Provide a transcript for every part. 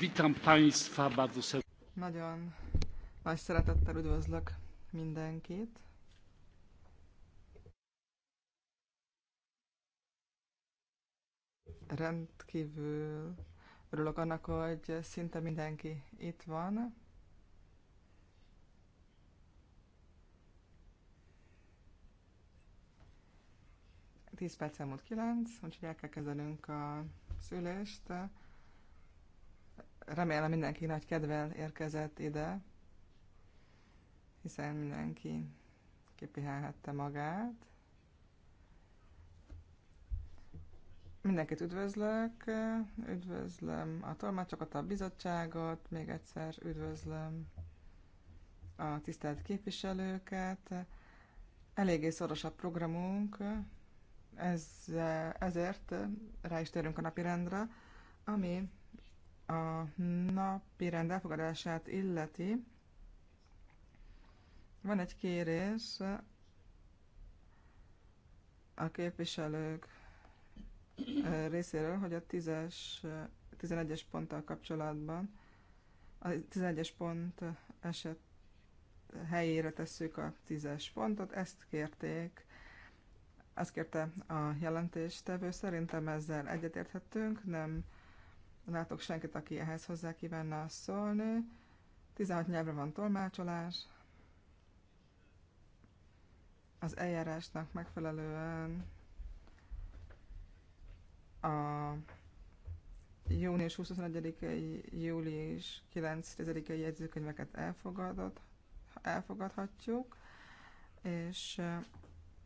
Witam Państwa bardzo serdecznie. Nagyon nagy szeretettel üdvözlök mindenkit. Rendkívül örülök annak, hogy szinte mindenki itt van. Tíz perc elmúlt kilenc, úgyhogy el kell kezdenünk a szülést remélem mindenki nagy kedvel érkezett ide, hiszen mindenki kipihelhette magát. Mindenkit üdvözlök, üdvözlöm a tolmácsokat, a bizottságot, még egyszer üdvözlöm a tisztelt képviselőket. Eléggé szoros a programunk, ez, ezért rá is térünk a napirendre, ami a napi rend elfogadását illeti, van egy kérés a képviselők részéről, hogy a 10-es, 11-es ponttal kapcsolatban a 11-es pont eset helyére tesszük a 10-es pontot, ezt kérték, ezt kérte a jelentéstevő, szerintem ezzel egyetérthetünk, nem nem látok senkit, aki ehhez hozzá kívánna szólni. 16 nyelvre van tolmácsolás. Az eljárásnak megfelelően a június 21-i, július 9-i jegyzőkönyveket elfogadott, elfogadhatjuk, és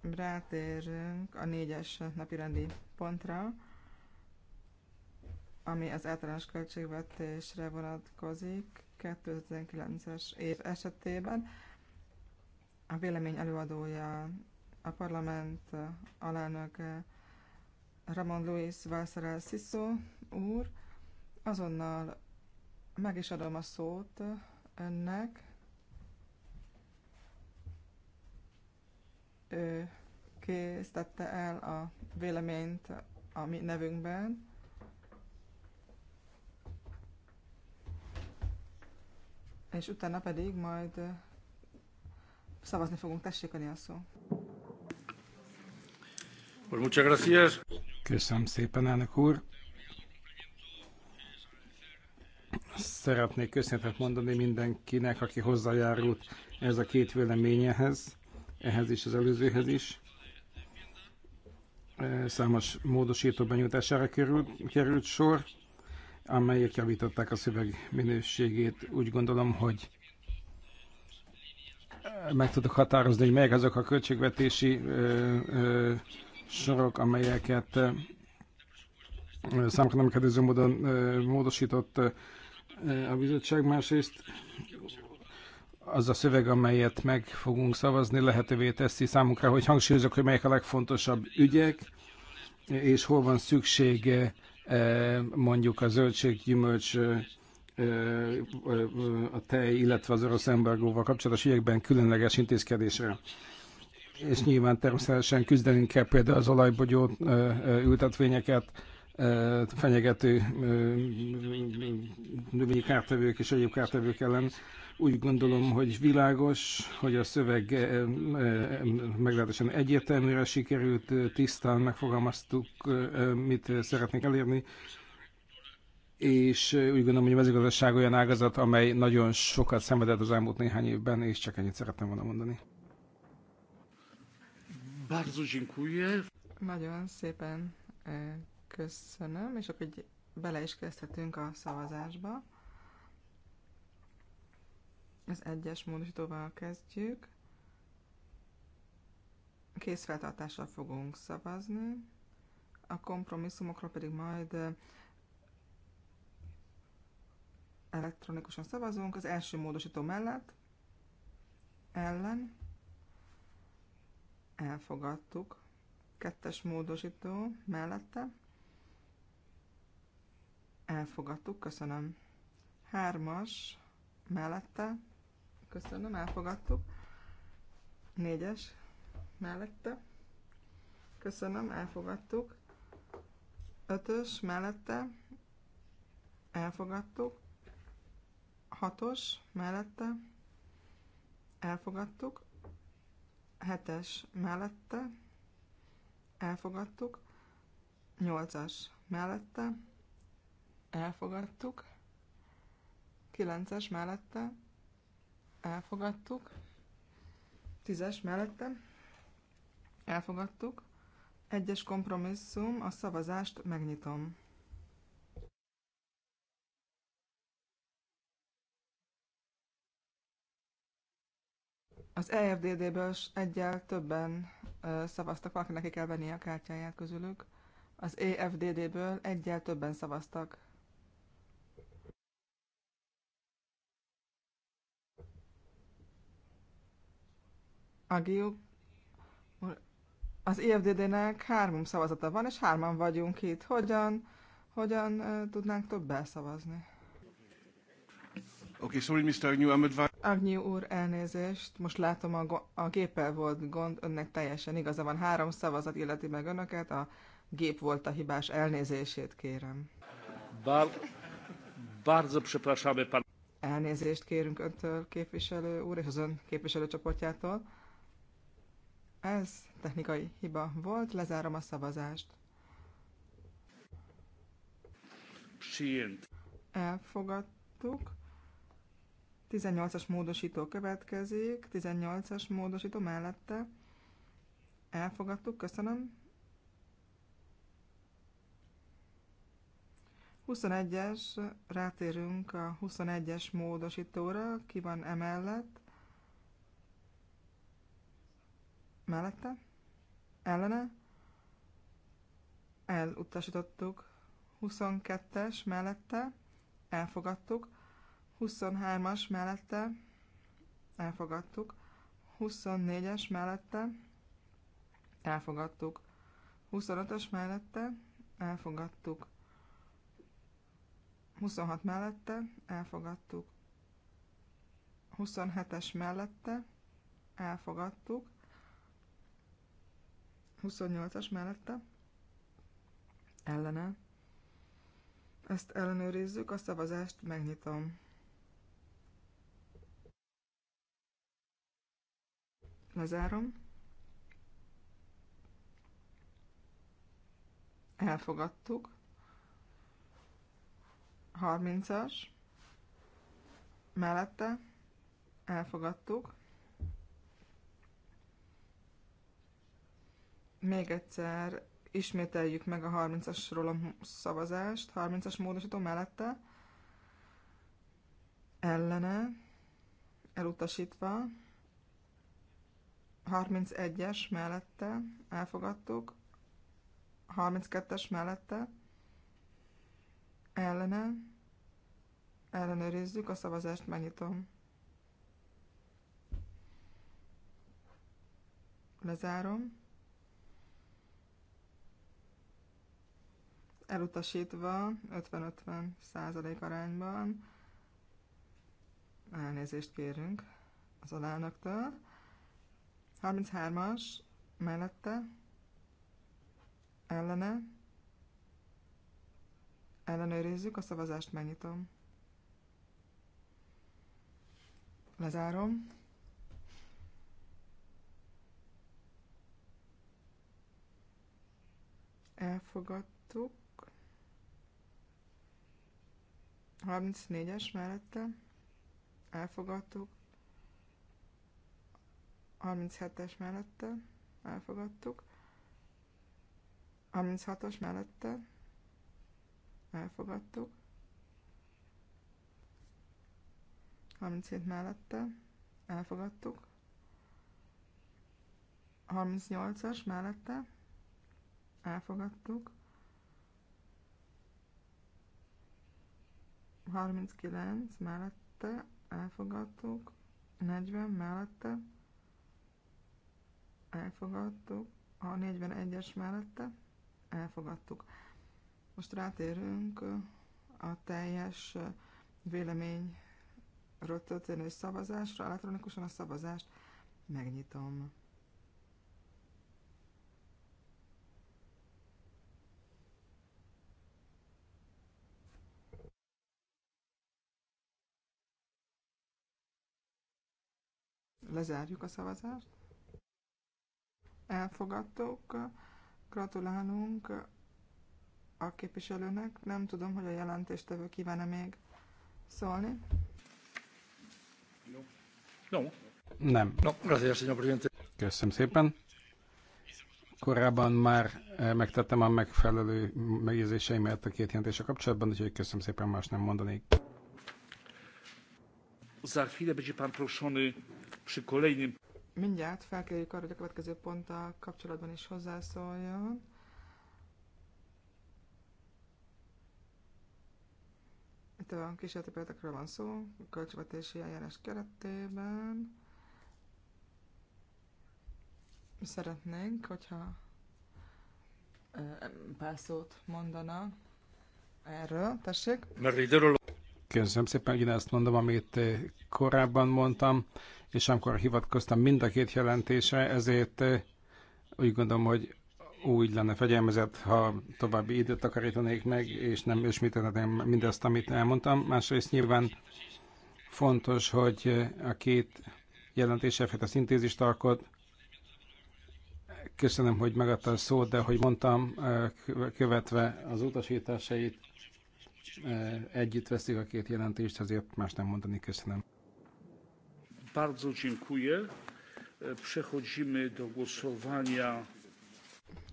rátérünk a négyes napirendi pontra ami az általános költségvetésre vonatkozik 2019-es év esetében. A vélemény előadója a parlament alelnöke Ramon Luis Valszerel Sziszó úr. Azonnal meg is adom a szót önnek. Ő készítette el a véleményt a mi nevünkben. és utána pedig majd szavazni fogunk. Tessék, a szó. Köszönöm szépen, elnök úr. Szeretnék köszönetet mondani mindenkinek, aki hozzájárult ez a két véleményehez, ehhez is, az előzőhez is. Számos módosító benyújtására került, került sor amelyek javították a szöveg minőségét. Úgy gondolom, hogy meg tudok határozni, hogy melyek azok a költségvetési ö, ö, sorok, amelyeket számokra nem kedvező módon ö, módosított ö, a bizottság. Másrészt az a szöveg, amelyet meg fogunk szavazni, lehetővé teszi számunkra, hogy hangsúlyozok, hogy melyek a legfontosabb ügyek, és hol van szüksége mondjuk a zöldség, gyümölcs, a tej, illetve az orosz embargóval kapcsolatos ügyekben különleges intézkedésre. És nyilván természetesen küzdenünk kell például az olajbogyó ültetvényeket, fenyegető növényi kártevők és egyéb kártevők ellen, úgy gondolom, hogy világos, hogy a szöveg eh, eh, meglehetősen egyértelműre sikerült, eh, tisztán megfogalmaztuk, mit szeretnénk elérni, és úgy gondolom, hogy a mezőgazdaság olyan ágazat, amely nagyon sokat szenvedett az elmúlt néhány évben, és csak ennyit szeretném volna mondani. Bardzo dziękuję. Nagyon szépen köszönöm, és akkor bele is kezdhetünk a szavazásba. Az egyes módosítóval kezdjük. Készfeltartással fogunk szavazni. A kompromisszumokról pedig majd elektronikusan szavazunk. Az első módosító mellett ellen elfogadtuk. Kettes módosító mellette elfogadtuk, köszönöm. Hármas mellette köszönöm, elfogadtuk. Négyes mellette, köszönöm, elfogadtuk. Ötös mellette, elfogadtuk. Hatos mellette, elfogadtuk. Hetes mellette, elfogadtuk. Nyolcas mellette, elfogadtuk. Kilences mellette elfogadtuk. Tízes mellette, elfogadtuk. Egyes kompromisszum, a szavazást megnyitom. Az EFDD-ből egyel többen ö, szavaztak, valakinek ki kell venni a kártyáját közülük. Az EFDD-ből egyel többen szavaztak. Agiu az IFDD-nek e három szavazata van, és hárman vagyunk itt. Hogyan, hogyan tudnánk többel szavazni? Okay, sorry, Mr. Agnew, I'm advised... Agnew úr, elnézést. Most látom, a, a géppel volt gond, önnek teljesen igaza van. Három szavazat illeti meg önöket, a gép volt a hibás. Elnézését kérem. Bár... Bardzo przepraszamy pan. Elnézést kérünk öntől, képviselő úr, és az ön képviselőcsoportjától. Ez technikai hiba volt, lezárom a szavazást. Shield. Elfogadtuk. 18-as módosító következik, 18-as módosító mellette. Elfogadtuk, köszönöm. 21-es, rátérünk a 21-es módosítóra, ki van emellett. mellette, ellene, elutasítottuk, 22-es mellette, elfogadtuk, 23-as mellette, elfogadtuk, 24-es mellette, elfogadtuk, 25-ös mellette, elfogadtuk, 26 mellette, elfogadtuk, 27-es mellette, elfogadtuk, 28-as mellette ellene. Ezt ellenőrizzük, a szavazást megnyitom. Lezárom. Elfogadtuk. 30-as. Mellette elfogadtuk. Még egyszer ismételjük meg a 30-asról a szavazást, 30-as módosító mellette, ellene, elutasítva, 31-es mellette elfogadtuk, 32-es mellette ellene ellenőrizzük, a szavazást megnyitom. Lezárom. elutasítva 50-50 százalék arányban. Elnézést kérünk az alelnöktől. 33-as mellette ellene ellenőrizzük, a szavazást megnyitom. Lezárom. Elfogadtuk. 34-es mellette elfogadtuk. 37-es mellette elfogadtuk. 36-os mellette elfogadtuk. 37 mellette elfogadtuk. 38-as mellette elfogadtuk. 39 mellette elfogadtuk, 40 mellette elfogadtuk, a 41-es mellette elfogadtuk. Most rátérünk a teljes vélemény történő szavazásra, elektronikusan a szavazást megnyitom. Lezárjuk a szavazást. Elfogadtuk. Gratulálunk a képviselőnek. Nem tudom, hogy a jelentéstevő e még szólni. Nem. Köszönöm szépen. Korábban már eh, megtettem a megfelelő megjegyzéseimet a két jelentése kapcsolatban, úgyhogy köszönöm szépen, más nem mondanék. Za chwilę będzie pan proszony przy kolejnym... Mindjárt felkérjük arra, hogy a következő ponttal kapcsolatban is hozzászóljon. Itt a kísérleti példákról van szó, a költségvetési eljárás keretében. Szeretnénk, hogyha pár szót mondana erről, tessék. Köszönöm szépen, ezt mondom, amit eh, korábban mondtam, és amikor hivatkoztam mind a két jelentésre, ezért eh, úgy gondolom, hogy úgy lenne fegyelmezett, ha további időt takarítanék meg, és nem ismételhetném mindazt, amit elmondtam. Másrészt nyilván fontos, hogy eh, a két jelentés a szintézist alkot. Köszönöm, hogy megadta a szót, de hogy mondtam, követve az utasításait, együtt veszik a két jelentést, azért más nem mondani. Köszönöm. Bardzo dziękuję. E, przechodzimy do głosowania.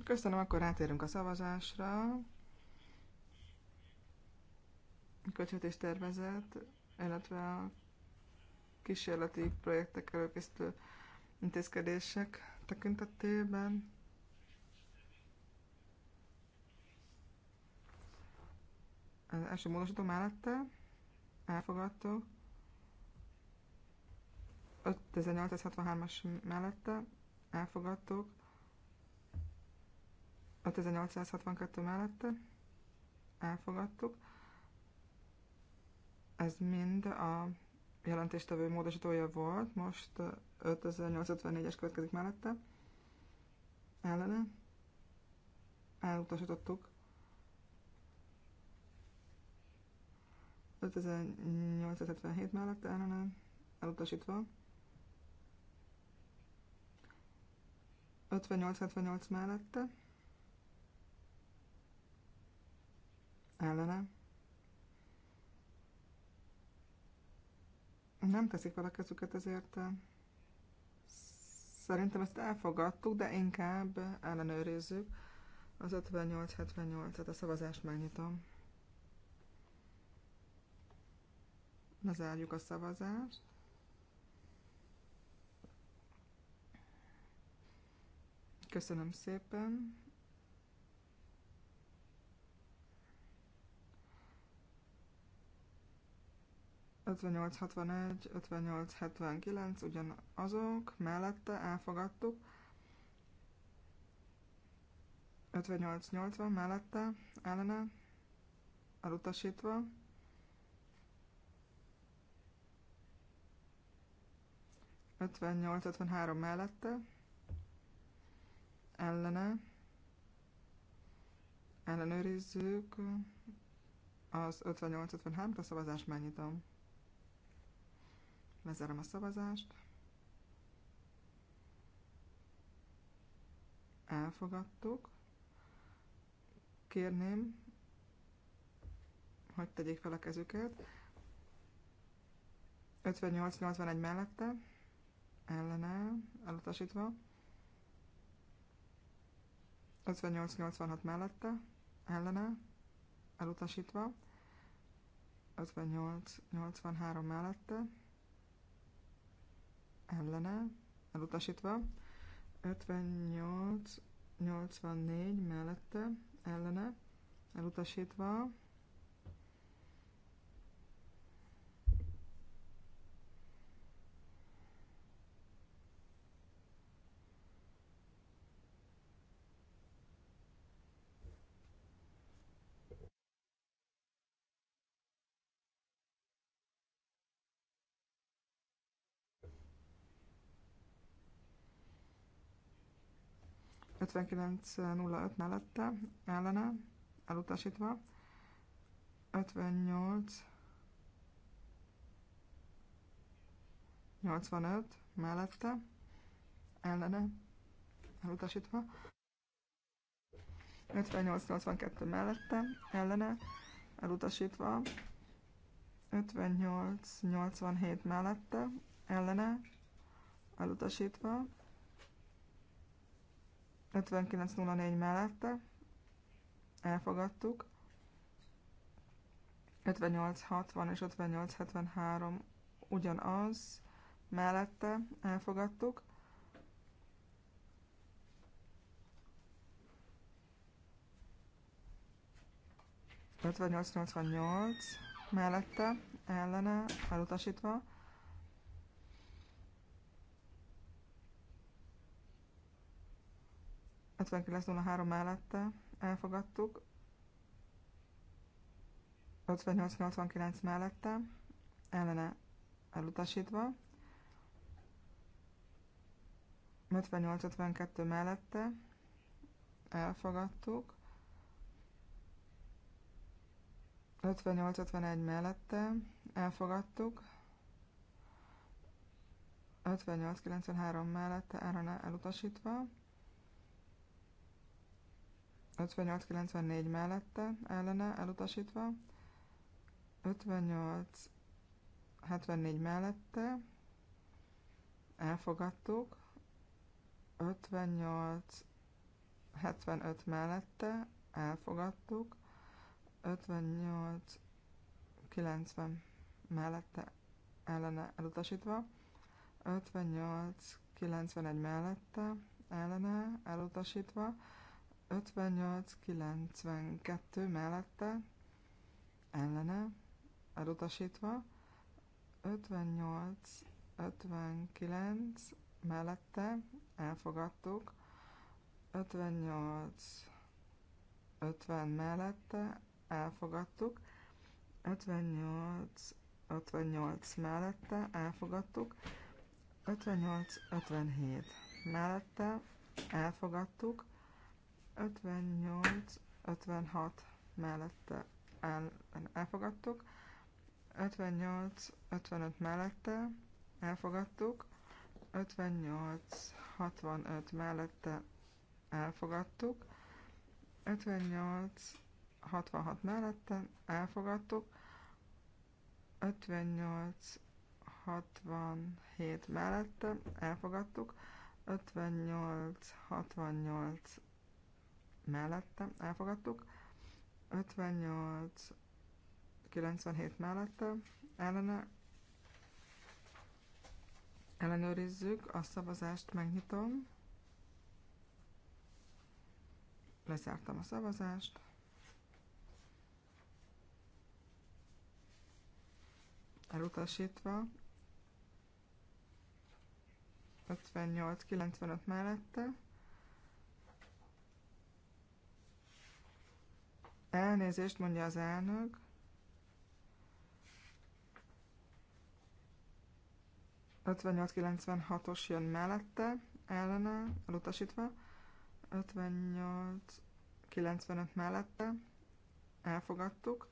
Köszönöm, akkor rátérünk a szavazásra. Költségvetés tervezet, illetve a kísérleti projektek előkészítő intézkedések tekintetében. első módosító mellette elfogadtuk. 5863-as mellette elfogadtuk. 5862 mellette elfogadtuk. Ez mind a jelentéstevő módosítója volt, most 5854-es következik mellette. Ellene elutasítottuk 5877 mellett ellene elutasítva. 5878 mellette ellene. Nem teszik fel a kezüket, ezért eh, szerintem ezt elfogadtuk, de inkább ellenőrizzük az 5878-et, a szavazást megnyitom. zárjuk a szavazást. Köszönöm szépen. Ötvennyolc hatvanegy, ötvennyolc ugyan ugyanazok, mellette elfogadtuk. 58-80 mellette, ellene, elutasítva. 58-53 mellette, ellene, ellenőrizzük az 58 53 t a szavazást megnyitom. Lezárom a szavazást. Elfogadtuk. Kérném, hogy tegyék fel a kezüket. 58-81 mellette ellene elutasítva, 58-86 mellette ellene elutasítva, 58-83 mellette ellene elutasítva, 58-84 mellette ellene elutasítva, 59.05 mellette, ellene, elutasítva. 58 85 mellette, ellene, elutasítva. 58-82 mellette, ellene, elutasítva. 58-87 mellette, ellene, elutasítva. 59.04 mellette elfogadtuk. 58.60 és 58.73 ugyanaz mellette elfogadtuk. mellette ellene elutasítva. 59.03 mellette elfogadtuk. 58.89 mellette ellene elutasítva. 58.52 mellette elfogadtuk. 58.51 mellette elfogadtuk. 58.93 mellette ellene elutasítva. 58-94 mellette, ellene, elutasítva. 58-74 mellette, elfogadtuk. 58-75 mellette, elfogadtuk. 58-90 mellette, ellene, elutasítva. 58-91 mellette, ellene, elutasítva. 58-92 mellette ellene elutasítva, 58-59 mellette elfogadtuk, 58-50 mellette elfogadtuk, 58-58 mellette elfogadtuk, 58-57 mellette elfogadtuk, 58-56 mellette el, elfogadtuk, 58-55 mellette elfogadtuk, 58-65 mellette elfogadtuk, 58-66 mellette elfogadtuk, 58-67 mellette elfogadtuk, 58-68 mellette elfogadtuk, 58, 97 mellette ellene ellenőrizzük, a szavazást megnyitom, lezártam a szavazást, elutasítva, 58-95 mellette, Elnézést, mondja az elnök. os jön mellette, ellene, elutasítva. 58-95 mellette, elfogadtuk.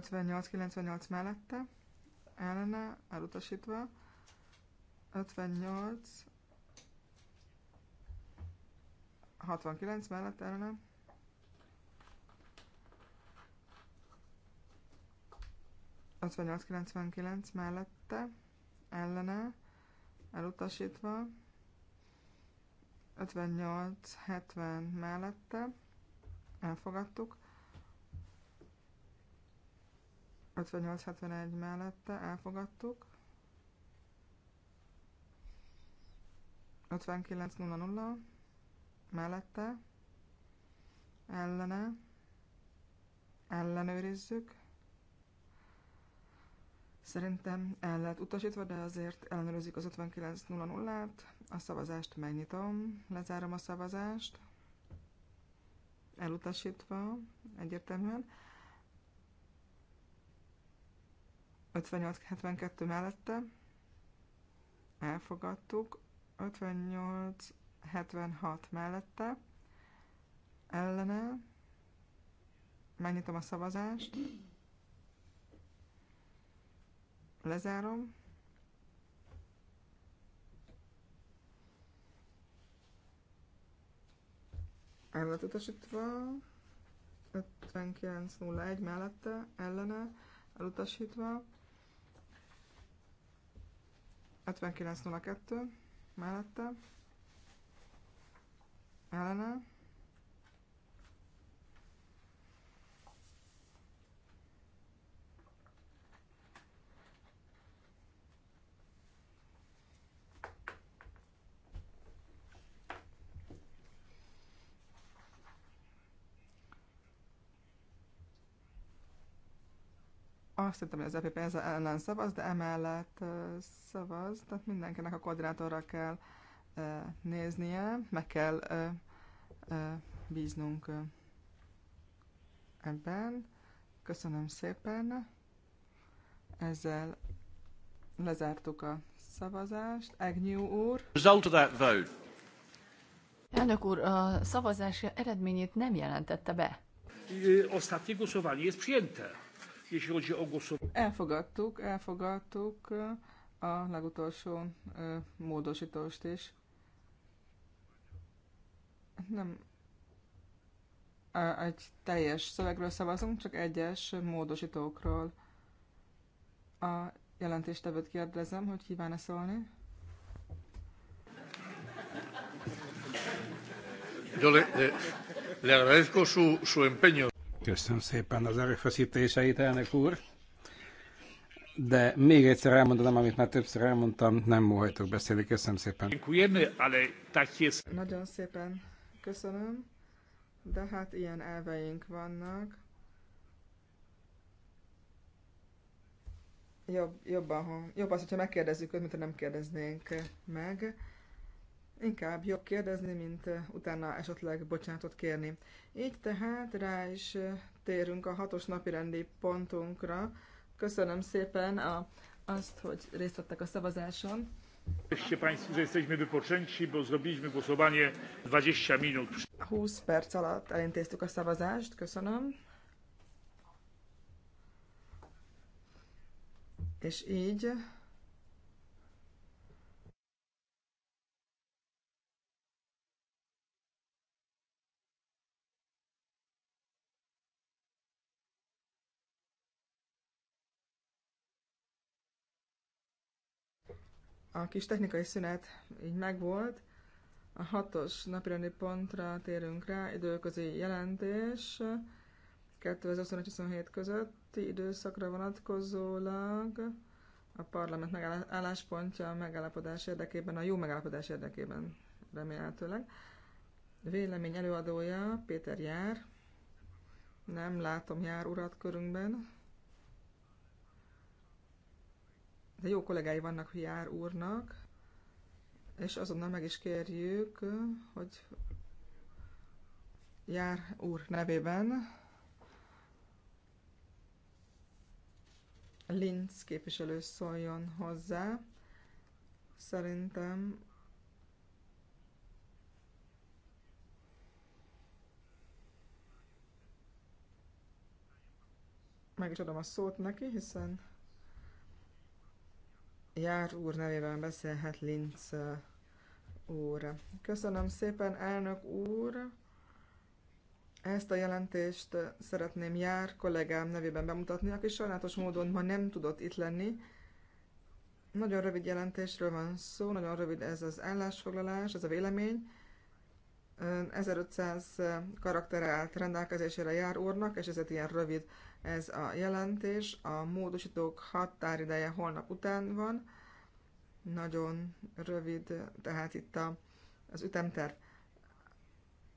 58-98 mellette, ellene, elutasítva. 58, 69 mellett ellene. Ötvennyolc mellette, ellene, elutasítva. 58-70 mellette, elfogadtuk. 58-71 mellette elfogadtuk. 59.00 mellette ellene ellenőrizzük. Szerintem el lehet utasítva, de azért ellenőrizzük az 59.00-át. A szavazást megnyitom, lezárom a szavazást. Elutasítva egyértelműen. 58-72 mellette elfogadtuk, 58-76 mellette ellene megnyitom a szavazást, lezárom, elutasítva lett utasítva, 01 mellette, ellene, elutasítva, 5902 mellette ellene Azt hittem, hogy az EPP ez ellen szavaz, de emellett szavaz, tehát mindenkinek a kvadrátorra kell néznie, meg kell bíznunk ebben. Köszönöm szépen. Ezzel lezártuk a szavazást. Agnew úr. Result of that vote. Elnök úr, a szavazás eredményét nem jelentette be. Ostatnie głosowanie jest przyjęte jeśli chodzi o Elfogadtuk, elfogadtuk a legutolsó e, módosítást is. Nem e, egy teljes szövegről szavazunk, csak egyes módosítókról. A jelentéstevőt kérdezem, hogy kíván-e szólni. Yo le, le, le agradezco su, su empeño. Köszönöm szépen az erőfeszítéseit, elnök úr. De még egyszer elmondanám, amit már többször elmondtam, nem óhajtok beszélni. Köszönöm szépen. Nagyon szépen köszönöm, de hát ilyen elveink vannak. Jobb, jobban, jobb az, hogyha megkérdezzük őt, mint ha nem kérdeznénk meg inkább jobb kérdezni, mint utána esetleg bocsánatot kérni. Így tehát rá is térünk a hatos napi rendi pontunkra. Köszönöm szépen a, azt, hogy részt vettek a szavazáson. Jesteście Państwo, że jesteśmy wypoczęci, bo zrobiliśmy głosowanie 20 minut. 20 perc alatt elintéztük a szavazást, köszönöm. És így a kis technikai szünet így megvolt. A hatos napirendi pontra térünk rá, időközi jelentés 2021-27 közötti időszakra vonatkozólag a parlament álláspontja a megállapodás érdekében, a jó megállapodás érdekében remélhetőleg. Vélemény előadója Péter Jár, nem látom Jár urat körünkben. de jó kollégái vannak Jár úrnak, és azonnal meg is kérjük, hogy Jár úr nevében Linz képviselő szóljon hozzá. Szerintem meg is adom a szót neki, hiszen Jár úr nevében beszélhet Linz úr. Köszönöm szépen, elnök úr! Ezt a jelentést szeretném Jár kollégám nevében bemutatni, aki sajnálatos módon ma nem tudott itt lenni. Nagyon rövid jelentésről van szó, nagyon rövid ez az állásfoglalás, ez a vélemény. 1500 karakter állt rendelkezésére Jár úrnak, és ezért ilyen rövid ez a jelentés. A módosítók határideje holnap után van, nagyon rövid, tehát itt a, az ütemterv.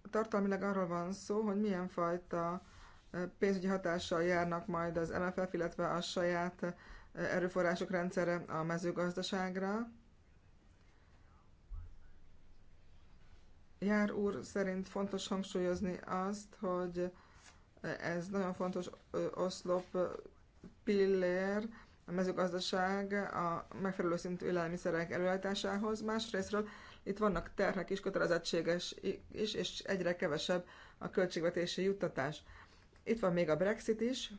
Tartalmilag arról van szó, hogy milyen fajta pénzügyi hatással járnak majd az MFF, illetve a saját erőforrások rendszere a mezőgazdaságra. Jár úr szerint fontos hangsúlyozni azt, hogy ez nagyon fontos oszlop pillér a mezőgazdaság a megfelelő szintű élelmiszerek előállításához. Másrésztről itt vannak terhek is, kötelezettséges is, és egyre kevesebb a költségvetési juttatás. Itt van még a Brexit is,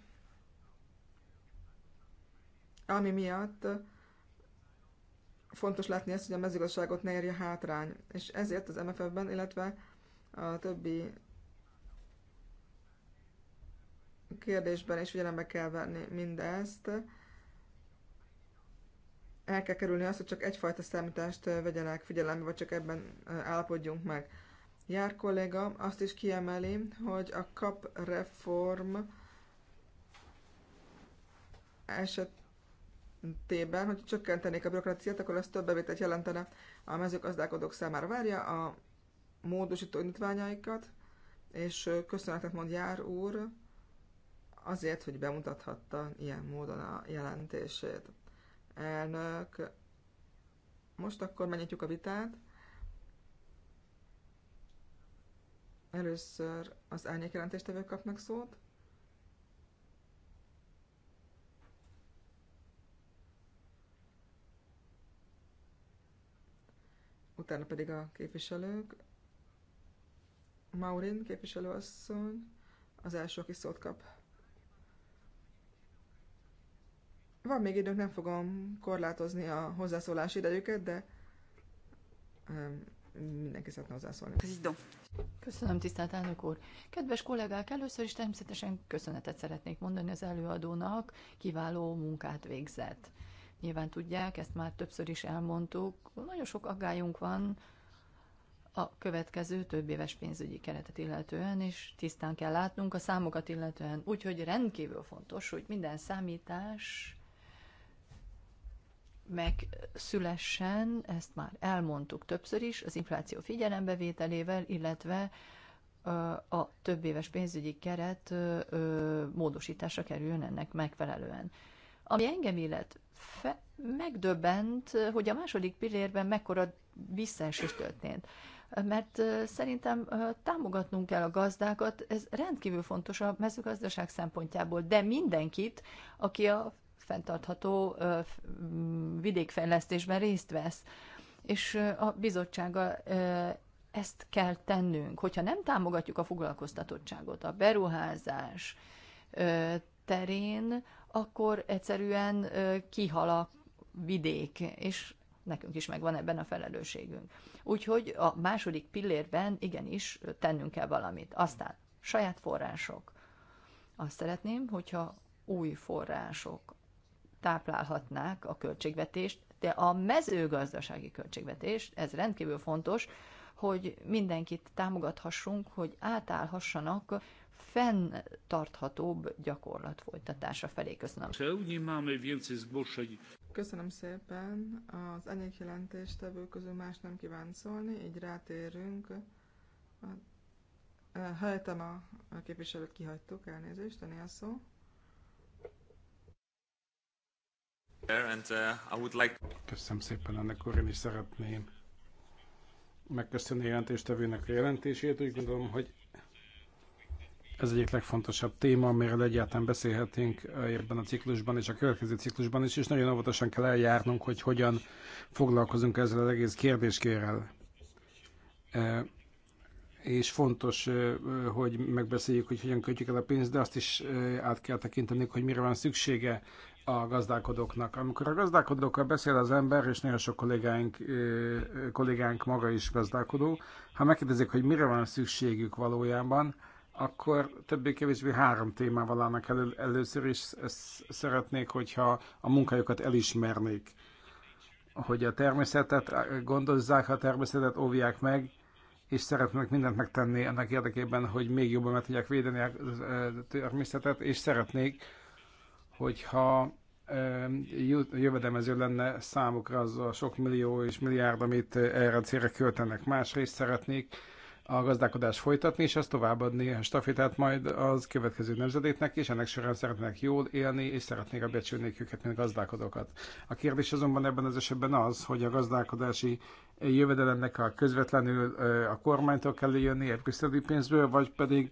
ami miatt fontos látni ezt, hogy a mezőgazdaságot ne érje hátrány. És ezért az MFF-ben, illetve a többi kérdésben is figyelembe kell venni mindezt. El kell kerülni azt, hogy csak egyfajta számítást vegyenek figyelembe, vagy csak ebben állapodjunk meg. Jár kolléga azt is kiemeli, hogy a kap reform esetében, hogy csökkentenék a bürokráciát, akkor ez több bevételt jelentene a mezőgazdálkodók számára. Várja a módosító indítványaikat, és köszönetet mond Jár úr azért, hogy bemutathatta ilyen módon a jelentését. Elnök, most akkor megnyitjuk a vitát. Először az árnyékjelentéstevők kapnak szót. Utána pedig a képviselők. Maurin képviselőasszony az első, aki szót kap. Van még időnk, nem fogom korlátozni a hozzászólási idejüket, de um, mindenki szeretne hozzászólni. Köszönöm, tisztelt elnök úr. Kedves kollégák, először is természetesen köszönetet szeretnék mondani az előadónak, kiváló munkát végzett. Nyilván tudják, ezt már többször is elmondtuk, nagyon sok aggályunk van a következő több éves pénzügyi keretet illetően, és tisztán kell látnunk a számokat illetően. Úgyhogy rendkívül fontos, hogy minden számítás megszülessen, ezt már elmondtuk többször is, az infláció figyelembevételével, illetve a több éves pénzügyi keret módosításra kerüljön ennek megfelelően. Ami engem illet, fe, megdöbbent, hogy a második pillérben mekkora visszaesés történt. Mert szerintem támogatnunk kell a gazdákat, ez rendkívül fontos a mezőgazdaság szempontjából, de mindenkit, aki a fenntartható vidékfejlesztésben részt vesz. És a bizottsága ezt kell tennünk. Hogyha nem támogatjuk a foglalkoztatottságot, a beruházás terén, akkor egyszerűen kihal a vidék, és nekünk is megvan ebben a felelősségünk. Úgyhogy a második pillérben igenis tennünk kell valamit. Aztán saját források. Azt szeretném, hogyha új források táplálhatnák a költségvetést, de a mezőgazdasági költségvetést, ez rendkívül fontos, hogy mindenkit támogathassunk, hogy átállhassanak fenntarthatóbb gyakorlat folytatása felé. Köszönöm. Köszönöm szépen. Az jelentést, jelentéstevő közül más nem kíván szólni, így rátérünk. Helyettem a képviselőt kihagytuk, elnézést, a szó. Uh, Köszönöm szépen ennek úr, én is szeretném megköszönni a jelentéstevőnek a jelentését. Úgy gondolom, hogy ez egyik legfontosabb téma, amiről egyáltalán beszélhetünk ebben a ciklusban és a következő ciklusban is, és nagyon óvatosan kell eljárnunk, hogy hogyan foglalkozunk ezzel az egész kérdéskérrel. És fontos, hogy megbeszéljük, hogy hogyan kötjük el a pénzt, de azt is át kell tekinteni, hogy mire van szüksége a gazdálkodóknak. Amikor a gazdálkodókkal beszél az ember, és néha sok kollégánk, kollégánk maga is gazdálkodó, ha megkérdezik, hogy mire van szükségük valójában, akkor többé-kevésbé három témával állnak elő. Először is ezt szeretnék, hogyha a munkájukat elismernék, hogy a természetet gondozzák, a természetet óvják meg, és szeretnék mindent megtenni ennek érdekében, hogy még jobban meg tudják védeni a természetet, és szeretnék, hogyha jövedelmező lenne számukra az a sok millió és milliárd, amit erre a célra költenek. Másrészt szeretnék a gazdálkodást folytatni, és ezt továbbadni a stafétát majd az következő nemzedéknek, és ennek során szeretnék jól élni, és szeretnék a becsülnék őket, mint gazdálkodókat. A kérdés azonban ebben az esetben az, hogy a gazdálkodási jövedelemnek a közvetlenül a kormánytól kell jönni egy pénzből, vagy pedig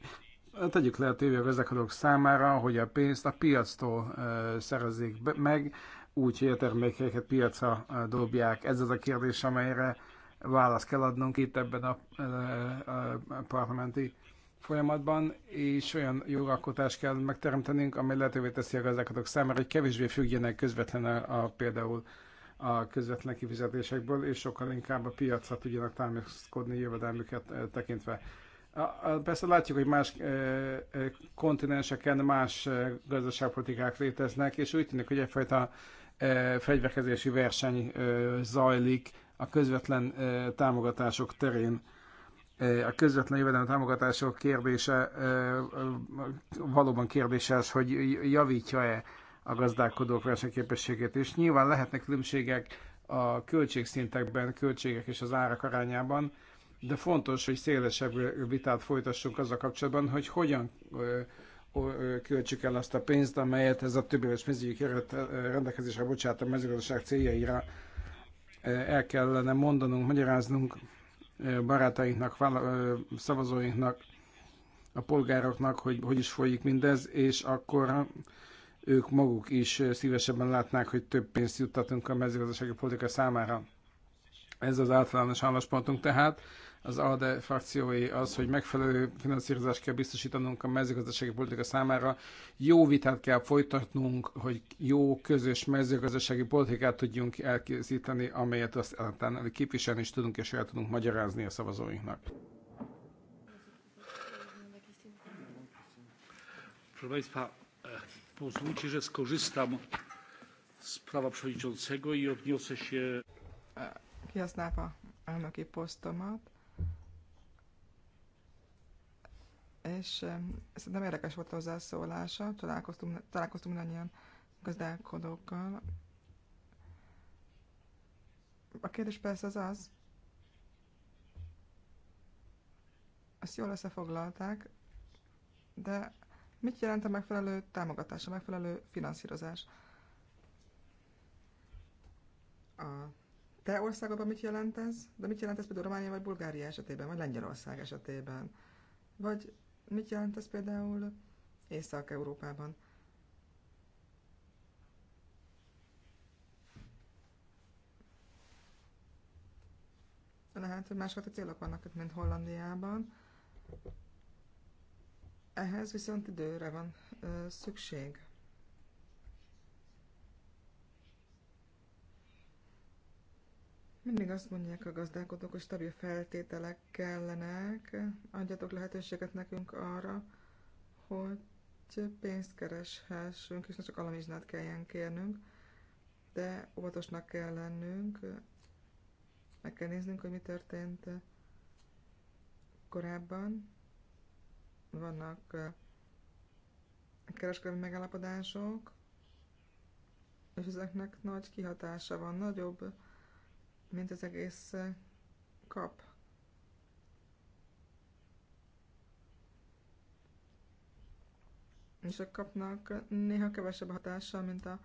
tegyük lehetővé a gazdálkodók számára, hogy a pénzt a piactól szerezzék meg, úgy, hogy a termékeket piacra dobják. Ez az a kérdés, amelyre választ kell adnunk itt ebben a, a, a parlamenti folyamatban, és olyan jogalkotást kell megteremtenünk, amely lehetővé teszi a gazdálkodók számára, hogy kevésbé függjenek közvetlenül a, a például a közvetlen kifizetésekből, és sokkal inkább a piacra tudjanak támaszkodni jövedelmüket tekintve. Persze látjuk, hogy más kontinenseken más gazdaságpolitikák léteznek, és úgy tűnik, hogy egyfajta fegyverkezési verseny zajlik a közvetlen támogatások terén. A közvetlen jövedelmi támogatások kérdése valóban kérdéses, hogy javítja-e a gazdálkodók versenyképességét, és nyilván lehetnek különbségek a költségszintekben, költségek és az árak arányában, de fontos, hogy szélesebb vitát folytassunk azzal kapcsolatban, hogy hogyan költsük el azt a pénzt, amelyet ez a több éves pénzügyi keret rendelkezésre bocsát a mezőgazdaság céljaira. El kellene mondanunk, magyaráznunk barátainknak, szavazóinknak, a polgároknak, hogy hogy is folyik mindez, és akkor ők maguk is szívesebben látnák, hogy több pénzt juttatunk a mezőgazdasági politika számára. Ez az általános álláspontunk tehát az ALDE frakciói az, hogy megfelelő finanszírozást kell biztosítanunk a mezőgazdasági politika számára. Jó vitát kell folytatnunk, hogy jó közös mezőgazdasági politikát tudjunk elkészíteni, amelyet aztán képviselni is tudunk és el tudunk magyarázni a szavazóinknak. Proszę e, i się. Kihasználva elnöki posztomat, és szerintem érdekes volt a hozzászólása, találkoztunk, találkoztunk mindannyian gazdálkodókkal. A kérdés persze az az, azt jól összefoglalták, de mit jelent a megfelelő támogatás, a megfelelő finanszírozás? A te országodban mit jelent ez? De mit jelent ez például Románia vagy Bulgária esetében, vagy Lengyelország esetében? Vagy Mit jelent ez például Észak-Európában? Lehet, hogy másfajta célok vannak itt, mint Hollandiában. Ehhez viszont időre van ö, szükség. Mindig azt mondják a gazdálkodók, hogy stabil feltételek kellenek, adjatok lehetőséget nekünk arra, hogy pénzt kereshessünk, és ne csak alamizsnát kelljen kérnünk, de óvatosnak kell lennünk, meg kell néznünk, hogy mi történt korábban. Vannak kereskedelmi megállapodások, és ezeknek nagy kihatása van, nagyobb mint az egész kap. És a kapnak néha kevesebb hatása, mint a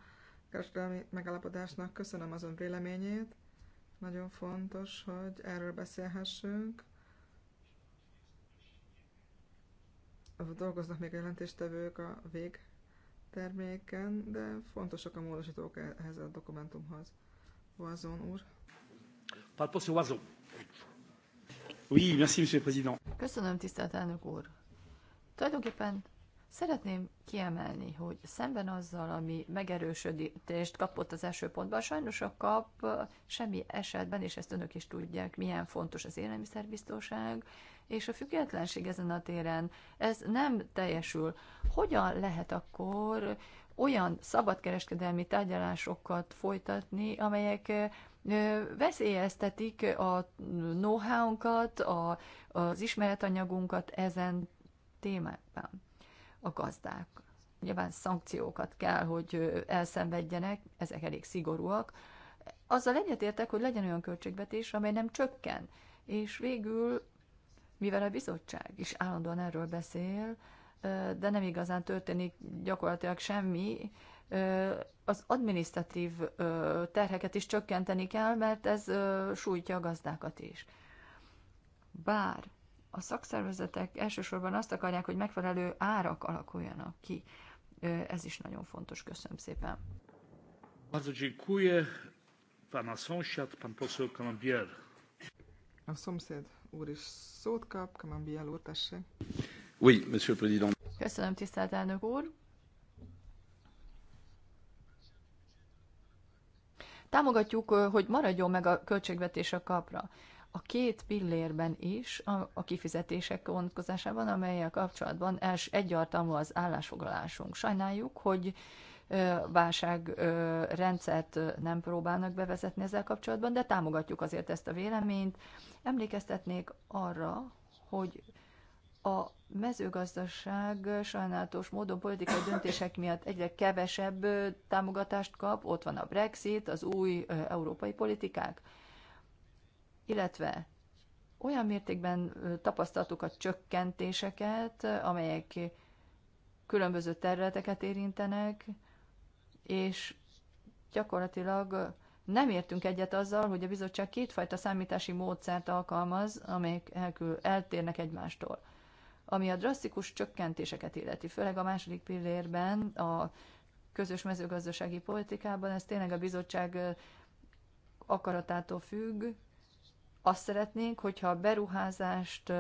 kereskedelmi megállapodásnak. Köszönöm azon véleményét. Nagyon fontos, hogy erről beszélhessünk. Dolgoznak még jelentéstevők a vég terméken, de fontosak a módosítók ehhez a dokumentumhoz. Vazon úr. Pán poseł Łazó. Oui, merci, monsieur le président. Köszönöm, tisztelt elnök úr. Tulajdonképpen Szeretném kiemelni, hogy szemben azzal, ami megerősödést kapott az első pontban, sajnos a kap semmi esetben, és ezt önök is tudják, milyen fontos az élelmiszerbiztonság, és a függetlenség ezen a téren, ez nem teljesül. Hogyan lehet akkor olyan szabadkereskedelmi tárgyalásokat folytatni, amelyek veszélyeztetik a know-how-unkat, az ismeretanyagunkat ezen témában a gazdák. Nyilván szankciókat kell, hogy elszenvedjenek, ezek elég szigorúak. Azzal egyetértek, hogy legyen olyan költségvetés, amely nem csökken. És végül, mivel a bizottság is állandóan erről beszél, de nem igazán történik gyakorlatilag semmi, az administratív terheket is csökkenteni kell, mert ez sújtja a gazdákat is. Bár a szakszervezetek elsősorban azt akarják, hogy megfelelő árak alakuljanak ki. Ez is nagyon fontos. Köszönöm szépen. Bardzo dziękuję. Pana sąsiad, pan poseł A szomszéd úr is szót kap, Kalambier úr, tessék. Oui, monsieur le président. Köszönöm, tisztelt elnök úr. Támogatjuk, hogy maradjon meg a költségvetés a kapra. A két pillérben is, a, a kifizetések vonatkozásában, amelyek kapcsolatban els, egyartalmú az állásfoglalásunk. Sajnáljuk, hogy válságrendszert nem próbálnak bevezetni ezzel kapcsolatban, de támogatjuk azért ezt a véleményt. Emlékeztetnék arra, hogy a mezőgazdaság sajnálatos módon politikai döntések miatt egyre kevesebb támogatást kap, ott van a Brexit, az új európai politikák, illetve olyan mértékben tapasztaltuk a csökkentéseket, amelyek különböző területeket érintenek, és gyakorlatilag nem értünk egyet azzal, hogy a bizottság kétfajta számítási módszert alkalmaz, amelyek eltérnek egymástól. Ami a drasztikus csökkentéseket illeti, főleg a második pillérben, a közös mezőgazdasági politikában, ez tényleg a bizottság akaratától függ. Azt szeretnénk, hogyha a beruházást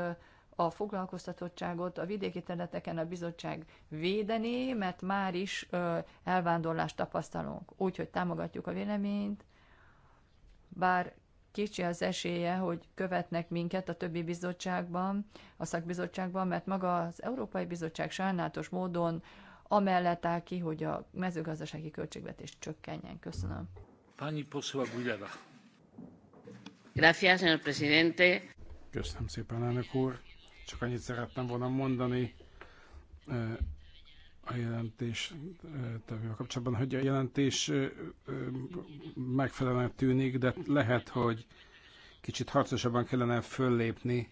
a foglalkoztatottságot a vidéki területeken a bizottság védené, mert már is elvándorlást tapasztalunk. Úgyhogy támogatjuk a véleményt, bár kicsi az esélye, hogy követnek minket a többi bizottságban, a szakbizottságban, mert maga az Európai Bizottság sajnálatos módon amellett áll ki, hogy a mezőgazdasági költségvetés csökkenjen. Köszönöm. Pani Poszva Gulyeva. Gracias, señor presidente. Köszönöm szépen, elnök úr. Csak annyit szerettem volna mondani eh, a jelentés tevővel kapcsolatban, hogy a jelentés megfelelően tűnik, de lehet, hogy kicsit harcosabban kellene föllépni,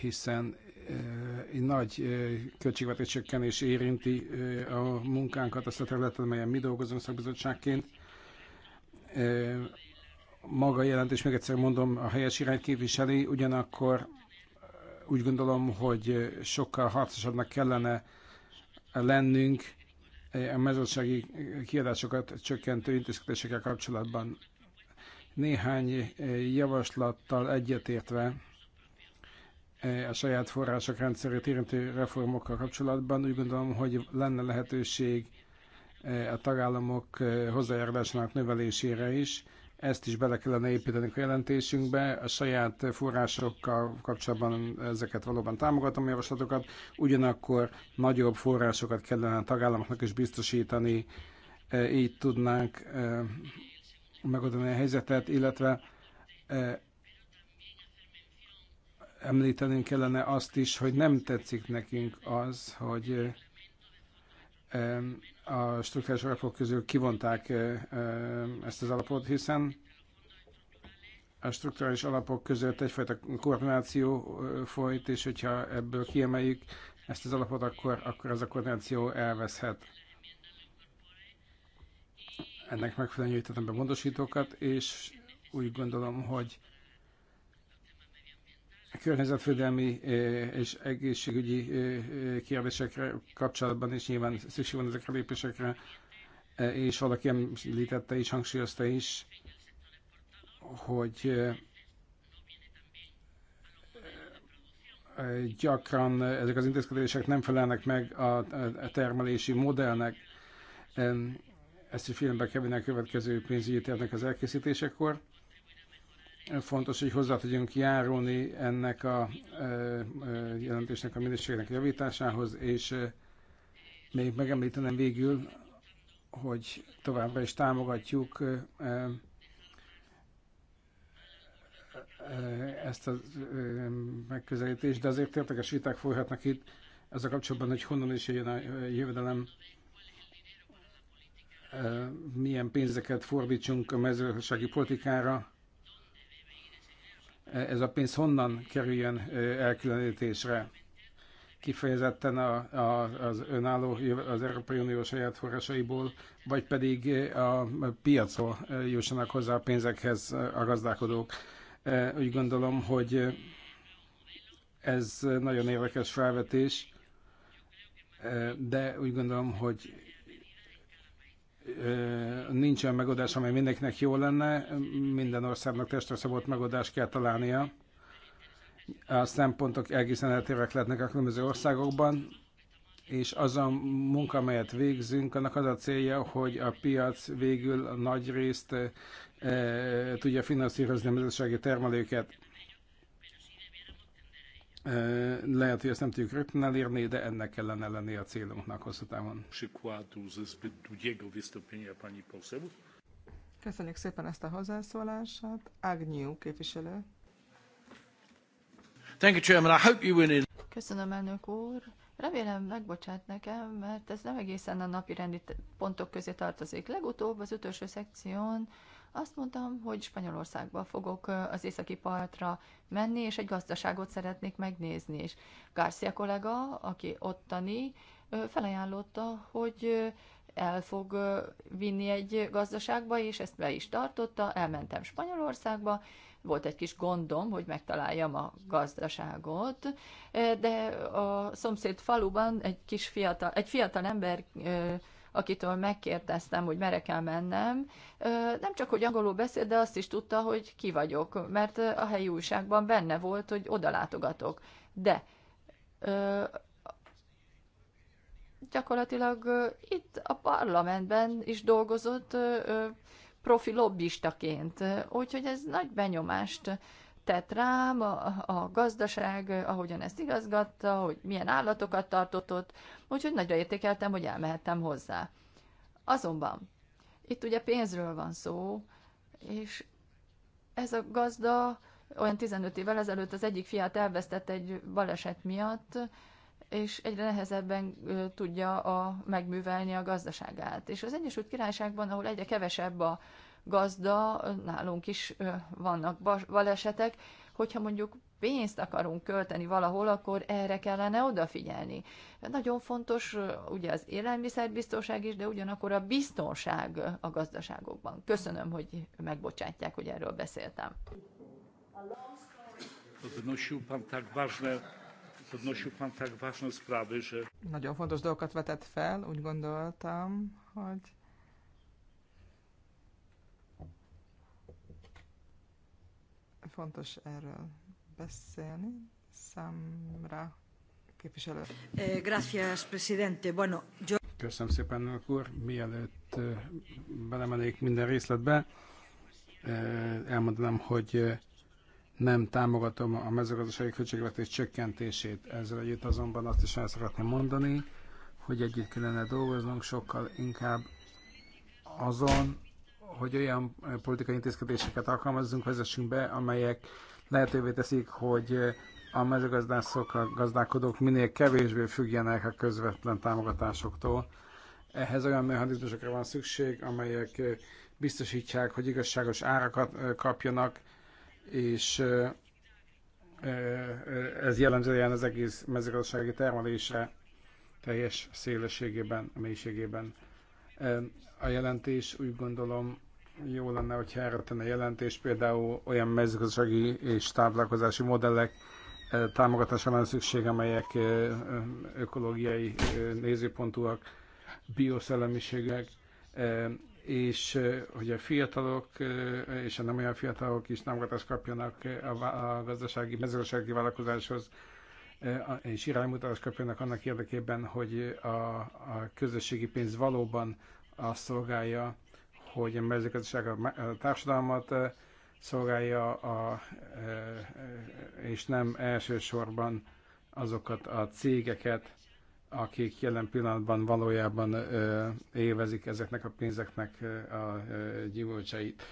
hiszen egy nagy költségvetés csökkenés érinti a munkánkat, azt a területet, amelyen mi dolgozunk szakbizottságként. Maga a jelentés, még egyszer mondom, a helyes irányt képviseli, ugyanakkor úgy gondolom, hogy sokkal harcosabbnak kellene lennünk eh, a mezőgazdasági kiadásokat csökkentő intézkedésekkel kapcsolatban. Néhány eh, javaslattal egyetértve eh, a saját források rendszerét érintő reformokkal kapcsolatban úgy gondolom, hogy lenne lehetőség a tagállamok hozzájárulásának növelésére is, ezt is bele kellene építeni a jelentésünkbe, a saját forrásokkal kapcsolatban ezeket valóban támogatom a javaslatokat, ugyanakkor nagyobb forrásokat kellene a tagállamoknak is biztosítani, e, így tudnánk e, megoldani a helyzetet, illetve e, említenünk kellene azt is, hogy nem tetszik nekünk az, hogy a struktúrás alapok közül kivonták ezt az alapot, hiszen a struktúrális alapok között egyfajta koordináció folyt, és hogyha ebből kiemeljük ezt az alapot, akkor, akkor ez a koordináció elveszhet. Ennek megfelelően nyújtottam be módosítókat, és úgy gondolom, hogy környezetvédelmi eh, és egészségügyi eh, eh, kérdésekre kapcsolatban is nyilván szükség van ezekre a lépésekre, és valaki említette is, hangsúlyozta is, hogy gyakran ezek az intézkedések nem felelnek meg a termelési modellnek. Ezt is figyelembe kell a következő pénzügyi tervnek az elkészítésekor. Fontos, hogy hozzá tudjunk járulni ennek a jelentésnek a minőségnek javításához, és még megemlítenem végül, hogy továbbra is támogatjuk ezt a megközelítést, de azért érdekes viták folyhatnak itt az a kapcsolatban, hogy honnan is jön a jövedelem, milyen pénzeket fordítsunk a mezőgazdasági politikára, ez a pénz honnan kerüljön elkülönítésre. Kifejezetten a, a, az önálló, az Európai Unió saját forrásaiból, vagy pedig a piacról jussanak hozzá a pénzekhez a gazdálkodók. Úgy gondolom, hogy ez nagyon érdekes felvetés, de úgy gondolom, hogy nincs olyan megoldás, amely mindenkinek jó lenne, minden országnak testre szabott megoldást kell találnia. A szempontok egészen eltérek lehetnek a különböző országokban, és az a munka, amelyet végzünk, annak az a célja, hogy a piac végül nagy részt e, tudja finanszírozni a mezőségi termelőket. Lehet, hogy ezt nem tudjuk rögtön elérni, de ennek kellene lenni a célunknak hosszú távon. Köszönjük szépen ezt a hozzászólását. Agnew képviselő. Thank you, Chairman. I hope you win it. Köszönöm, elnök úr. Remélem megbocsát nekem, mert ez nem egészen a napi rendi pontok közé tartozik. Legutóbb az utolsó szekción azt mondtam, hogy Spanyolországba fogok az északi partra menni, és egy gazdaságot szeretnék megnézni. És Garcia kollega, aki ottani, felajánlotta, hogy el fog vinni egy gazdaságba, és ezt be is tartotta. Elmentem Spanyolországba, volt egy kis gondom, hogy megtaláljam a gazdaságot, de a szomszéd faluban egy kis fiatal, egy fiatal ember akitől megkérdeztem, hogy merre kell mennem, nem csak, hogy angolul beszélt, de azt is tudta, hogy ki vagyok, mert a helyi újságban benne volt, hogy oda látogatok. De gyakorlatilag itt a parlamentben is dolgozott profi lobbistaként, úgyhogy ez nagy benyomást tett rám a, a gazdaság, ahogyan ezt igazgatta, hogy milyen állatokat tartott ott, úgyhogy nagyra értékeltem, hogy elmehettem hozzá. Azonban, itt ugye pénzről van szó, és ez a gazda olyan 15 évvel ezelőtt az egyik fiát elvesztett egy baleset miatt, és egyre nehezebben tudja a, megművelni a gazdaságát. És az Egyesült Királyságban, ahol egyre kevesebb a gazda, nálunk is vannak balesetek, hogyha mondjuk pénzt akarunk költeni valahol, akkor erre kellene odafigyelni. Nagyon fontos ugye az élelmiszerbiztonság is, de ugyanakkor a biztonság a gazdaságokban. Köszönöm, hogy megbocsátják, hogy erről beszéltem. Nagyon fontos dolgokat vetett fel, úgy gondoltam, hogy Fontos erről beszélni. Számra képviselő. Eh, gracias, presidente. Bueno, yo... Köszönöm szépen, elnök úr. Mielőtt eh, belemennék minden részletbe, eh, elmondanám, hogy nem támogatom a mezőgazdasági költségvetés csökkentését. Ezzel együtt azonban azt is el szeretném mondani, hogy együtt kellene dolgoznunk sokkal inkább azon, hogy olyan politikai intézkedéseket alkalmazzunk, vezessünk be, amelyek lehetővé teszik, hogy a mezőgazdászok, a gazdálkodók minél kevésbé függjenek a közvetlen támogatásoktól. Ehhez olyan mechanizmusokra van szükség, amelyek biztosítják, hogy igazságos árakat kapjanak, és ez jellemzően az egész mezőgazdasági termelésre teljes szélességében, mélységében. A jelentés úgy gondolom jó lenne, hogyha erre tenne jelentés, például olyan mezőgazdasági és táplálkozási modellek eh, támogatása lenne szükség, amelyek eh, ökológiai eh, nézőpontúak, bioszellemiségek, és hogy a fiatalok és a nem olyan fiatalok is támogatást kapjanak a gazdasági, mezőgazdasági vállalkozáshoz, E, és iránymutatást annak érdekében, hogy a, a közösségi pénz valóban azt szolgálja, hogy a mezőgazdaság a társadalmat e, szolgálja, a, e, és nem elsősorban azokat a cégeket, akik jelen pillanatban valójában élvezik ezeknek a pénzeknek a gyümölcseit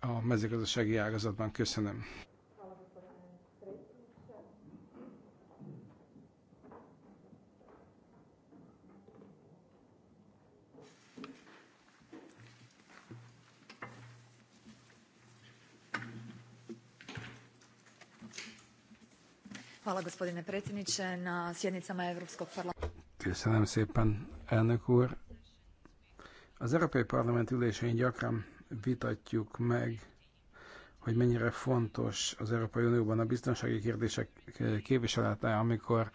a mezőgazdasági ágazatban. Köszönöm. Hvala gospodine predsjedniče na sjednicama Europskog parlamenta. Köszönöm szépen, elnök úr. Az Európai Parlament ülésén gyakran vitatjuk meg, hogy mennyire fontos az Európai Unióban a biztonsági kérdések képviselete, amikor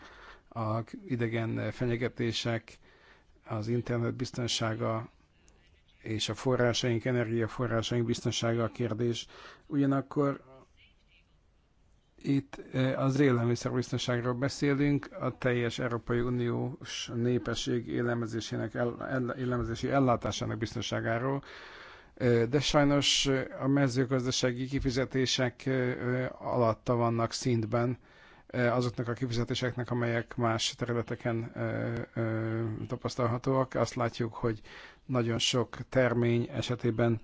a idegen fenyegetések, az internet biztonsága és a forrásaink, energiaforrásaink biztonsága a kérdés. Ugyanakkor itt eh, az élelmiszerbiztonságról beszélünk, a teljes Európai Uniós népesség élelmezésének, élelmezési ellátásának biztonságáról, eh, de sajnos eh, a mezőgazdasági kifizetések alatta vannak szintben azoknak a kifizetéseknek, amelyek más területeken tapasztalhatóak. Azt látjuk, hogy nagyon sok termény esetében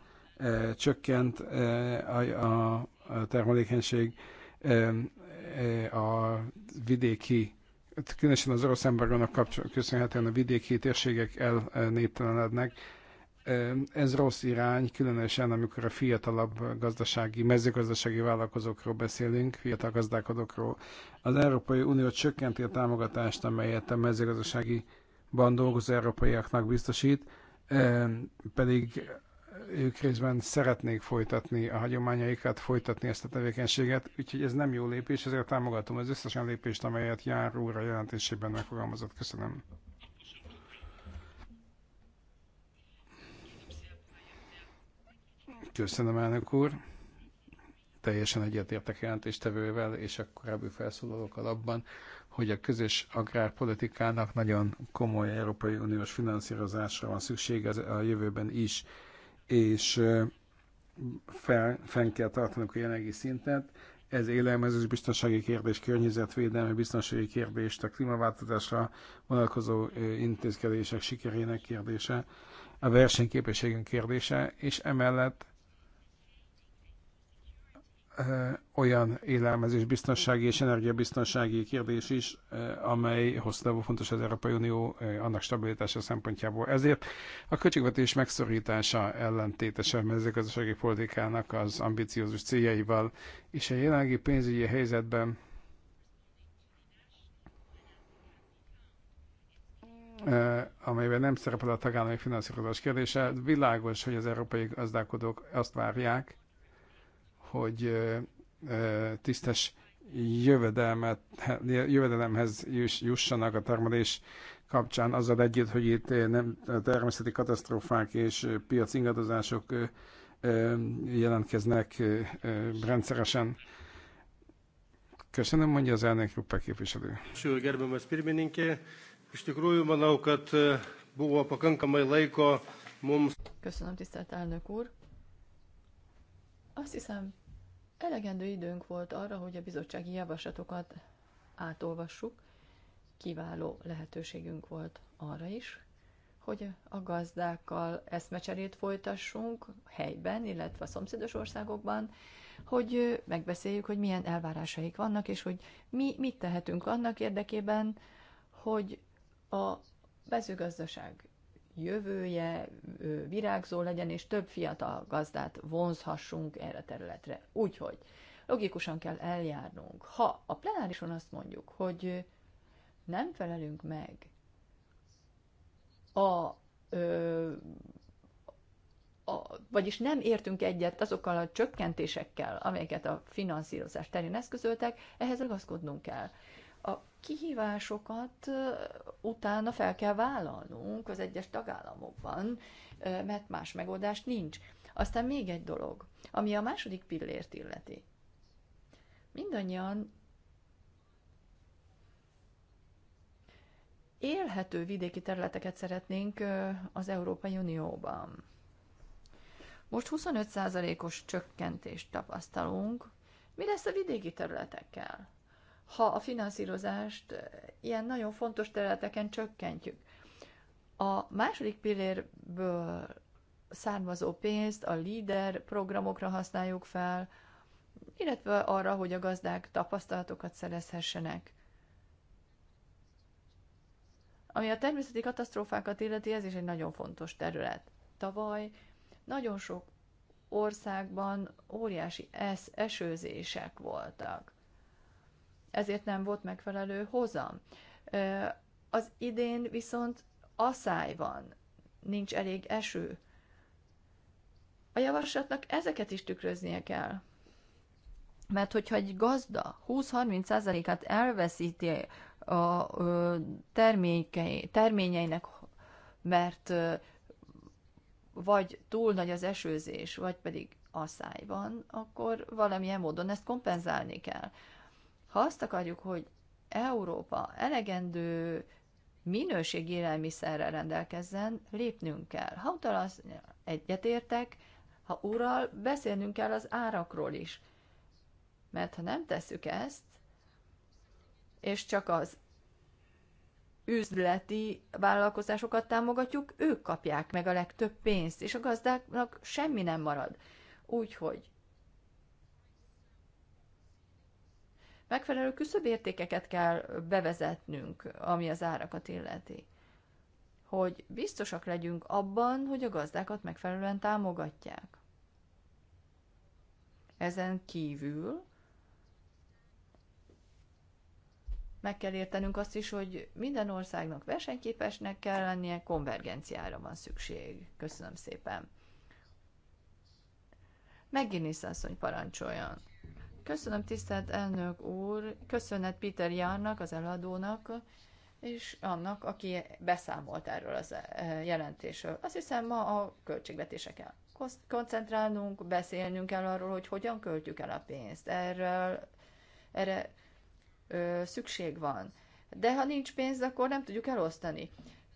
csökkent a termelékenység, a vidéki hát különösen az orosz embargónak köszönhetően a vidéki térségek elnéptelenednek. Ez rossz irány, különösen amikor a fiatalabb gazdasági, mezőgazdasági vállalkozókról beszélünk, fiatal gazdálkodókról. Az Európai Unió csökkenti a támogatást, amelyet a mezőgazdaságiban dolgozó európaiaknak biztosít, pedig ők részben szeretnék folytatni a hagyományaikat, folytatni ezt a tevékenységet, úgyhogy ez nem jó lépés, ezért támogatom az összes olyan lépést, amelyet jár úr a jelentésében megfogalmazott. Köszönöm. Köszönöm, elnök úr. Teljesen egyetértek jelentéstevővel és a korábbi felszólalókkal abban, hogy a közös agrárpolitikának nagyon komoly Európai Uniós finanszírozásra van szüksége a jövőben is és fel, fenn kell tartanunk a jelenlegi szintet. Ez élelmezés biztonsági kérdés, környezetvédelmi biztonsági kérdés, a klímaváltozásra vonatkozó intézkedések sikerének kérdése, a versenyképességünk kérdése, és emellett olyan élelmezés biztonsági és energiabiztonsági kérdés is, amely hosszú távú fontos az Európai Unió annak stabilitása szempontjából. Ezért a költségvetés megszorítása ellentétes a mezőgazdasági politikának az ambiciózus céljaival, és a jelenlegi pénzügyi helyzetben amelyben nem szerepel a tagállami finanszírozás kérdése, világos, hogy az európai gazdálkodók azt várják, hogy tisztes jövedelmet, jövedelemhez jussanak a termelés kapcsán, azzal együtt, hogy itt nem természeti katasztrófák és piac ingadozások jelentkeznek rendszeresen. Köszönöm, mondja az elnök Ruppe képviselő. Gerbiamas pirmininkė, iš tikrųjų manau, kad buvo pakankamai laiko mums. Köszönöm, tisztelt elnök úr. Azt hiszem, Elegendő időnk volt arra, hogy a bizottsági javaslatokat átolvassuk, kiváló lehetőségünk volt arra is, hogy a gazdákkal eszmecserét folytassunk helyben, illetve a szomszédos országokban, hogy megbeszéljük, hogy milyen elvárásaik vannak, és hogy mi mit tehetünk annak érdekében, hogy a mezőgazdaság jövője virágzó legyen, és több fiatal gazdát vonzhassunk erre a területre. Úgyhogy logikusan kell eljárnunk. Ha a plenárison azt mondjuk, hogy nem felelünk meg a, ö, a vagyis nem értünk egyet azokkal a csökkentésekkel, amelyeket a finanszírozás terén eszközöltek, ehhez ragaszkodnunk kell kihívásokat utána fel kell vállalnunk az egyes tagállamokban, mert más megoldást nincs. Aztán még egy dolog, ami a második pillért illeti. Mindannyian élhető vidéki területeket szeretnénk az Európai Unióban. Most 25%-os csökkentést tapasztalunk. Mi lesz a vidéki területekkel? ha a finanszírozást ilyen nagyon fontos területeken csökkentjük. A második pillérből származó pénzt a LEADER programokra használjuk fel, illetve arra, hogy a gazdák tapasztalatokat szerezhessenek. Ami a természeti katasztrófákat illeti, ez is egy nagyon fontos terület. Tavaly nagyon sok országban óriási es- esőzések voltak ezért nem volt megfelelő hozam. Az idén viszont asszály van, nincs elég eső. A javaslatnak ezeket is tükröznie kell. Mert hogyha egy gazda 20-30%-át elveszíti a termékei, terményeinek, mert vagy túl nagy az esőzés, vagy pedig asszály van, akkor valamilyen módon ezt kompenzálni kell. Ha azt akarjuk, hogy Európa elegendő minőségi élelmiszerrel rendelkezzen, lépnünk kell. Ha utal egyetértek, ha ural, beszélnünk kell az árakról is. Mert ha nem tesszük ezt, és csak az üzleti vállalkozásokat támogatjuk, ők kapják meg a legtöbb pénzt, és a gazdáknak semmi nem marad. Úgyhogy Megfelelő küszöbértékeket kell bevezetnünk, ami az árakat illeti. Hogy biztosak legyünk abban, hogy a gazdákat megfelelően támogatják. Ezen kívül meg kell értenünk azt is, hogy minden országnak versenyképesnek kell lennie, konvergenciára van szükség. Köszönöm szépen. Megint asszony parancsoljon. Köszönöm tisztelt elnök úr, köszönet Peter Járnak, az eladónak, és annak, aki beszámolt erről az eh, jelentésről. Azt hiszem ma a költségvetéseken koncentrálnunk, beszélnünk kell arról, hogy hogyan költjük el a pénzt. Erről, erre ö, szükség van. De ha nincs pénz, akkor nem tudjuk elosztani.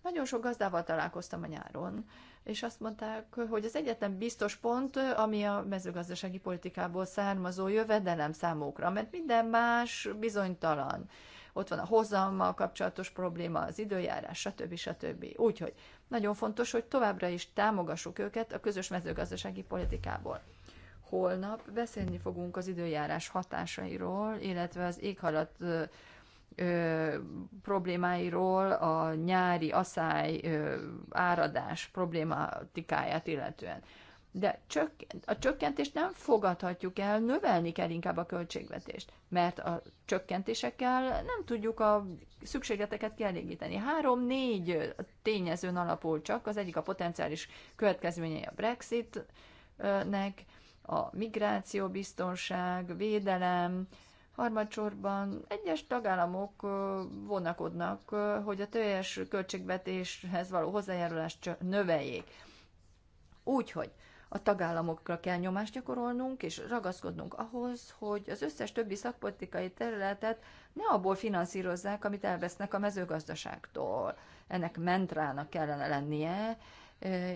Nagyon sok gazdával találkoztam a nyáron, és azt mondták, hogy az egyetlen biztos pont, ami a mezőgazdasági politikából származó jövedelem számukra, mert minden más bizonytalan. Ott van a hozammal kapcsolatos probléma, az időjárás, stb. stb. Úgyhogy nagyon fontos, hogy továbbra is támogassuk őket a közös mezőgazdasági politikából. Holnap beszélni fogunk az időjárás hatásairól, illetve az éghajlat ö, problémáiról, a nyári asszály ö, áradás problématikáját illetően. De csök, a csökkentést nem fogadhatjuk el, növelni kell inkább a költségvetést, mert a csökkentésekkel nem tudjuk a szükségleteket kielégíteni. Három-négy tényezőn alapul csak, az egyik a potenciális következményei a Brexitnek, a migráció, biztonság, védelem, Harmadsorban egyes tagállamok vonakodnak, hogy a teljes költségvetéshez való hozzájárulást növeljék. Úgyhogy a tagállamokra kell nyomást gyakorolnunk, és ragaszkodnunk ahhoz, hogy az összes többi szakpolitikai területet ne abból finanszírozzák, amit elvesznek a mezőgazdaságtól. Ennek mentrának kellene lennie,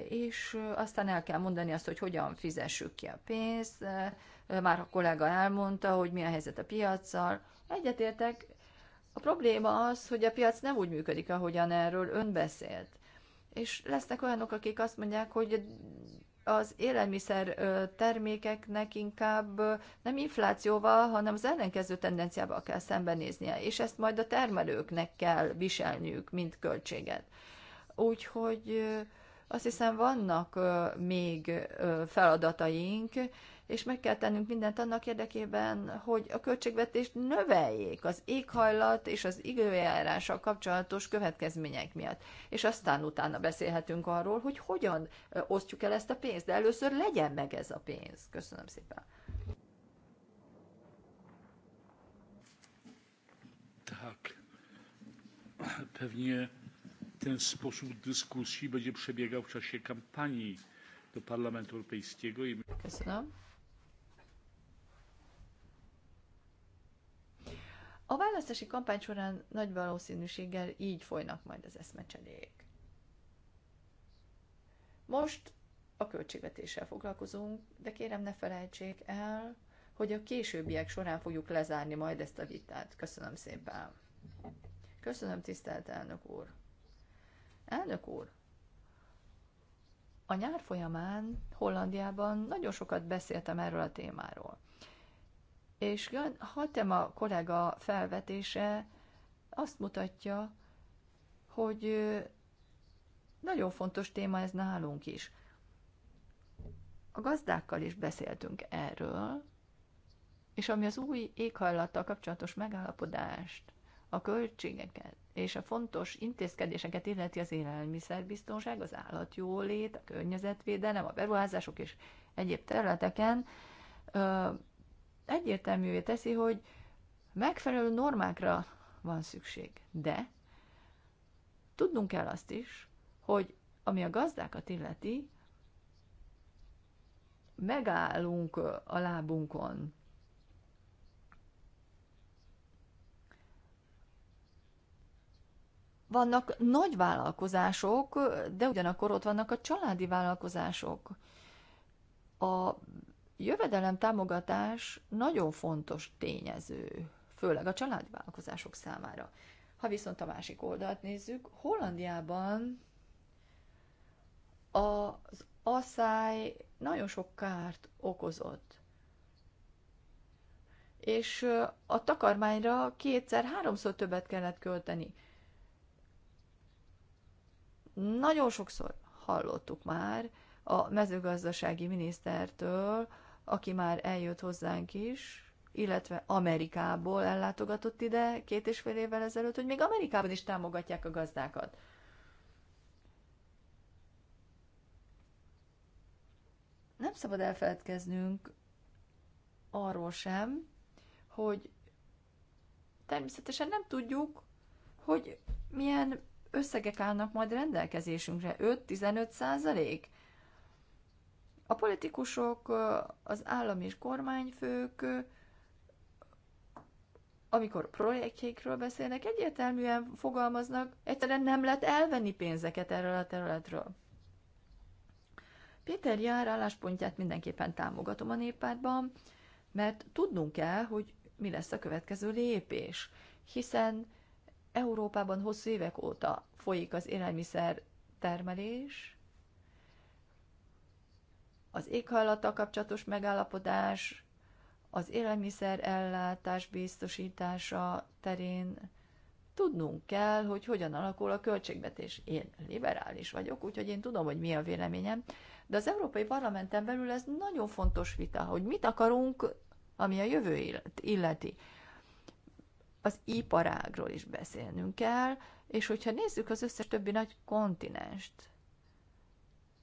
és aztán el kell mondani azt, hogy hogyan fizessük ki a pénzt, már a kollega elmondta, hogy mi a helyzet a piaccal. Egyetértek, a probléma az, hogy a piac nem úgy működik, ahogyan erről ön beszélt. És lesznek olyanok, akik azt mondják, hogy az élelmiszer termékeknek inkább nem inflációval, hanem az ellenkező tendenciával kell szembenéznie, és ezt majd a termelőknek kell viselniük, mint költséget. Úgyhogy azt hiszem vannak még feladataink, és meg kell tennünk mindent annak érdekében, hogy a költségvetést növeljék az éghajlat és az időjárással kapcsolatos következmények miatt. És aztán utána beszélhetünk arról, hogy hogyan osztjuk el ezt a pénzt, de először legyen meg ez a pénz. Köszönöm szépen. Tak. Pewnie ten sposób dyskusji będzie przebiegał w czasie kampanii do Parlamentu Europejskiego. Köszönöm. A választási kampány során nagy valószínűséggel így folynak majd az eszmecserék. Most a költségvetéssel foglalkozunk, de kérem ne felejtsék el, hogy a későbbiek során fogjuk lezárni majd ezt a vitát. Köszönöm szépen. Köszönöm, tisztelt elnök úr. Elnök úr, a nyár folyamán Hollandiában nagyon sokat beszéltem erről a témáról. És Hatema kollega felvetése azt mutatja, hogy nagyon fontos téma ez nálunk is. A gazdákkal is beszéltünk erről, és ami az új éghajlattal kapcsolatos megállapodást, a költségeket és a fontos intézkedéseket illeti az élelmiszerbiztonság, az állatjólét, a környezetvédelem, a beruházások és egyéb területeken, egyértelművé teszi, hogy megfelelő normákra van szükség. De tudnunk kell azt is, hogy ami a gazdákat illeti, megállunk a lábunkon. Vannak nagy vállalkozások, de ugyanakkor ott vannak a családi vállalkozások. A jövedelem támogatás nagyon fontos tényező, főleg a családvállalkozások számára. Ha viszont a másik oldalt nézzük, Hollandiában az asszály nagyon sok kárt okozott. És a takarmányra kétszer-háromszor többet kellett költeni. Nagyon sokszor hallottuk már a mezőgazdasági minisztertől, aki már eljött hozzánk is, illetve Amerikából ellátogatott ide két és fél évvel ezelőtt, hogy még Amerikában is támogatják a gazdákat. Nem szabad elfeledkeznünk arról sem, hogy természetesen nem tudjuk, hogy milyen összegek állnak majd rendelkezésünkre. 5-15 százalék? A politikusok, az állam és kormányfők, amikor projektjékről beszélnek, egyértelműen fogalmaznak, egyszerűen nem lehet elvenni pénzeket erről a területről. Péter Jár álláspontját mindenképpen támogatom a néppártban, mert tudnunk kell, hogy mi lesz a következő lépés, hiszen Európában hosszú évek óta folyik az élelmiszer termelés, az éghajlattal kapcsolatos megállapodás, az élelmiszer ellátás biztosítása terén tudnunk kell, hogy hogyan alakul a költségvetés. Én liberális vagyok, úgyhogy én tudom, hogy mi a véleményem, de az Európai Parlamenten belül ez nagyon fontos vita, hogy mit akarunk, ami a jövő illeti. Az iparágról is beszélnünk kell, és hogyha nézzük az összes többi nagy kontinenst,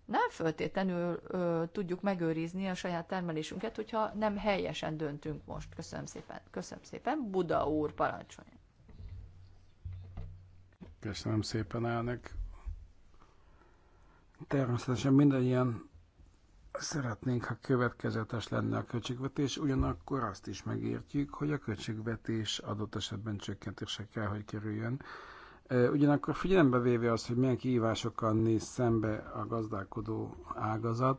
nem föltétlenül ö, tudjuk megőrizni a saját termelésünket, hogyha nem helyesen döntünk most. Köszönöm szépen. Köszönöm szépen. Buda úr, parancsolja. Köszönöm szépen, elnök. Természetesen mindannyian szeretnénk, ha következetes lenne a költségvetés, ugyanakkor azt is megértjük, hogy a költségvetés adott esetben csökkentésre kell, hogy kerüljön Ugyanakkor figyelembe véve azt, hogy milyen kihívásokkal néz szembe a gazdálkodó ágazat,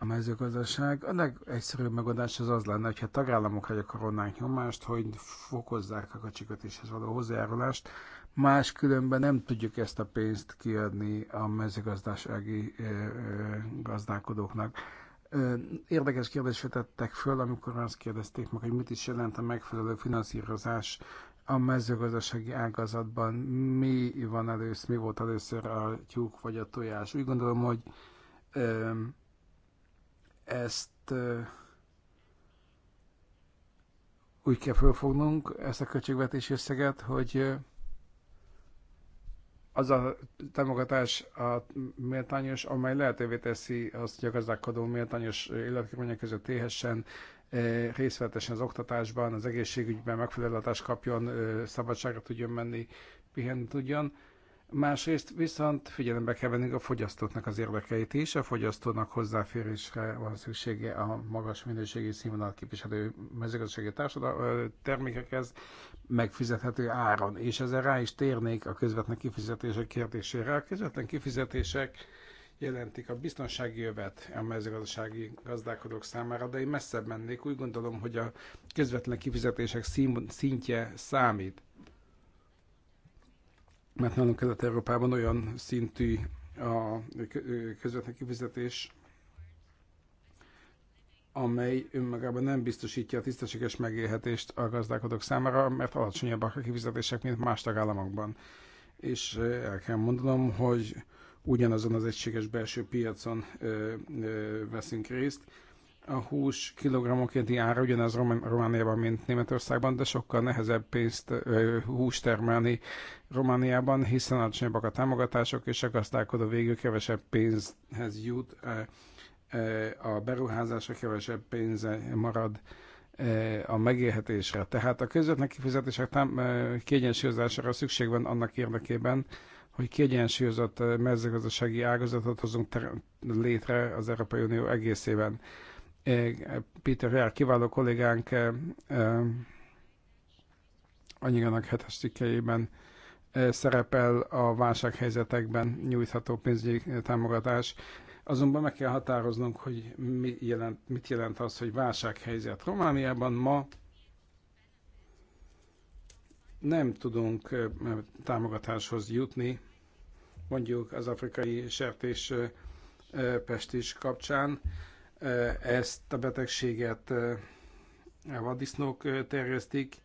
a mezőgazdaság, a legegyszerűbb megoldás az az lenne, hogyha tagállamokra gyakorolnánk nyomást, hogy fokozzák a kacsikötéshez való hozzájárulást, máskülönben nem tudjuk ezt a pénzt kiadni a mezőgazdasági ö, ö, gazdálkodóknak. Ö, érdekes kérdést tettek föl, amikor azt kérdezték meg, hogy mit is jelent a megfelelő finanszírozás a mezőgazdasági ágazatban mi van először, mi volt először a tyúk vagy a tojás. Úgy gondolom, hogy ö, ezt ö, úgy kell fölfognunk, ezt a költségvetési összeget, hogy az a támogatás a méltányos, amely lehetővé teszi azt, hogy a gazdálkodó méltányos életkörülmények között éhessen, E, részletesen az oktatásban, az egészségügyben megfelelő kapjon, e, szabadságra tudjon menni, pihenni tudjon. Másrészt viszont figyelembe kell venni a fogyasztóknak az érdekeit is, a fogyasztónak hozzáférésre van szüksége a magas minőségi színvonal képviselő mezőgazdasági termékekhez megfizethető áron. És ezzel rá is térnék a közvetlen kifizetések kérdésére. A közvetlen kifizetések jelentik a biztonsági jövet a mezőgazdasági gazdálkodók számára, de én messzebb mennék. Úgy gondolom, hogy a közvetlen kifizetések szintje számít. Mert nálunk Kelet-Európában olyan szintű a közvetlen kifizetés, amely önmagában nem biztosítja a tisztességes megélhetést a gazdálkodók számára, mert alacsonyabbak a kifizetések, mint más tagállamokban. És eh, el kell mondanom, hogy ugyanazon az egységes belső piacon ö, ö, veszünk részt. A hús kilogrammokénti ára ugyanaz Román- Romániában, mint Németországban, de sokkal nehezebb pénzt ö, hús termelni Romániában, hiszen alacsonyabbak a támogatások, és a gazdálkodó végül kevesebb pénzhez jut, ö, ö, a beruházásra kevesebb pénze marad a megélhetésre. Tehát a közvetlen kifizetések kiegyensúlyozására szükség van annak érdekében, hogy kiegyensúlyozott eh, mezőgazdasági ágazatot hozunk létre az Európai Unió egészében. Eh, Peter Jár kiváló kollégánk eh, anyagának hetes cikkeiben szerepel a válsághelyzetekben nyújtható pénzügyi támogatás. Azonban meg kell határoznunk, hogy mi jelent, mit jelent az, hogy válsághelyzet. Romániában ma nem tudunk támogatáshoz jutni, mondjuk az afrikai sertés pestis kapcsán. Ezt a betegséget a vaddisznók terjesztik,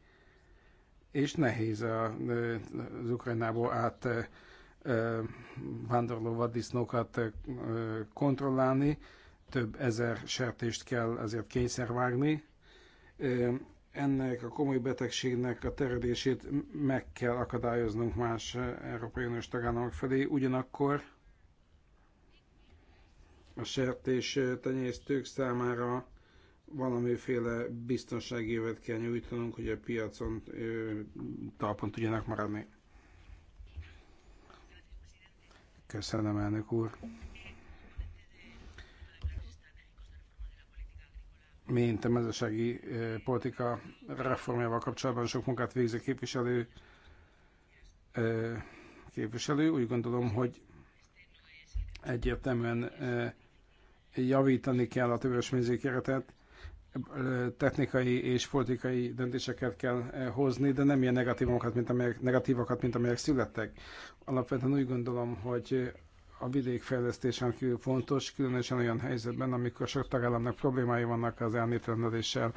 és nehéz az Ukrajnából át vándorló vaddisznókat kontrollálni, több ezer sertést kell azért kényszervágni ennek a komoly betegségnek a terjedését meg kell akadályoznunk más Európai Uniós tagállamok felé, ugyanakkor a sertés tenyésztők számára valamiféle biztonsági évet kell nyújtanunk, hogy a piacon talpon tudjanak maradni. Köszönöm, elnök úr. mint a mezőségi politika reformjával kapcsolatban sok munkát végző képviselő, képviselő. Úgy gondolom, hogy egyértelműen javítani kell a többes mézékeretet, technikai és politikai döntéseket kell hozni, de nem ilyen negatívokat, mint amelyek, negatívakat, mint amelyek születtek. Alapvetően úgy gondolom, hogy a vidékfejlesztésen kívül fontos, különösen olyan helyzetben, amikor sok tagállamnak problémái vannak az elnéptelenedéssel,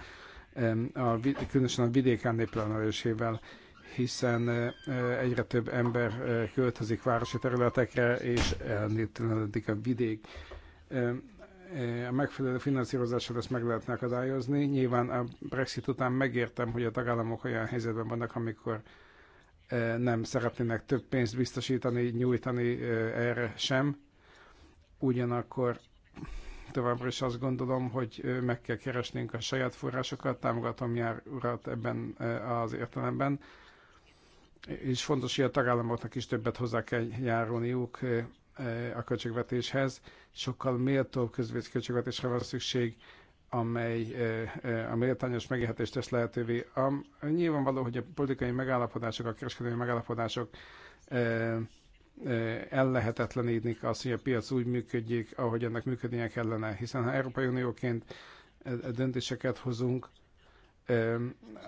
a, különösen a vidék elnéptelenedésével, hiszen egyre több ember költözik városi területekre, és elnéptelenedik a vidék. A megfelelő finanszírozással ezt meg lehetne akadályozni. Nyilván a Brexit után megértem, hogy a tagállamok olyan helyzetben vannak, amikor nem szeretnének több pénzt biztosítani, nyújtani erre sem. Ugyanakkor továbbra is azt gondolom, hogy meg kell keresnünk a saját forrásokat, támogatom jár urat ebben az értelemben, és fontos, hogy a tagállamoknak is többet hozzá kell járulniuk a költségvetéshez, sokkal méltóbb költségvetésre van szükség, amely a méltányos megélhetést tesz lehetővé. A, nyilvánvaló, hogy a politikai megállapodások, a kereskedelmi megállapodások ellehetetlenítik azt, hogy a piac úgy működjék, ahogy ennek működnie kellene. Hiszen ha Európai Unióként döntéseket hozunk,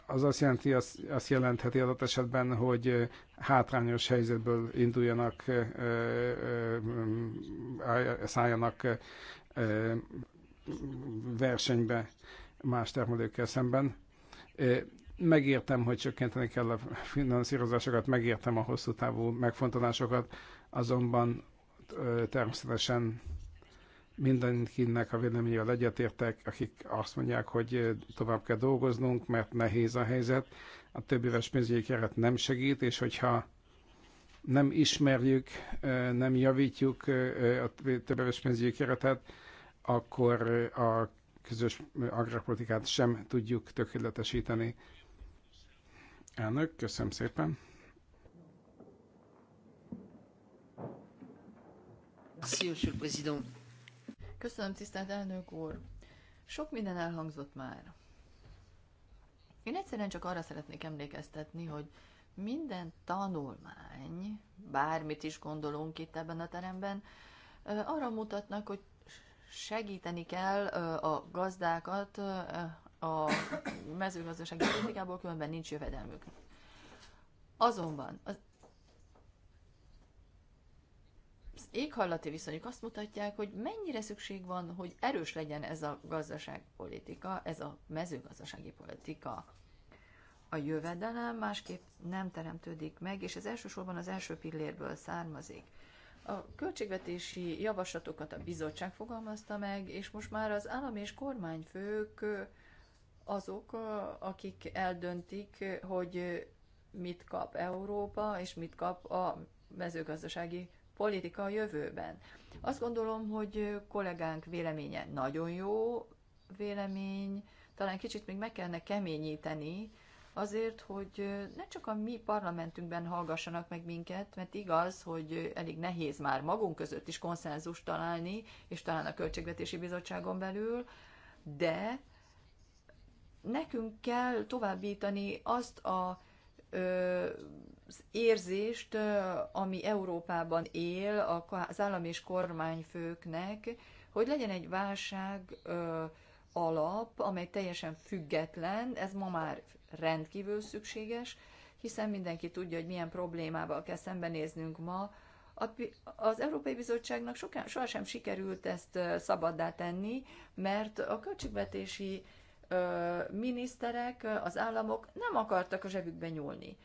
az azt, jelenti, azt, azt jelentheti adott esetben, hogy hátrányos helyzetből induljanak, szálljanak versenybe más termelőkkel szemben. Megértem, hogy csökkenteni kell a finanszírozásokat, megértem a hosszú távú megfontolásokat, azonban természetesen mindenkinek a véleményével egyetértek, akik azt mondják, hogy tovább kell dolgoznunk, mert nehéz a helyzet, a több éves pénzügyi keret nem segít, és hogyha nem ismerjük, nem javítjuk a több éves pénzügyi keretet, akkor a közös agrárpolitikát sem tudjuk tökéletesíteni. Elnök, köszönöm szépen. Köszönöm, tisztelt elnök úr. Sok minden elhangzott már. Én egyszerűen csak arra szeretnék emlékeztetni, hogy minden tanulmány, bármit is gondolunk itt ebben a teremben, arra mutatnak, hogy segíteni kell a gazdákat a mezőgazdasági politikából, különben nincs jövedelmük. Azonban az éghajlati viszonyok azt mutatják, hogy mennyire szükség van, hogy erős legyen ez a gazdaságpolitika, ez a mezőgazdasági politika. A jövedelem másképp nem teremtődik meg, és ez elsősorban az első pillérből származik. A költségvetési javaslatokat a bizottság fogalmazta meg, és most már az állam és kormányfők azok, akik eldöntik, hogy mit kap Európa, és mit kap a mezőgazdasági politika a jövőben. Azt gondolom, hogy kollégánk véleménye nagyon jó vélemény, talán kicsit még meg kellene keményíteni, azért, hogy ne csak a mi parlamentünkben hallgassanak meg minket, mert igaz, hogy elég nehéz már magunk között is konszenzust találni, és talán a Költségvetési Bizottságon belül, de nekünk kell továbbítani azt a az érzést, ami Európában él az állam és kormányfőknek, hogy legyen egy válság alap, amely teljesen független, ez ma már rendkívül szükséges, hiszen mindenki tudja, hogy milyen problémával kell szembenéznünk ma. Az Európai Bizottságnak sokan, sohasem sikerült ezt szabaddá tenni, mert a költségvetési miniszterek, az államok nem akartak a zsebükbe nyúlni.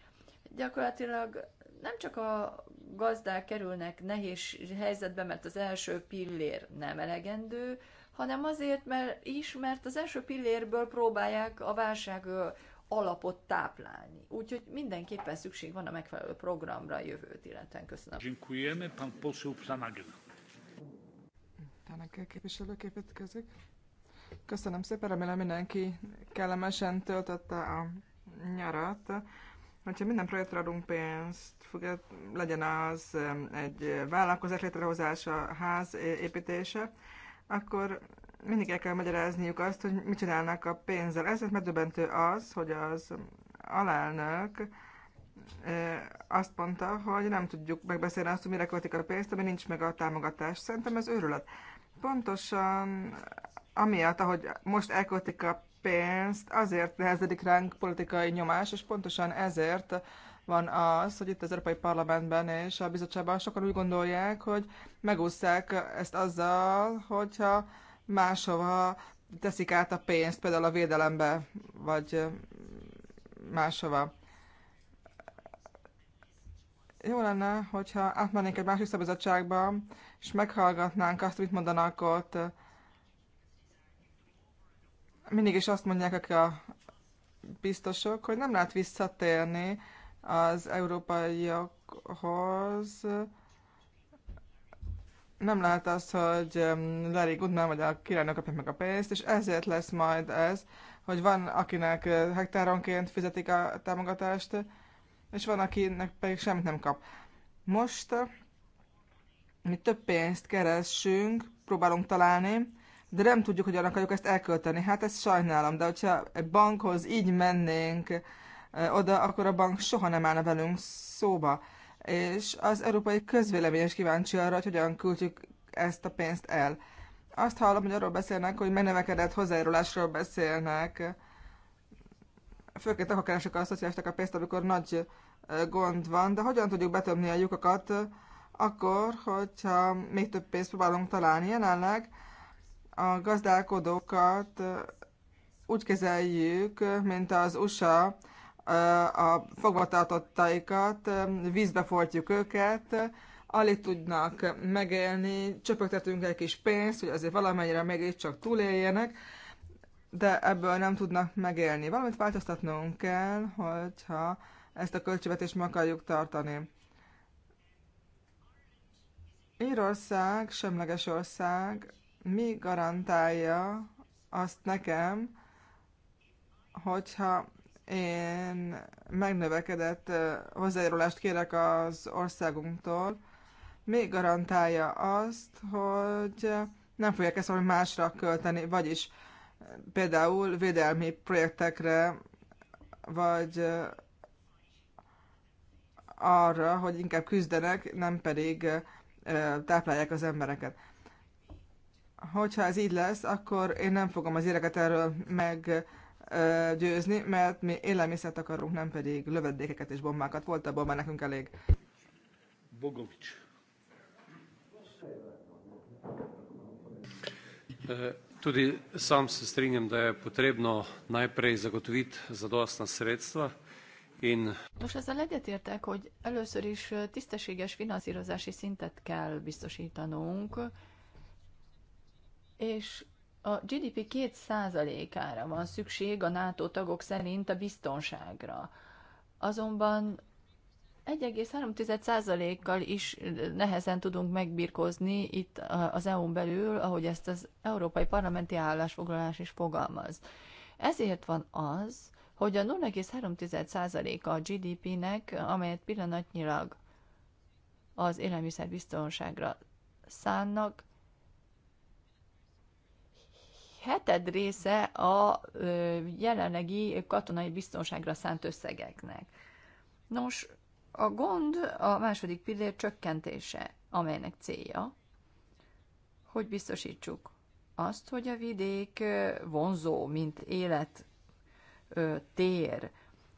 Gyakorlatilag nem csak a gazdák kerülnek nehéz helyzetbe, mert az első pillér nem elegendő, hanem azért mert is, mert az első pillérből próbálják a válság alapot táplálni. Úgyhogy mindenképpen szükség van a megfelelő programra a jövőt illetően. Köszönöm. Dziękujemy, pan poseł Flanagan. Flanagan képviselő képítkezik. Köszönöm szépen, remélem mindenki kellemesen töltötte a nyarat. Hogyha minden projektre adunk pénzt, fogja, legyen az egy vállalkozás létrehozása, ház építése, akkor mindig el kell magyarázniuk azt, hogy mit csinálnak a pénzzel. Ezért megdöbbentő az, hogy az alelnök azt mondta, hogy nem tudjuk megbeszélni azt, hogy mire költik a pénzt, ami nincs meg a támogatás. Szerintem ez őrület. Pontosan amiatt, ahogy most elköltik a pénzt, azért nehezedik ránk politikai nyomás, és pontosan ezért van az, hogy itt az Európai Parlamentben és a bizottságban sokan úgy gondolják, hogy megúszszák ezt azzal, hogyha máshova teszik át a pénzt, például a védelembe, vagy máshova. Jó lenne, hogyha átmennénk egy másik szabadságba, és meghallgatnánk azt, mit mondanak ott. Mindig is azt mondják, akik a biztosok, hogy nem lehet visszatérni az európaiakhoz, nem lehet az, hogy Larry Goodman vagy a királynő kapják meg a pénzt, és ezért lesz majd ez, hogy van, akinek hektáronként fizetik a támogatást, és van, akinek pedig semmit nem kap. Most mi több pénzt keresünk, próbálunk találni, de nem tudjuk, hogy arra akarjuk ezt elkölteni. Hát ezt sajnálom, de hogyha egy bankhoz így mennénk oda, akkor a bank soha nem állna velünk szóba és az európai közvélemény is kíváncsi arra, hogy hogyan küldjük ezt a pénzt el. Azt hallom, hogy arról beszélnek, hogy megnevekedett hozzájárulásról beszélnek. Főként akkor keresek a szociálisták a pénzt, amikor nagy gond van, de hogyan tudjuk betömni a lyukakat akkor, hogyha még több pénzt próbálunk találni. Jelenleg a gazdálkodókat úgy kezeljük, mint az USA a fogvatartottaikat, vízbe folytjuk őket, alig tudnak megélni, csöpögtetünk egy kis pénzt, hogy azért valamennyire csak túléljenek, de ebből nem tudnak megélni. Valamit változtatnunk kell, hogyha ezt a költségvetést meg akarjuk tartani. Írország, semleges ország, mi garantálja azt nekem, hogyha én megnövekedett hozzájárulást kérek az országunktól, még garantálja azt, hogy nem fogják ezt valami másra költeni, vagyis például védelmi projektekre, vagy arra, hogy inkább küzdenek, nem pedig táplálják az embereket. Hogyha ez így lesz, akkor én nem fogom az éreket erről meg győzni, mert mi élelmiszert akarunk, nem pedig lövedékeket és bombákat. Volt abban már nekünk elég. Bogovics. Tudi sam se strinjam, da je potrebno najprej zagotoviti zadostna sredstva in... Nos, ezzel egyetértek, hogy először is tisztességes finanszírozási szintet kell biztosítanunk, és a GDP 2%-ára van szükség a NATO tagok szerint a biztonságra. Azonban 1,3%-kal is nehezen tudunk megbirkózni itt az EU-n belül, ahogy ezt az Európai Parlamenti állásfoglalás is fogalmaz. Ezért van az, hogy a 0,3%-a a, a GDP-nek, amelyet pillanatnyilag az élelmiszerbiztonságra szánnak, heted része a jelenlegi katonai biztonságra szánt összegeknek. Nos, a gond a második pillér csökkentése, amelynek célja, hogy biztosítsuk azt, hogy a vidék vonzó, mint élet tér,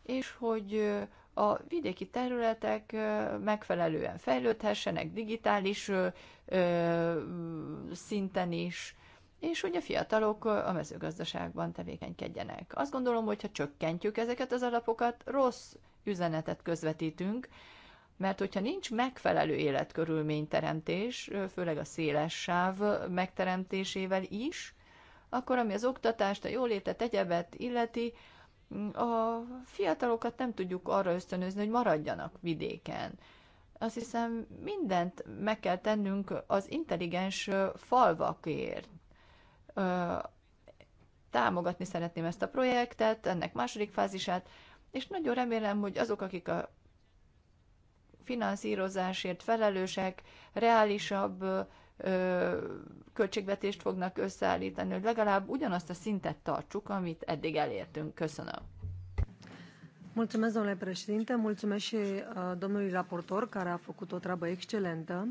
és hogy a vidéki területek megfelelően fejlődhessenek digitális szinten is, és hogy a fiatalok a mezőgazdaságban tevékenykedjenek. Azt gondolom, hogy ha csökkentjük ezeket az alapokat, rossz üzenetet közvetítünk, mert hogyha nincs megfelelő életkörülményteremtés, főleg a széles sáv megteremtésével is, akkor ami az oktatást, a jólétet, egyebet illeti, mm, a fiatalokat nem tudjuk arra ösztönözni, hogy maradjanak vidéken. Azt hiszem, mindent meg kell tennünk az intelligens falvakért támogatni szeretném ezt a projektet, ennek második fázisát, és nagyon remélem, hogy azok, akik a finanszírozásért felelősek, reálisabb ö, költségvetést fognak összeállítani, hogy legalább ugyanazt a szintet tartsuk, amit eddig elértünk. Köszönöm. Mulțumesc, domnule președinte, mulțumesc și uh, domnului raportor, care a făcut o treabă excelentă.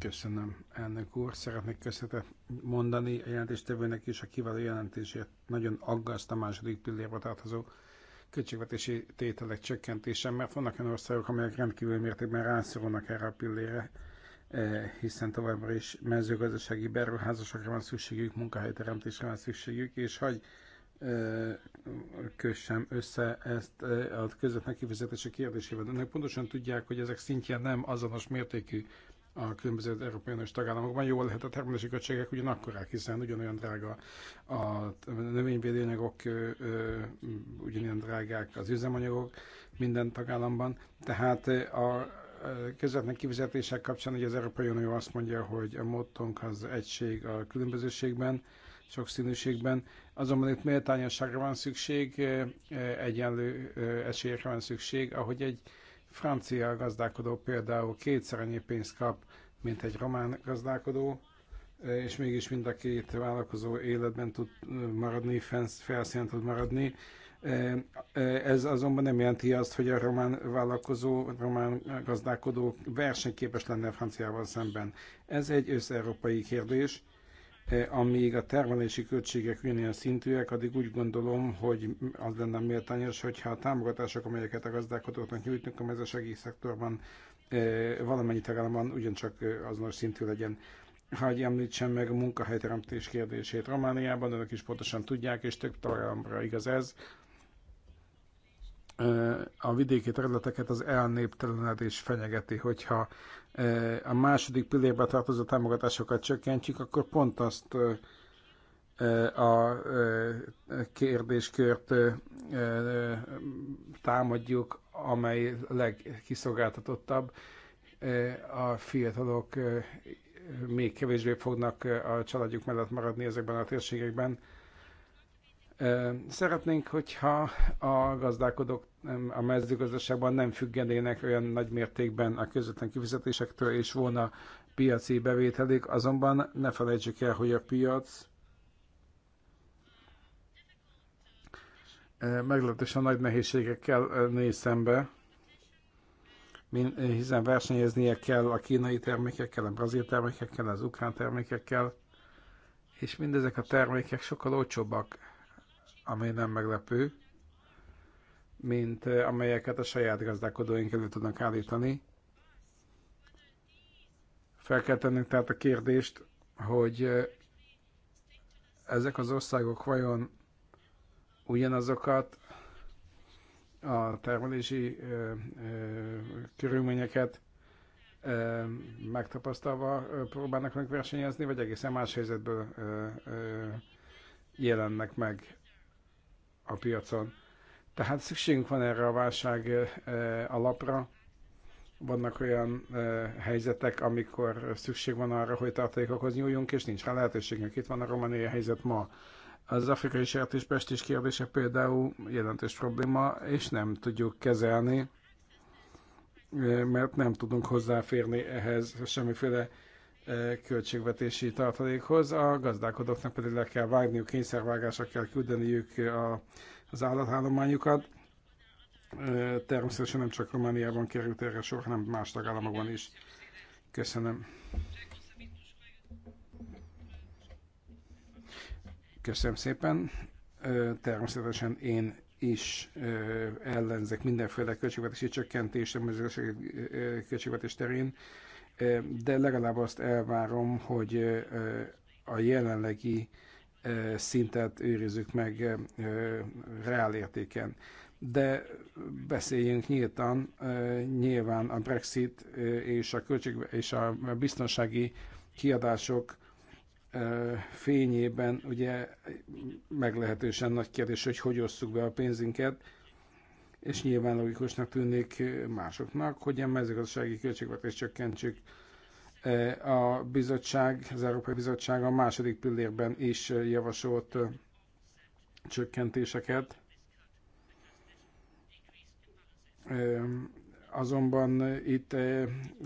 Köszönöm, elnök úr. Szeretnék köszönetet mondani a jelentéstevőnek is a kiváló jelentésért. Nagyon aggaszt a második pillérbe tartozó költségvetési tételek csökkentése, mert vannak olyan országok, amelyek rendkívül mértékben rászorulnak erre a pillére, eh, hiszen továbbra is mezőgazdasági beruházásokra van szükségük, munkahelyteremtésre van szükségük, és hogy eh, kössem össze ezt eh, a közvetlen kifizetési kérdésével. Önök pontosan tudják, hogy ezek szintjén nem azonos mértékű a különböző Európai Uniós tagállamokban. Jól lehet a termelési költségek ugyanakkorák, hiszen ugyanolyan drága a növényvédőanyagok, ugyanolyan drágák az üzemanyagok minden tagállamban. Tehát a közvetlen kifizetések kapcsán ugye az Európai Unió azt mondja, hogy a mottónk az egység a különbözőségben, sokszínűségben. Azonban itt méltányosságra van szükség, egyenlő esélyekre van szükség, ahogy egy francia gazdálkodó például kétszer annyi pénzt kap, mint egy román gazdálkodó, és mégis mind a két vállalkozó életben tud maradni, felszínen tud maradni. Ez azonban nem jelenti azt, hogy a román vállalkozó, a román gazdálkodó versenyképes lenne a franciával szemben. Ez egy összeurópai kérdés, Eh, amíg a termelési költségek ugyanilyen szintűek, addig úgy gondolom, hogy az lenne méltányos, hogyha a támogatások, amelyeket a gazdálkodóknak nyújtunk a mezőségi szektorban, eh, valamennyi tagállamban ugyancsak eh, azonos szintű legyen. Hagy említsem meg a munkahelyteremtés kérdését Romániában, önök is pontosan tudják, és több tagállamra igaz ez. A vidéki területeket az elnéptelenedés fenyegeti, hogyha a második pillérbe tartozó támogatásokat csökkentjük, akkor pont azt a kérdéskört támadjuk, amely legkiszolgáltatottabb. A fiatalok még kevésbé fognak a családjuk mellett maradni ezekben a térségekben. Szeretnénk, hogyha a gazdálkodók a mezőgazdaságban nem függenének olyan nagy mértékben a közvetlen kifizetésektől, és volna piaci bevételik, azonban ne felejtsük el, hogy a piac eh, meglehetősen nagy nehézségekkel eh, néz szembe, eh, hiszen versenyeznie kell a kínai termékekkel, a brazil termékekkel, az ukrán termékekkel, és mindezek a termékek sokkal olcsóbbak, ami nem meglepő mint amelyeket a saját gazdálkodóink elő tudnak állítani. Fel kell tennünk tehát a kérdést, hogy ezek az országok vajon ugyanazokat a termelési körülményeket megtapasztalva próbálnak meg versenyezni, vagy egészen más helyzetből jelennek meg a piacon. Tehát szükségünk van erre a válság alapra. Vannak olyan helyzetek, amikor szükség van arra, hogy tartalékokhoz nyúljunk, és nincs rá lehetőségünk. Itt van a romániai helyzet ma. Az afrikai sertéspestés kérdése például jelentős probléma, és nem tudjuk kezelni, mert nem tudunk hozzáférni ehhez semmiféle költségvetési tartalékhoz. A gazdálkodóknak pedig le kell vágniuk, kényszervágásra kell küldeniük a az állatállományukat. Természetesen nem csak Romániában került erre sor, hanem más tagállamokban is. Köszönöm. Köszönöm szépen. Természetesen én is ellenzek mindenféle költségvetési csökkentést a mezőgazdasági költségvetés terén, de legalább azt elvárom, hogy a jelenlegi szintet őrizzük meg értéken. De beszéljünk nyíltan, nyilván a Brexit és a, költség, és a biztonsági kiadások fényében ugye meglehetősen nagy kérdés, hogy hogy osszuk be a pénzünket, és nyilván logikusnak tűnik másoknak, hogy a mezőgazdasági költségvetést csökkentsük Eh, a bizottság, az Európai Bizottság a második pillérben is eh, javasolt eh, csökkentéseket. Azonban itt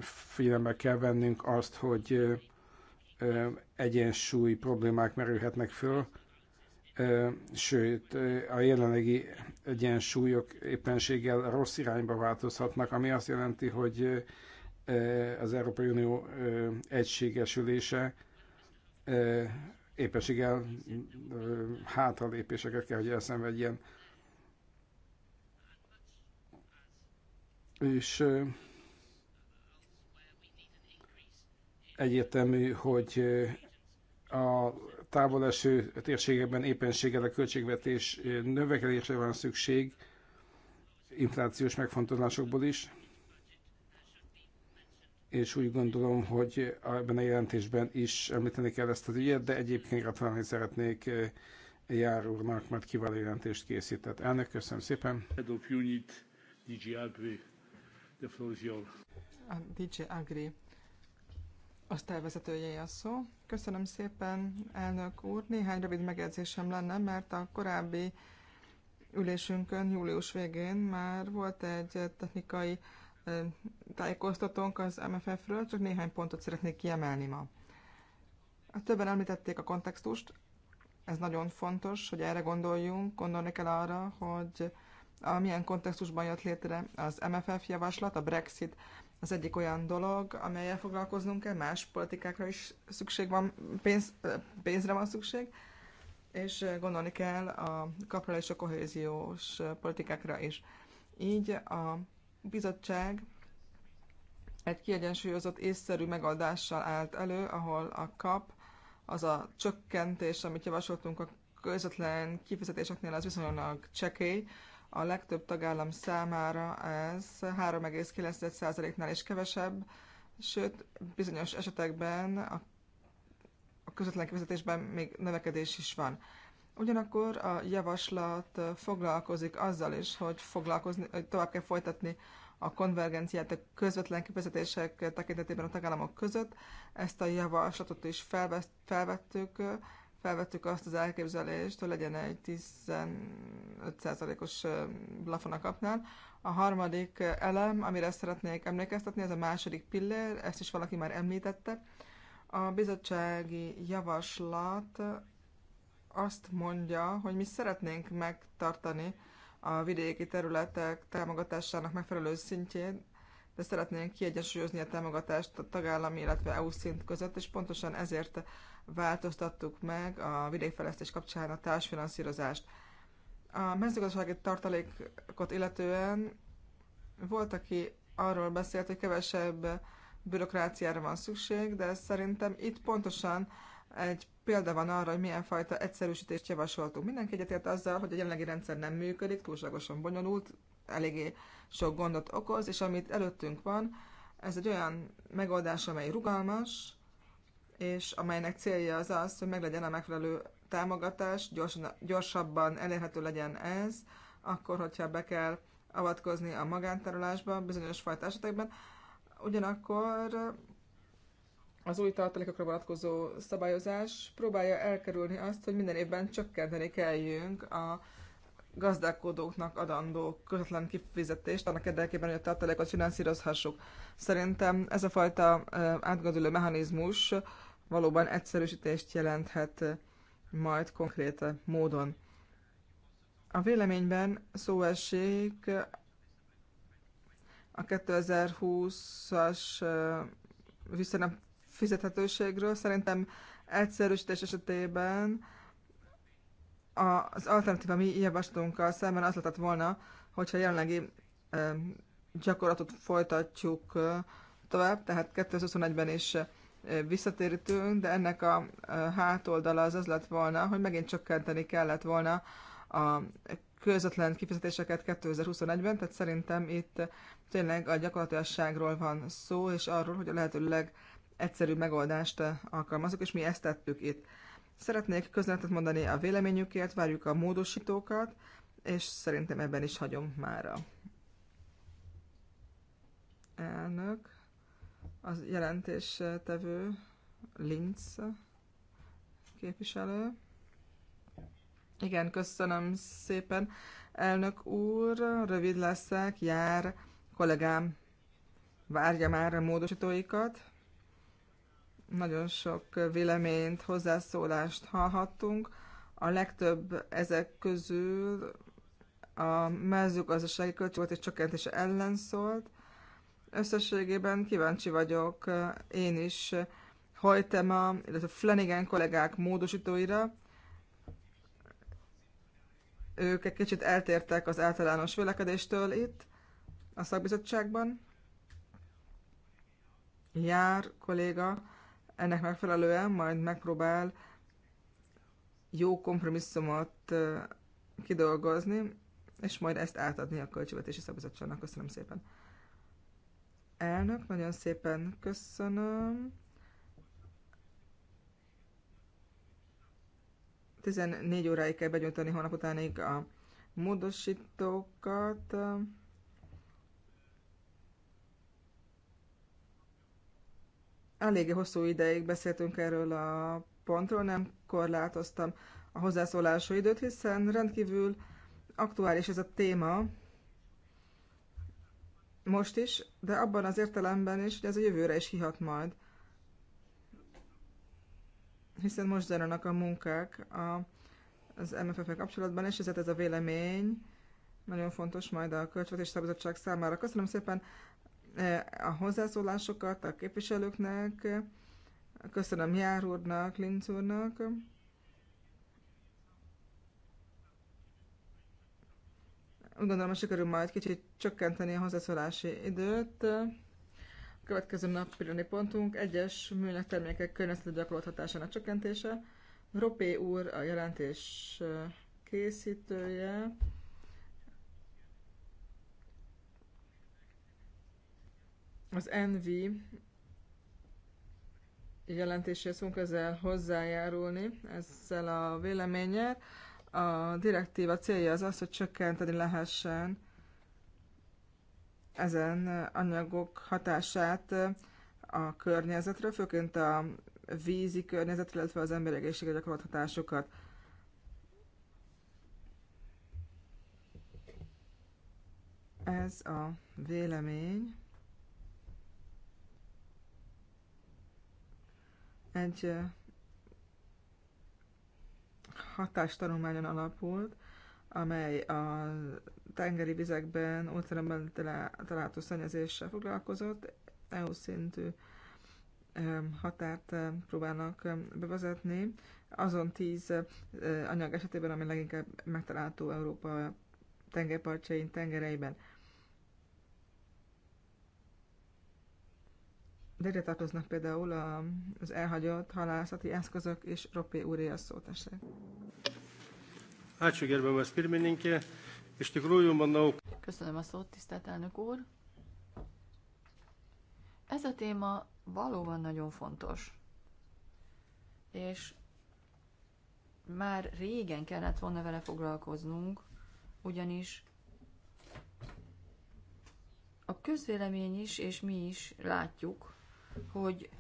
figyelembe kell vennünk azt, hogy egyensúly problémák merülhetnek föl, sőt, a jelenlegi egyensúlyok éppenséggel rossz irányba változhatnak, ami azt jelenti, hogy az Európai Unió egységesülése éppenséggel hátralépéseket kell, hogy elszenvedjen. És egyértelmű, hogy a eső térségekben éppenséggel a költségvetés növekedésre van szükség, inflációs megfontolásokból is és úgy gondolom, hogy ebben a jelentésben is említeni kell ezt az ügyet, de egyébként gratulálni szeretnék eh, Jár úrnak, mert kiváló jelentést készített. Elnök, köszönöm szépen. A DJ Agri osztályvezetője a szó. Köszönöm szépen, elnök úr. Néhány rövid megjegyzésem lenne, mert a korábbi ülésünkön július végén már volt egy technikai tájékoztatónk az MFF-ről, csak néhány pontot szeretnék kiemelni ma. A többen említették a kontextust, ez nagyon fontos, hogy erre gondoljunk, gondolni kell arra, hogy a milyen kontextusban jött létre az MFF javaslat, a Brexit az egyik olyan dolog, amelyel foglalkoznunk kell, más politikákra is szükség van, pénz, pénzre van szükség, és gondolni kell a kapra és a kohéziós politikákra is. Így a bizottság egy kiegyensúlyozott észszerű megoldással állt elő, ahol a kap, az a csökkentés, amit javasoltunk a közvetlen kifizetéseknél, az viszonylag csekély. A legtöbb tagállam számára ez 3,9%-nál is kevesebb, sőt, bizonyos esetekben a, közvetlen kifizetésben még növekedés is van. Ugyanakkor a javaslat foglalkozik azzal is, hogy, foglalkozni, hogy tovább kell folytatni a konvergenciát a közvetlen kifizetések tekintetében a tagállamok között. Ezt a javaslatot is felvettük, felvettük azt az elképzelést, hogy legyen egy 15%-os plafon a kapnál. A harmadik elem, amire szeretnék emlékeztetni, ez a második pillér, ezt is valaki már említette. A bizottsági javaslat azt mondja, hogy mi szeretnénk megtartani a vidéki területek támogatásának megfelelő szintjén, de szeretnénk kiegyensúlyozni a támogatást a tagállami, illetve EU szint között, és pontosan ezért változtattuk meg a vidékfejlesztés kapcsán a társfinanszírozást. A mezőgazdasági tartalékot illetően volt, aki arról beszélt, hogy kevesebb bürokráciára van szükség, de szerintem itt pontosan egy példa van arra, hogy milyen fajta egyszerűsítést javasoltunk. Mindenki egyetért azzal, hogy a jelenlegi rendszer nem működik, túlságosan bonyolult, eléggé sok gondot okoz, és amit előttünk van, ez egy olyan megoldás, amely rugalmas, és amelynek célja az az, hogy meglegyen a megfelelő támogatás, gyorsan, gyorsabban elérhető legyen ez, akkor, hogyha be kell avatkozni a magántárolásba bizonyos fajta esetekben. Ugyanakkor az új tartalékokra vonatkozó szabályozás próbálja elkerülni azt, hogy minden évben csökkenteni kelljünk a gazdálkodóknak adandó közvetlen kifizetést, annak érdekében, hogy a tartalékot finanszírozhassuk. Szerintem ez a fajta átgazoló mechanizmus valóban egyszerűsítést jelenthet majd konkrét módon. A véleményben szó esik a 2020-as visszanem fizethetőségről. Szerintem egyszerűsítés esetében az alternatíva mi javaslatunkkal szemben az lett volna, hogyha jelenlegi gyakorlatot folytatjuk tovább, tehát 2021-ben is visszatérítünk, de ennek a hátoldala az az lett volna, hogy megint csökkenteni kellett volna a közvetlen kifizetéseket 2021-ben, tehát szerintem itt tényleg a gyakorlatilasságról van szó, és arról, hogy a lehető egyszerű megoldást eh, alkalmazok, és mi ezt tettük itt. Szeretnék közletet mondani a véleményükért, várjuk a módosítókat, és szerintem ebben is hagyom mára. Elnök, az jelentéstevő Linz képviselő. Igen, köszönöm szépen. Elnök úr, rövid leszek, jár kollégám várja már a módosítóikat nagyon sok véleményt, hozzászólást hallhattunk. A legtöbb ezek közül a mezőgazdasági költségvetés csökkentése ellen szólt. Összességében kíváncsi vagyok én is Hajtema, illetve Flanagan kollégák módosítóira. Ők egy kicsit eltértek az általános vélekedéstől itt, a szakbizottságban. Jár kolléga ennek megfelelően majd megpróbál jó kompromisszumot kidolgozni, és majd ezt átadni a Költségvetési szabadságnak. Köszönöm szépen. Elnök, nagyon szépen köszönöm. 14 óráig kell begyújtani hónap utánig a módosítókat. eléggé hosszú ideig beszéltünk erről a pontról, nem korlátoztam a hozzászólási időt, hiszen rendkívül aktuális ez a téma most is, de abban az értelemben is, hogy ez a jövőre is hihat majd. Hiszen most zajlanak a munkák a, az mff kapcsolatban, és ez ez a vélemény nagyon fontos majd a Költségvetési Szabadság számára. Köszönöm szépen a hozzászólásokat a képviselőknek, köszönöm Jár úrnak, Linz úrnak. Úgy gondolom, hogy sikerül majd kicsit csökkenteni a hozzászólási időt. A következő nap pontunk egyes műanyag termékek környezeti gyakorlathatásának csökkentése. Ropé úr a jelentés készítője. Az NV jelentéséhez fogunk ezzel hozzájárulni, ezzel a véleményel. A direktíva célja az az, hogy csökkenteni lehessen ezen anyagok hatását a környezetre, főként a vízi környezetre, illetve az emberi egészségre gyakorolt hatásokat. Ez a vélemény. egy hatástanulmányon alapult, amely a tengeri vizekben óceánban található szennyezéssel foglalkozott, EU szintű határt próbálnak bevezetni, azon tíz anyag esetében, ami leginkább megtalálható Európa tengerpartjain, tengereiben. De ide tartoznak például a, az elhagyott halászati eszközök és ropé úré a szótese. tessék. vesz gerbiamas és tök tikrųjų, Köszönöm a szót, tisztelt elnök úr. Ez a téma valóban nagyon fontos. És már régen kellett volna vele foglalkoznunk, ugyanis a közvélemény is, és mi is látjuk, hogy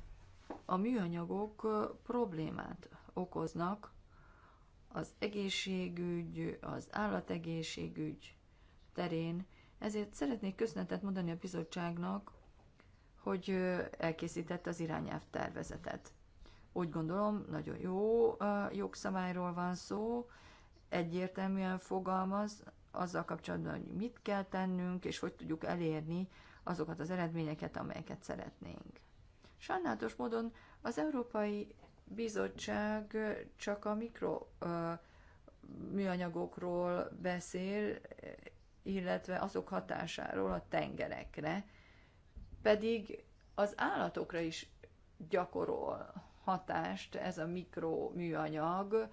a műanyagok problémát okoznak az egészségügy, az állategészségügy terén, ezért szeretnék köszönetet mondani a bizottságnak, hogy elkészítette az irányelv tervezetet. Úgy gondolom, nagyon jó jogszabályról van szó, egyértelműen fogalmaz azzal kapcsolatban, hogy mit kell tennünk, és hogy tudjuk elérni azokat az eredményeket, amelyeket szeretnénk. Sajnálatos módon az Európai Bizottság csak a mikro műanyagokról beszél, illetve azok hatásáról a tengerekre, pedig az állatokra is gyakorol hatást ez a mikroműanyag,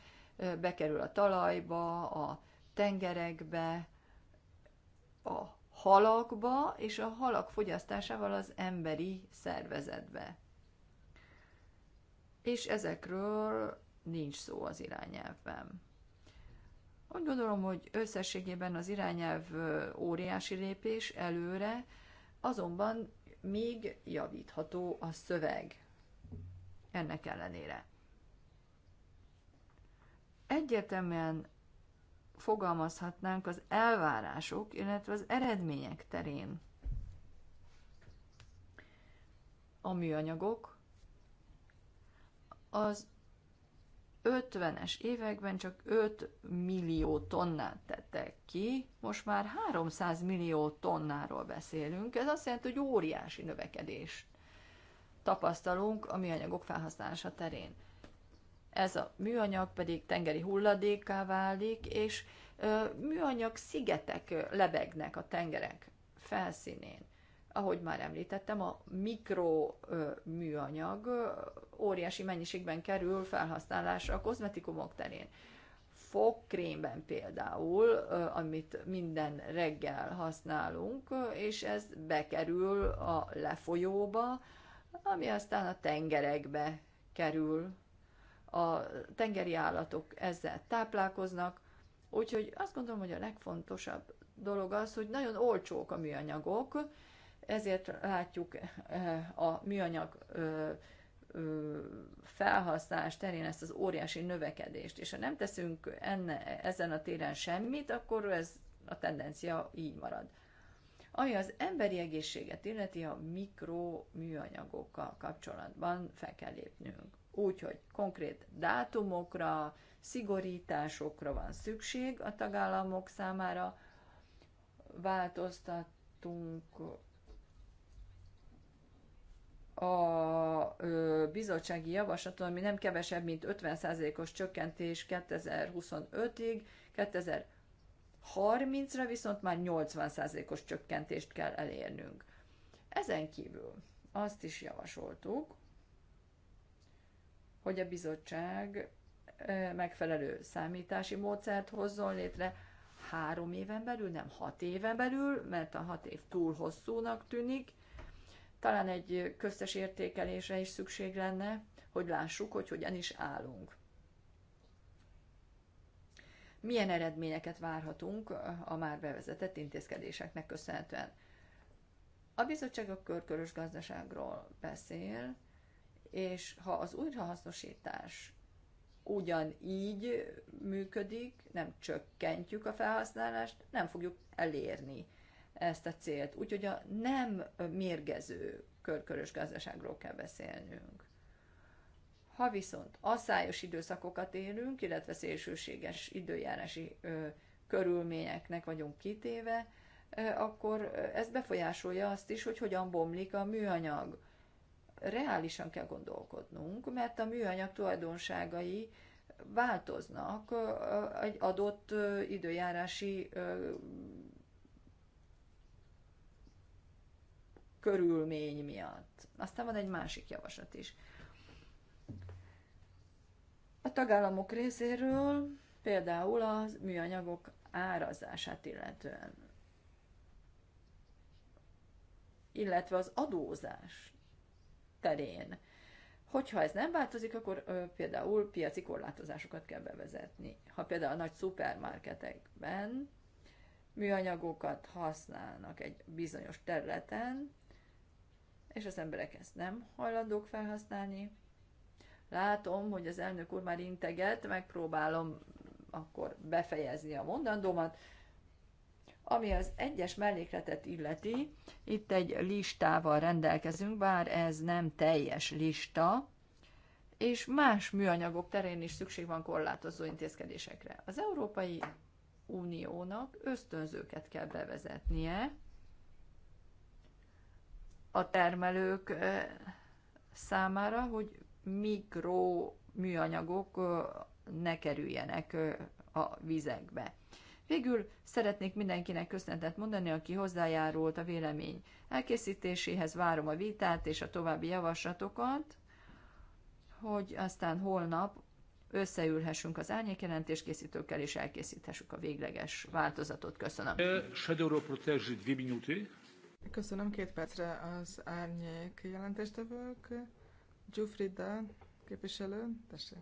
bekerül a talajba, a tengerekbe, a halakba és a halak fogyasztásával az emberi szervezetbe. És ezekről nincs szó az irányelvben. Úgy gondolom, hogy összességében az irányelv óriási lépés előre, azonban még javítható a szöveg. Ennek ellenére. Egyértelműen fogalmazhatnánk az elvárások, illetve az eredmények terén. A műanyagok az 50-es években csak 5 millió tonnát tettek ki, most már 300 millió tonnáról beszélünk. Ez azt jelenti, hogy óriási növekedés tapasztalunk a műanyagok felhasználása terén ez a műanyag pedig tengeri hulladékká válik, és műanyag szigetek lebegnek a tengerek felszínén. Ahogy már említettem, a mikroműanyag óriási mennyiségben kerül felhasználásra a kozmetikumok terén. Fogkrémben például, amit minden reggel használunk, és ez bekerül a lefolyóba, ami aztán a tengerekbe kerül a tengeri állatok ezzel táplálkoznak, úgyhogy azt gondolom, hogy a legfontosabb dolog az, hogy nagyon olcsók a műanyagok, ezért látjuk eh, a műanyag felhasználás terén ezt az óriási növekedést, és ha nem teszünk enne, ezen a téren semmit, akkor ez a tendencia így marad ami az emberi egészséget illeti a mikroműanyagokkal kapcsolatban fel kell lépnünk. Úgyhogy konkrét dátumokra, szigorításokra van szükség a tagállamok számára, változtattunk a bizottsági javaslaton, ami nem kevesebb, mint 50%-os csökkentés 2025-ig, 2025 30-ra viszont már 80%-os csökkentést kell elérnünk. Ezen kívül azt is javasoltuk, hogy a bizottság megfelelő számítási módszert hozzon létre három éven belül, nem hat éven belül, mert a hat év túl hosszúnak tűnik. Talán egy köztes értékelésre is szükség lenne, hogy lássuk, hogy hogyan is állunk milyen eredményeket várhatunk eh, a már bevezetett intézkedéseknek köszönhetően. A bizottság a körkörös gazdaságról beszél, és ha az újrahasznosítás ugyanígy működik, nem csökkentjük a felhasználást, nem fogjuk elérni ezt a célt. Úgyhogy a nem mérgező körkörös gazdaságról kell beszélnünk. Ha viszont asszályos időszakokat élünk, illetve szélsőséges időjárási ö, körülményeknek vagyunk kitéve, ö, akkor ez befolyásolja azt is, hogy hogyan bomlik a műanyag. Reálisan kell gondolkodnunk, mert a műanyag tulajdonságai változnak egy adott időjárási körülmény miatt. Aztán van egy másik javaslat is tagállamok részéről, például az műanyagok árazását illetően, illetve az adózás terén. Hogyha ez nem változik, akkor ö, például piaci korlátozásokat kell bevezetni. Ha például a nagy szupermarketekben műanyagokat használnak egy bizonyos területen, és az emberek ezt nem hajlandók felhasználni, Látom, hogy az elnök úr már integet, megpróbálom akkor befejezni a mondandómat. Ami az egyes mellékletet illeti, itt egy listával rendelkezünk, bár ez nem teljes lista, és más műanyagok terén is szükség van korlátozó intézkedésekre. Az Európai Uniónak ösztönzőket kell bevezetnie a termelők eh, számára, hogy mikro műanyagok ne kerüljenek a vizekbe. Végül szeretnék mindenkinek köszönetet mondani, aki hozzájárult a vélemény elkészítéséhez, várom a vitát és a további javaslatokat, hogy aztán holnap összeülhessünk az árnyékjelentés készítőkkel, és elkészíthessük a végleges változatot. Köszönöm. Köszönöm két percre az árnyék jelentéstevők. Giuffrida képviselő, tessék.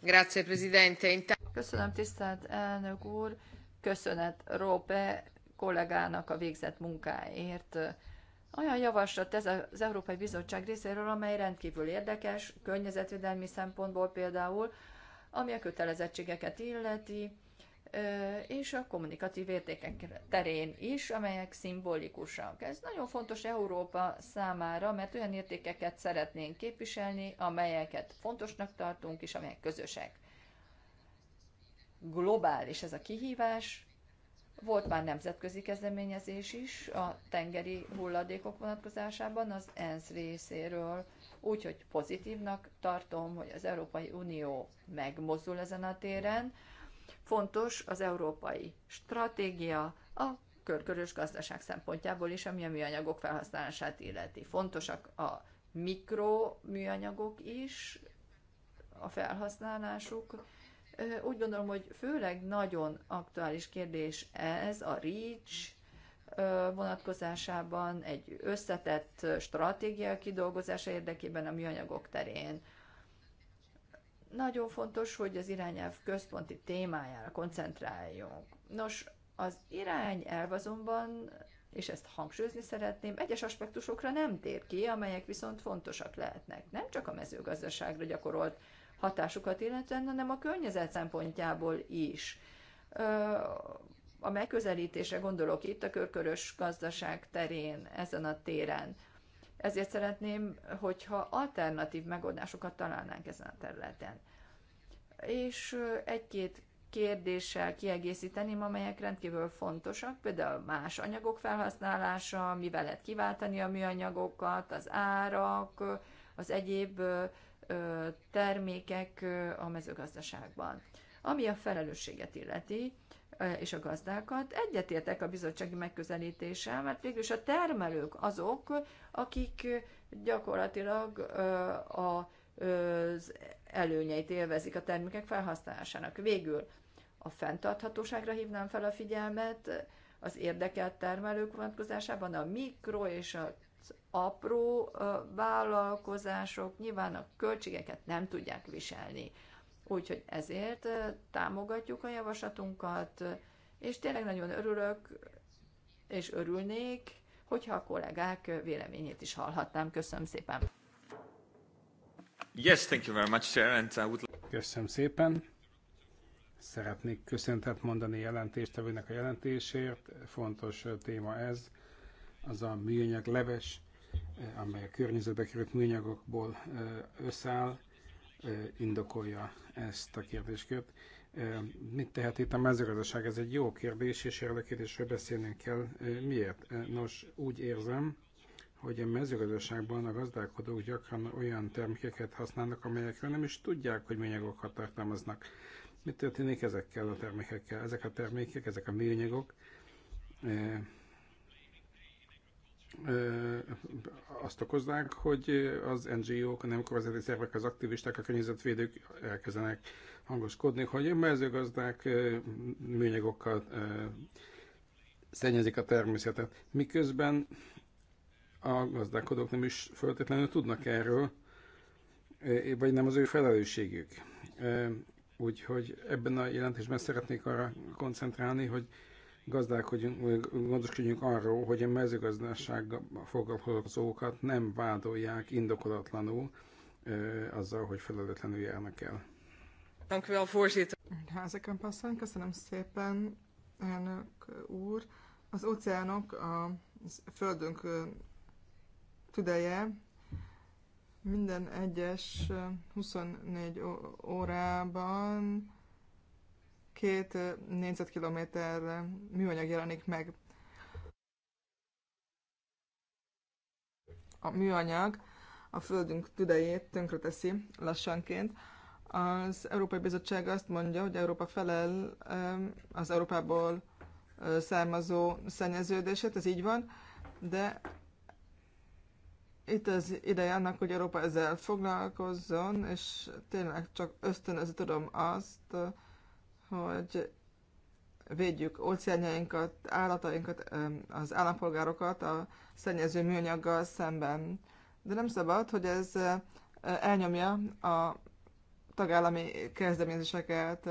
Grazie, Presidente. Köszönöm, tisztelt elnök úr. Köszönet Rópe kollégának a végzett munkáért. Olyan javaslat ez az Európai Bizottság részéről, amely rendkívül érdekes, környezetvédelmi szempontból például, ami a kötelezettségeket illeti, és a kommunikatív értékek terén is, amelyek szimbolikusak. Ez nagyon fontos Európa számára, mert olyan értékeket szeretnénk képviselni, amelyeket fontosnak tartunk, és amelyek közösek. Globális ez a kihívás, volt már nemzetközi kezdeményezés is a tengeri hulladékok vonatkozásában az ENSZ részéről, úgyhogy pozitívnak tartom, hogy az Európai Unió megmozdul ezen a téren, Fontos az európai stratégia a körkörös gazdaság szempontjából is, ami a műanyagok felhasználását illeti. Fontosak a mikroműanyagok is, a felhasználásuk. Úgy gondolom, hogy főleg nagyon aktuális kérdés ez a REACH, vonatkozásában egy összetett stratégia kidolgozása érdekében a műanyagok terén. Nagyon fontos, hogy az irányelv központi témájára koncentráljunk. Nos, az irányelv azonban, és ezt hangsúlyozni szeretném, egyes aspektusokra nem tér ki, amelyek viszont fontosak lehetnek. Nem csak a mezőgazdaságra gyakorolt hatásukat illetően, hanem a környezet szempontjából is. A megközelítésre gondolok itt a körkörös gazdaság terén, ezen a téren. Ezért szeretném, hogyha alternatív megoldásokat találnánk ezen a területen. És egy-két kérdéssel kiegészíteném, amelyek rendkívül fontosak, például más anyagok felhasználása, mivel lehet kiváltani a műanyagokat, az árak, az egyéb termékek a mezőgazdaságban. Ami a felelősséget illeti, és a gazdákat. Egyetértek a bizottsági megközelítéssel, mert végülis a termelők azok, akik gyakorlatilag az előnyeit élvezik a termékek felhasználásának. Végül a fenntarthatóságra hívnám fel a figyelmet, az érdekelt termelők vonatkozásában a mikro és a apró vállalkozások nyilván a költségeket nem tudják viselni. Úgyhogy ezért támogatjuk a javaslatunkat, és tényleg nagyon örülök, és örülnék, hogyha a kollégák véleményét is hallhatnám. Köszönöm szépen. Yes, thank you very much, Chair, and I would... Köszönöm szépen. Szeretnék köszöntet mondani jelentéstevőnek a jelentésért. Fontos téma ez, az a műanyag leves, amely a környezetbe került műanyagokból összeáll indokolja ezt a kérdéskört. Mit tehet itt a mezőgazdaság? Ez egy jó kérdés, és erről a kérdésről beszélnünk kell. Miért? Nos, úgy érzem, hogy a mezőgazdaságban a gazdálkodók gyakran olyan termékeket használnak, amelyekről nem is tudják, hogy műanyagokat tartalmaznak. Mi történik ezekkel a termékekkel? Ezek a termékek, ezek a műanyagok azt okoznák, hogy az NGO-k, a nem kormányzati szervek, az aktivisták, a környezetvédők elkezdenek hangoskodni, hogy a mezőgazdák műanyagokkal szennyezik a természetet, miközben a gazdálkodók nem is feltétlenül tudnak erről, vagy nem az ő felelősségük. Úgyhogy ebben a jelentésben szeretnék arra koncentrálni, hogy gazdálkodjunk, gondoskodjunk arról, hogy a mezőgazdasággal foglalkozókat nem vádolják indokolatlanul azzal, hogy felelőtlenül járnak el. Dank voorzitter. köszönöm szépen, elnök úr. Az óceánok a földünk tüdeje, minden egyes 24 órában két négyzetkilométer műanyag jelenik meg. A műanyag a földünk tüdejét tönkreteszi lassanként. Az Európai Bizottság azt mondja, hogy Európa felel az Európából származó szennyeződését, ez így van, de itt az ideje annak, hogy Európa ezzel foglalkozzon, és tényleg csak ösztönözni tudom azt, hogy védjük óceánjainkat, állatainkat, az állampolgárokat a szennyező műanyaggal szemben. De nem szabad, hogy ez eh, elnyomja a tagállami kezdeményezéseket.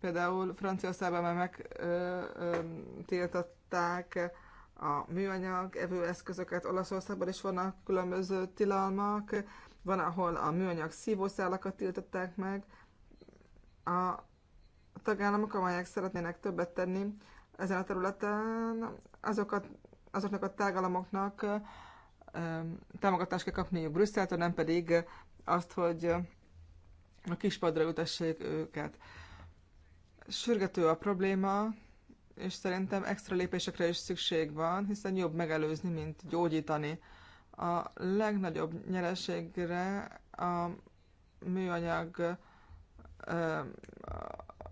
Például Franciaországban már megtiltatták a műanyag evőeszközöket, Olaszországban is vannak különböző tilalmak, van, ahol a műanyag szívószálakat tiltották meg, a a tagállamok, amelyek szeretnének többet tenni ezen a területen, azokat, azoknak a tagállamoknak támogatást kell kapniuk Brüsszeltől, nem pedig azt, hogy a kispadra jutassék őket. Sürgető a probléma, és szerintem extra lépésekre is szükség van, hiszen jobb megelőzni, mint gyógyítani. A legnagyobb nyereségre a műanyag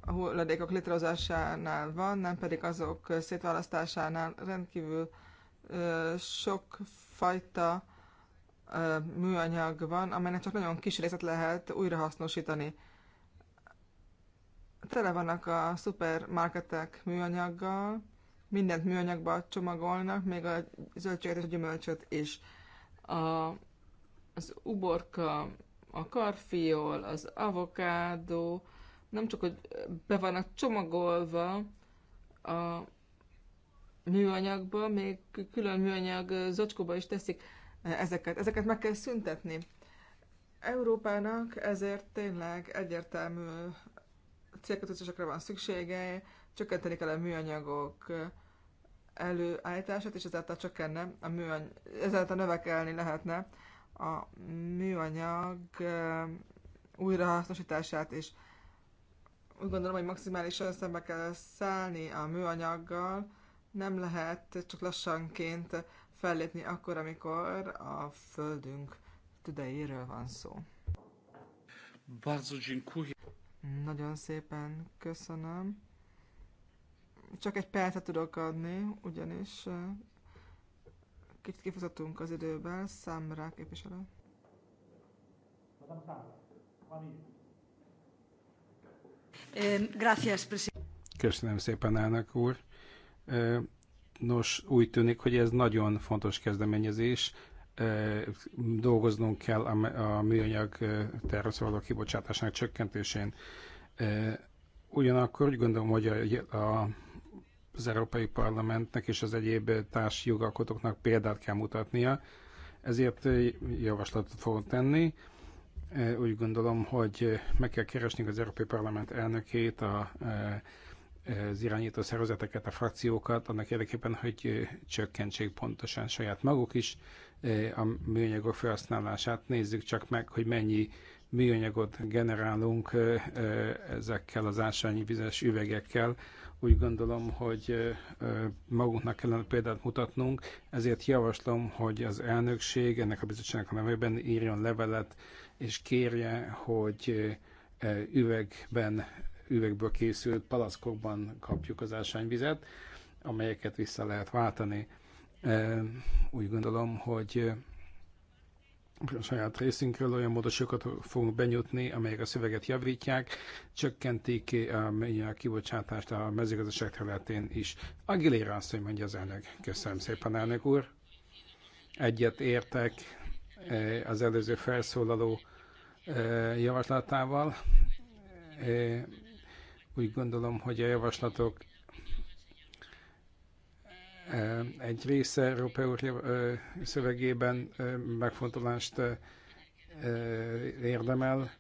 a hulladékok létrehozásánál van, nem pedig azok szétválasztásánál rendkívül sok fajta műanyag van, amelynek csak nagyon kis részét lehet újrahasznosítani. Tele vannak a szupermarketek műanyaggal, mindent műanyagba csomagolnak, még a zöldséget és a gyümölcsöt is. A, az uborka, a karfiol, az avokádó, nem csak, hogy be vannak csomagolva a műanyagba, még külön műanyag zacskóba is teszik ezeket. Ezeket meg kell szüntetni. Európának ezért tényleg egyértelmű célkötözésekre van szüksége, csökkenteni kell a műanyagok előállítását, és ezáltal csökkenne a műanyag, ezáltal növekelni lehetne a műanyag újrahasznosítását és úgy gondolom, hogy maximálisan szembe kell szállni a műanyaggal, nem lehet csak lassanként fellépni akkor, amikor a földünk tüdejéről van szó. Bardzo dziękuję. Nagyon szépen köszönöm. Csak egy percet tudok adni, ugyanis kicsit kifutottunk az időben. Számra képviselő. Madame Sam, Köszönöm szépen, elnök úr. Nos, úgy tűnik, hogy ez nagyon fontos kezdeményezés. Dolgoznunk kell a műanyag terrorszolgáló kibocsátásának csökkentésén. Ugyanakkor úgy gondolom, hogy a, a, az Európai Parlamentnek és az egyéb társ jogalkotóknak példát kell mutatnia, ezért javaslatot fogok tenni úgy gondolom, hogy meg kell keresni az Európai Parlament elnökét, a, az irányító szervezeteket, a frakciókat, annak érdekében, hogy csökkentsék pontosan saját maguk is a műanyagok felhasználását. Nézzük csak meg, hogy mennyi műanyagot generálunk ezekkel az ásványvizes üvegekkel. Úgy gondolom, hogy magunknak kellene példát mutatnunk, ezért javaslom, hogy az elnökség ennek a bizottságnak a nevében írjon levelet és kérje, hogy e, üvegben, üvegből készült palackokban kapjuk az ásványvizet, amelyeket vissza lehet váltani. E, úgy gondolom, hogy e, a saját részünkről olyan módosokat fogunk benyújtni, amelyek a szöveget javítják, csökkentik a, a kibocsátást a mezőgazdaság területén is. Aguilera hogy mondja az elnök. Köszönöm szépen, elnök úr. Egyet értek Eh, az előző felszólaló eh, javaslatával. Eh, úgy gondolom, hogy a javaslatok egy része Európai úr szövegében megfontolást érdemel.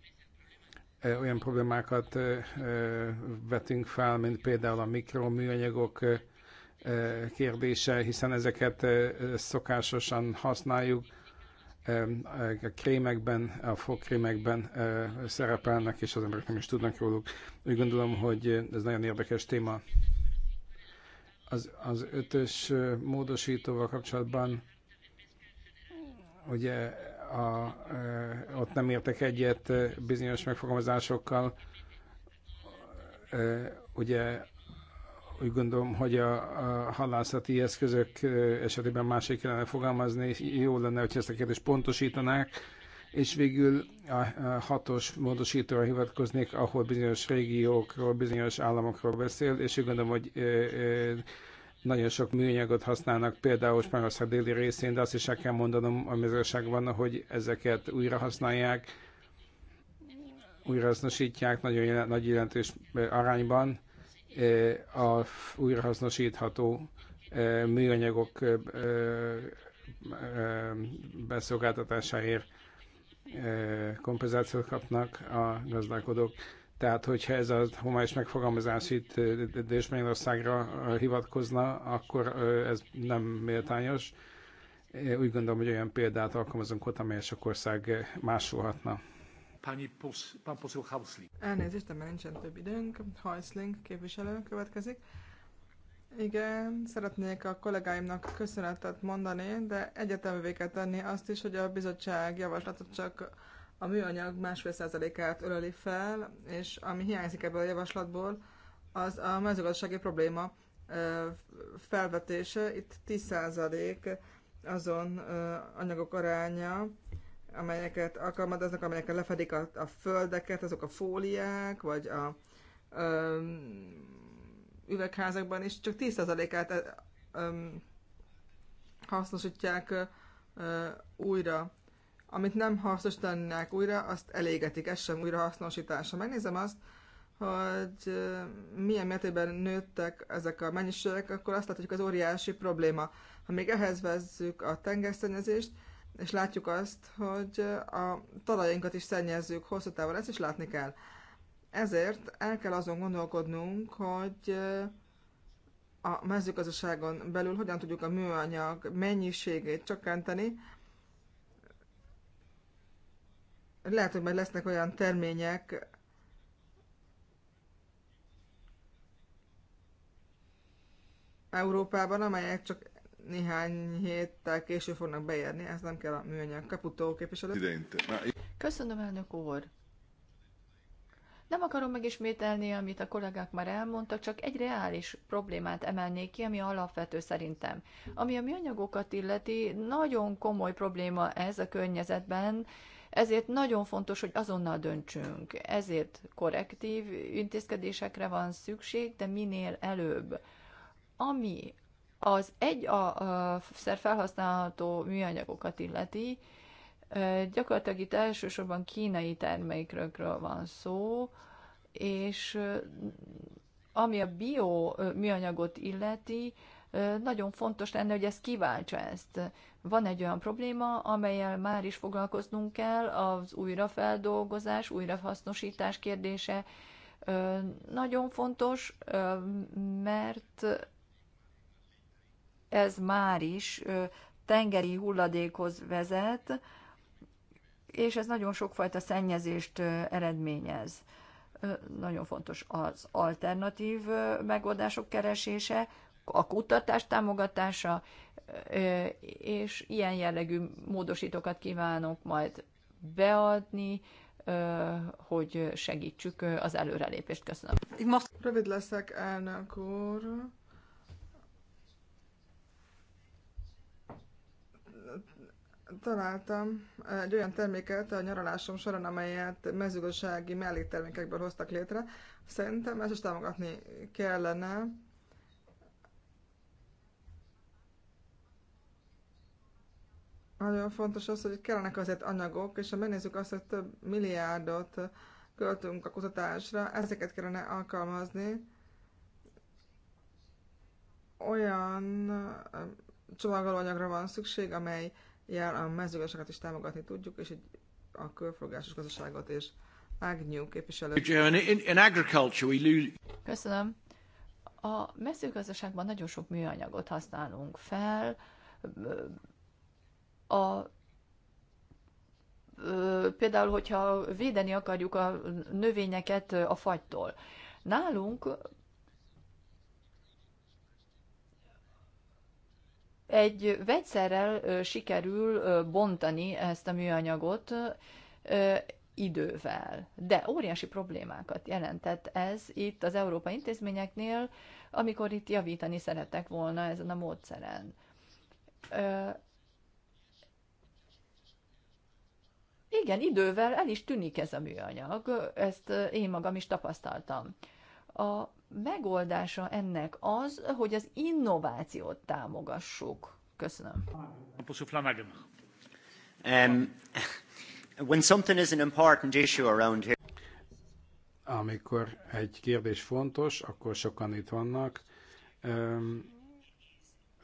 Olyan problémákat vetünk fel, mint például a mikroműanyagok kérdése, hiszen ezeket szokásosan használjuk, a krémekben, a fogkrémekben eh, szerepelnek, és az emberek nem is tudnak róluk. Úgy gondolom, hogy ez nagyon érdekes téma. Az, az ötös eh, módosítóval kapcsolatban ugye a, eh, ott nem értek egyet bizonyos megfogalmazásokkal, ugye úgy gondolom, hogy a, a halászati eszközök esetében másik kellene fogalmazni, jó lenne, hogy ezt a kérdést pontosítanák, és végül a, a hatos módosítóra hivatkoznék, ahol bizonyos régiókról, bizonyos államokról beszél, és úgy gondolom, hogy nagyon sok műanyagot használnak, például Spanyolország déli részén, de azt is el kell mondanom a van, hogy ezeket újra használják, újrahasznosítják nagyon jelent, nagy jelentős arányban a újrahasznosítható műanyagok beszolgáltatásáért kompenzációt kapnak a gazdálkodók. Tehát, hogyha ez a homályos megfogalmazás itt Désményországra hivatkozna, akkor ez nem méltányos. Úgy gondolom, hogy olyan példát alkalmazunk ott, amely sok ország másolhatna. Elnézést, de nincsen több időnk. Hausling képviselő következik. Igen, szeretnék a kollégáimnak köszönetet mondani, de egyetemvé kell tenni azt is, hogy a bizottság javaslatot csak a műanyag másfél százalékát öleli fel, és ami hiányzik ebből a javaslatból, az a mezőgazdasági probléma felvetése. Itt 10 százalék azon anyagok aránya, amelyeket alkalmaznak, amelyek lefedik a, a földeket, azok a fóliák, vagy a öm, üvegházakban is csak 10%-át öm, hasznosítják ö, újra. Amit nem hasznosítanák újra, azt elégetik, ez sem újrahasznosítása. Megnézem azt, hogy milyen mértékben nőttek ezek a mennyiségek, akkor azt látjuk, hogy az óriási probléma. Ha még ehhez vezzük a tengerszennyezést, és látjuk azt, hogy a talajainkat is szennyezzük hosszú távon, ezt is látni kell. Ezért el kell azon gondolkodnunk, hogy eh, a mezőgazdaságon belül hogyan tudjuk a műanyag mennyiségét csökkenteni. Lehet, hogy majd lesznek olyan termények, Európában, amelyek csak néhány héttel később fognak beérni, ez nem kell a műanyag. Kaputó képviselő. Köszönöm, elnök úr. Nem akarom megismételni, amit a kollégák már elmondtak, csak egy reális problémát emelnék ki, ami alapvető szerintem. Ami a műanyagokat illeti, nagyon komoly probléma ez a környezetben, ezért nagyon fontos, hogy azonnal döntsünk. Ezért korrektív intézkedésekre van szükség, de minél előbb. Ami az egy a, a szer felhasználható műanyagokat illeti, gyakorlatilag itt elsősorban kínai termékről van szó, és ami a bio műanyagot illeti, nagyon fontos lenne, hogy ez kiváltsa ezt. Van egy olyan probléma, amelyel már is foglalkoznunk kell, az újrafeldolgozás, újrahasznosítás kérdése nagyon fontos, mert ez már is tengeri hulladékhoz vezet, és ez nagyon sokfajta szennyezést eredményez. Nagyon fontos az alternatív megoldások keresése, a kutatás támogatása, és ilyen jellegű módosítókat kívánok majd beadni, hogy segítsük az előrelépést. Köszönöm. rövid leszek, elnök úr. találtam egy olyan terméket a nyaralásom során, amelyet mezőgazdasági melléktermékekből hoztak létre. Szerintem ezt is támogatni kellene. Nagyon fontos az, hogy kellenek azért anyagok, és ha megnézzük azt, hogy több milliárdot költünk a kutatásra, ezeket kellene alkalmazni olyan csomagolóanyagra van szükség, amely jár a mezőgazdaságot is támogatni tudjuk, és egy a körforgásos gazdaságot és Agnew képviselő. Köszönöm. A mezőgazdaságban nagyon sok műanyagot használunk fel. A például, hogyha védeni akarjuk a növényeket a fagytól. Nálunk egy vegyszerrel sikerül bontani ezt a műanyagot idővel. De óriási problémákat jelentett ez itt az európai intézményeknél, amikor itt javítani szerettek volna ezen a módszeren. Igen, idővel el is tűnik ez a műanyag, ezt én magam is tapasztaltam. A megoldása ennek az, hogy az innovációt támogassuk. Köszönöm. Um, when something is an important issue around here... Amikor egy kérdés fontos, akkor sokan itt vannak. Um,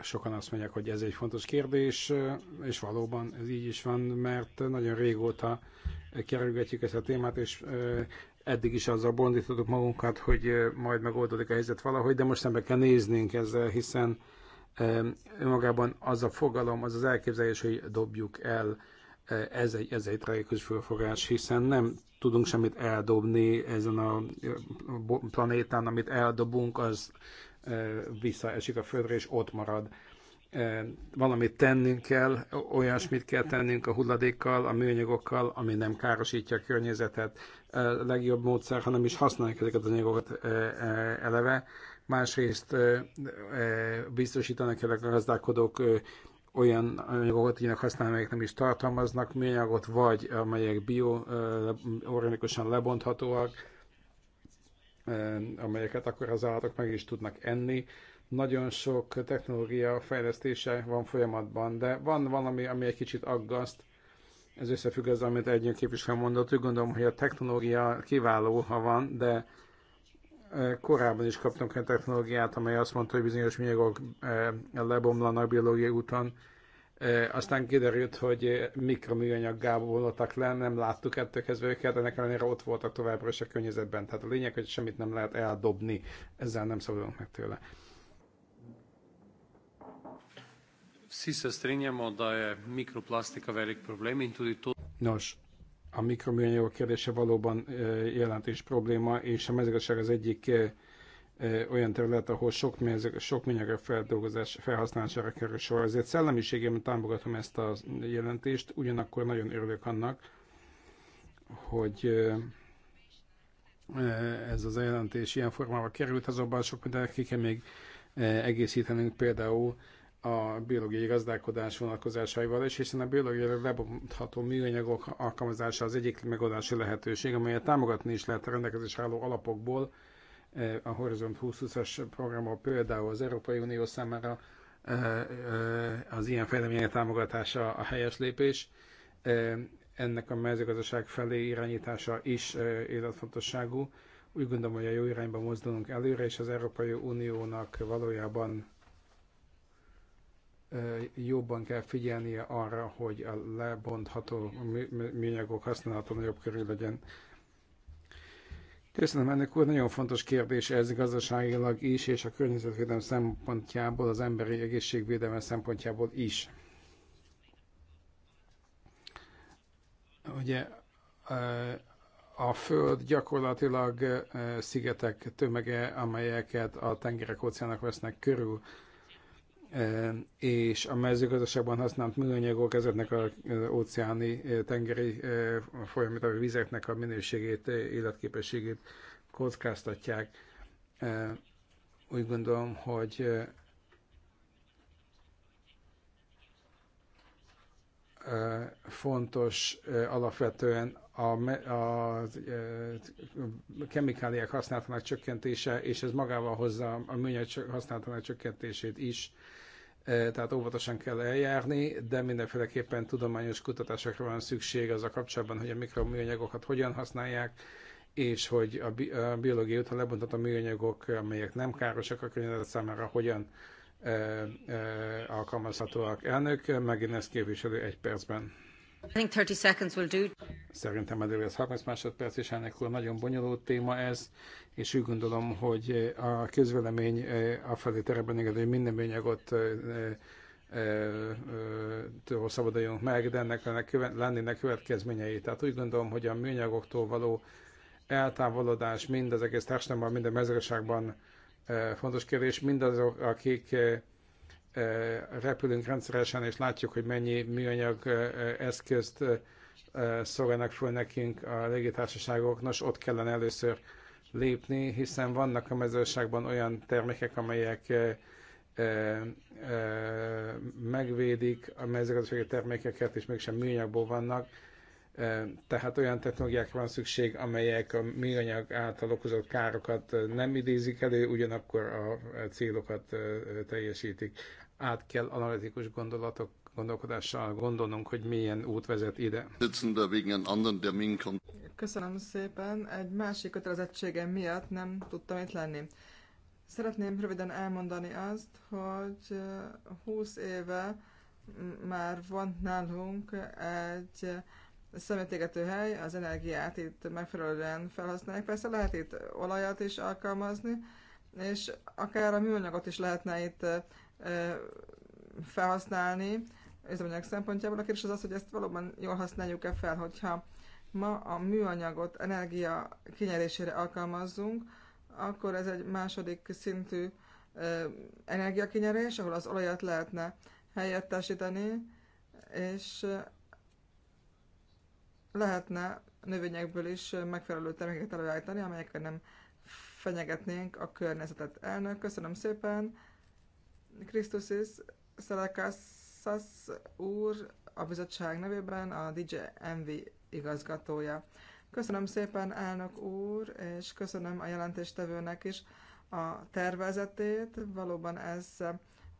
sokan azt mondják, hogy ez egy fontos kérdés, uh, és valóban ez így is van, mert nagyon régóta kerülgetjük ezt a témát, és uh, eddig is azzal bondítottuk magunkat, hogy majd megoldódik a helyzet valahogy, de most be kell néznünk ezzel, hiszen önmagában az a fogalom, az az elképzelés, hogy dobjuk el, ez egy, ez egy tragikus fölfogás, hiszen nem tudunk semmit eldobni ezen a planétán, amit eldobunk, az visszaesik a földre, és ott marad valamit tennünk kell, olyasmit kell tennünk a hulladékkal, a műanyagokkal, ami nem károsítja a környezetet. legjobb módszer, hanem is használjuk ezeket az anyagokat eleve. Másrészt biztosítanak kell a gazdálkodók olyan anyagokat tudjanak használni, amelyek nem is tartalmaznak műanyagot, vagy amelyek bio, organikusan lebonthatóak, amelyeket akkor az állatok meg is tudnak enni nagyon sok technológia fejlesztése van folyamatban, de van valami, ami egy kicsit aggaszt. Ez összefügg az, amit egyik képviselő mondott. Úgy gondolom, hogy a technológia kiváló, ha van, de e, korábban is kaptunk egy technológiát, amely azt mondta, hogy bizonyos műanyagok e, lebomlanak biológiai úton, e, aztán kiderült, hogy mikroműanyag voltak le, nem láttuk ettől kezdve őket, ennek ellenére ott voltak továbbra is a környezetben. Tehát a lényeg, hogy semmit nem lehet eldobni, ezzel nem szabadulunk meg tőle. Vsi se strinjamo, da je mikroplastika velik problém, in tudi to. Nos, a mikroműanyagok kérdése valóban e, jelentős probléma, és a mezőgazdaság az egyik e, e, olyan terület, ahol sok, sok műanyagok feldolgozás, felhasználására kerül sor. Ezért szellemiségében támogatom ezt a jelentést, ugyanakkor nagyon örülök annak, hogy ez az jelentés ilyen formába került, azonban sok mindenre ki kell még egészítenünk, például a biológiai gazdálkodás vonatkozásaival is, hiszen a biológiai lebontható műanyagok alkalmazása az egyik megoldási lehetőség, amelyet támogatni is lehet a rendelkezés álló alapokból, e, a Horizont 2020-as programban például az Európai Unió számára e, e, az ilyen fejlemények támogatása a helyes lépés, ennek a mezőgazdaság felé irányítása is életfontosságú. Úgy gondolom, hogy a jó irányba mozdulunk előre, és az Európai Uniónak valójában jobban kell figyelnie arra, hogy a lebontható műanyagok használata nagyobb körül legyen. Köszönöm, ennek úr, nagyon fontos kérdés ez gazdaságilag is, és a környezetvédelem szempontjából, az emberi egészségvédelme szempontjából is. Ugye a Föld gyakorlatilag szigetek tömege, amelyeket a tengerek, óceánok vesznek körül, és a mezőgazdaságban használt műanyagok ezeknek az óceáni, tengeri folyamatosabb vizeknek a minőségét, életképességét kockáztatják. Úgy gondolom, hogy fontos alapvetően a, a, a kemikáliák használatának csökkentése, és ez magával hozza a műanyag használatának csökkentését is. E, tehát óvatosan kell eljárni, de mindenféleképpen tudományos kutatásokra van szükség az a kapcsolatban, hogy a mikroműanyagokat hogyan használják, és hogy a, bi- a biológiai úton lebontott a műanyagok, amelyek nem károsak a környezet számára, hogyan e, e, alkalmazhatóak. Elnök, megint ezt képviselő egy percben. Szerintem előbb ez 30 másodperc, és ennek nagyon bonyolult téma ez, és úgy gondolom, hogy a közvélemény eh, felé terepben engedő, hogy minden műanyagot től eh, eh, szabaduljunk meg, de ennek lennének következményei. Tehát úgy gondolom, hogy a műanyagoktól való eltávolodás mind az egész társadalomban, mind a mezőgazdaságban fontos kérdés. Mindazok, akik repülünk rendszeresen, és látjuk, hogy mennyi műanyag eszközt szolgálnak föl nekünk a légitársaságok. Nos, ott kellene először lépni, hiszen vannak a mezőságban olyan termékek, amelyek megvédik a mezőgazdasági termékeket, és mégsem műanyagból vannak. Tehát olyan technológiákra van szükség, amelyek a műanyag által okozott károkat nem idézik elő, ugyanakkor a célokat teljesítik át kell analitikus gondolatok gondolkodással gondolnunk, hogy milyen út vezet ide. Köszönöm szépen, egy másik kötelezettségem miatt nem tudtam itt lenni. Szeretném röviden elmondani azt, hogy 20 eh, éve már van nálunk egy szemétégető hely, az energiát itt megfelelően felhasználják. Persze lehet itt olajat is alkalmazni, és akár a műanyagot is lehetne itt eh, felhasználni üzemanyag szempontjából. A kérdés az az, hogy ezt valóban jól használjuk-e fel, hogyha ma a műanyagot energia kinyerésére alkalmazzunk, akkor ez egy második szintű energiakinyerés, ahol az olajat lehetne helyettesíteni, és lehetne növényekből is megfelelő termékeket előállítani, amelyekkel nem fenyegetnénk a környezetet. Elnök, köszönöm szépen! is, Szalakassas úr a bizottság nevében a DJ MV igazgatója. Köszönöm szépen, elnök úr, és köszönöm a jelentéstevőnek is a tervezetét. Valóban ez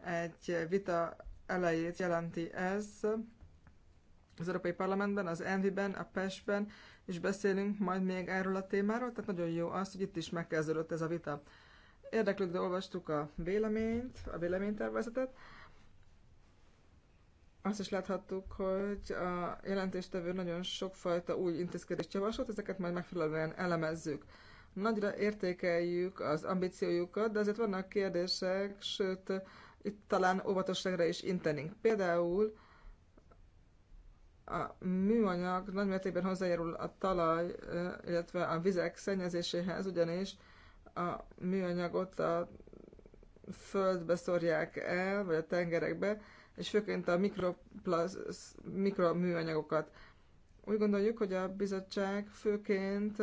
egy vita elejét jelenti ez. Az Európai Parlamentben, az Envi-ben, a PES-ben is beszélünk majd még erről a témáról, tehát nagyon jó az, hogy itt is megkezdődött ez a vita érdeklődve olvastuk a véleményt, a véleménytervezetet. Azt is láthattuk, hogy a jelentéstevő nagyon sokfajta új intézkedést javasolt, ezeket majd megfelelően elemezzük. Nagyra értékeljük az ambíciójukat, de azért vannak kérdések, sőt, itt talán óvatosságra is intenünk. Például a műanyag nagymértékben hozzájárul a talaj, illetve a vizek szennyezéséhez, ugyanis a műanyagot a földbe szorják el, vagy a tengerekbe, és főként a mikroplasz, mikroműanyagokat. Úgy gondoljuk, hogy a bizottság főként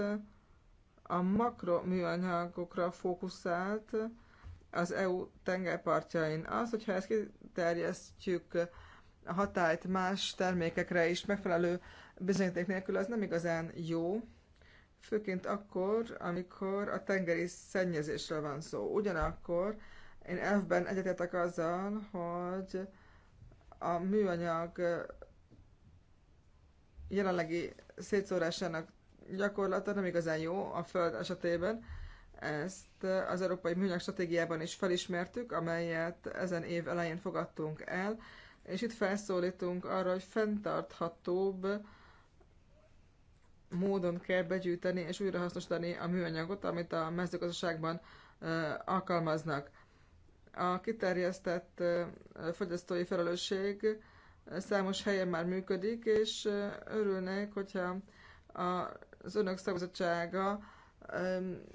a makroműanyagokra fókuszált az EU tengerpartjain. Az, hogyha ezt kiterjesztjük a hatályt más termékekre is megfelelő bizonyíték nélkül, az nem igazán jó, főként akkor, amikor a tengeri szennyezésről van szó. Ugyanakkor én F-ben egyetetek azzal, hogy a műanyag jelenlegi szétszórásának gyakorlata nem igazán jó a Föld esetében. Ezt az Európai Műanyag Stratégiában is felismertük, amelyet ezen év elején fogadtunk el, és itt felszólítunk arra, hogy fenntarthatóbb módon kell begyűjteni és újrahasznosítani a műanyagot, amit a mezőgazdaságban alkalmaznak. A kiterjesztett fogyasztói felelősség számos helyen már működik, és örülnék, hogyha az önök szakbizottsága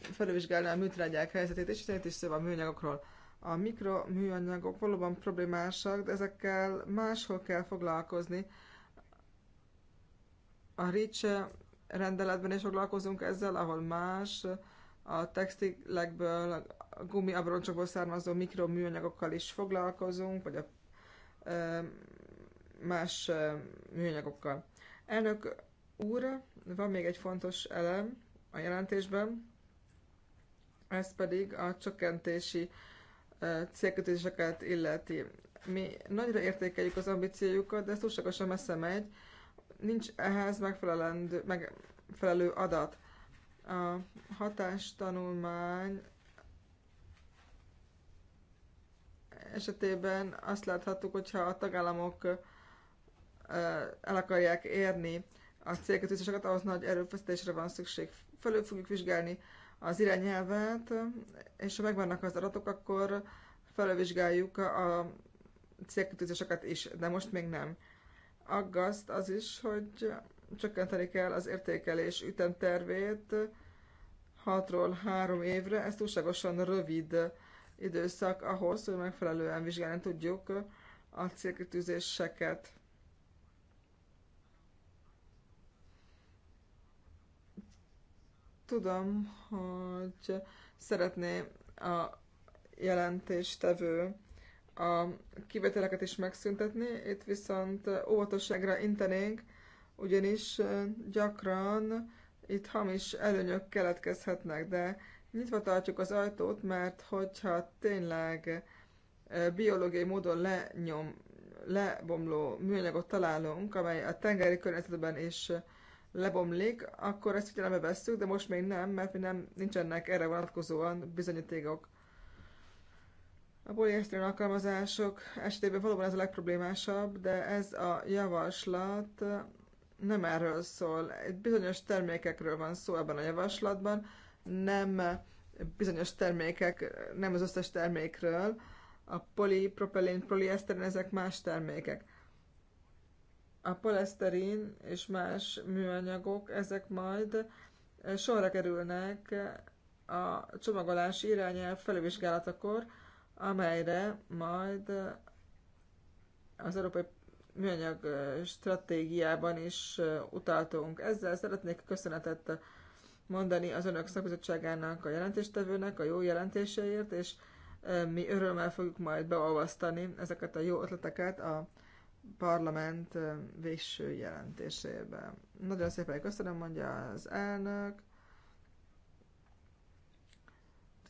felülvizsgálná a műtrágyák helyzetét, és itt is szó a műanyagokról. A mikroműanyagok valóban problémásak, de ezekkel máshol kell foglalkozni. A RICSE rendeletben is foglalkozunk ezzel, ahol más a textilekből, a gumiabroncsokból származó mikroműanyagokkal is foglalkozunk, vagy a más műanyagokkal. Elnök úr, van még egy fontos elem a jelentésben, ez pedig a csökkentési célkötéseket illeti. Mi nagyra értékeljük az ambíciójukat, de ez túlságosan messze megy, nincs ehhez megfelelendő, megfelelő adat. A hatástanulmány esetében azt láthattuk, hogyha a tagállamok el akarják érni a célkötőzéseket, ahhoz nagy erőfeszítésre van szükség. Fölül fogjuk vizsgálni az irányelvet, és ha megvannak az adatok, akkor felülvizsgáljuk a célkötőzéseket is, de most még nem aggaszt az is, hogy csökkenteni kell az értékelés ütemtervét 6-ról 3 évre. Ez túlságosan rövid időszak ahhoz, hogy megfelelően vizsgálni tudjuk a célkitűzéseket. Tudom, hogy szeretné a jelentéstevő a kivételeket is megszüntetni, itt viszont óvatosságra intenénk, ugyanis gyakran itt hamis előnyök keletkezhetnek, de nyitva tartjuk az ajtót, mert hogyha tényleg biológiai módon lenyom, lebomló műanyagot találunk, amely a tengeri környezetben is lebomlik, akkor ezt figyelembe vesszük, de most még nem, mert mi nem, nincsenek erre vonatkozóan bizonyítékok. A poliesztrén alkalmazások esetében valóban ez a legproblémásabb, de ez a javaslat nem erről szól. Egy bizonyos termékekről van szó ebben a javaslatban, nem bizonyos termékek, nem az összes termékről. A polipropilén, polieszterin, ezek más termékek. A poleszterin és más műanyagok, ezek majd sorra kerülnek a csomagolási irányelv felülvizsgálatakor, amelyre majd az Európai Műanyag Stratégiában is utaltunk. Ezzel szeretnék köszönetet mondani az Önök szakbizottságának a jelentéstevőnek a jó jelentéseért, és mi örömmel fogjuk majd beolvasztani ezeket a jó ötleteket a parlament végső jelentésébe. Nagyon szépen köszönöm, mondja az elnök.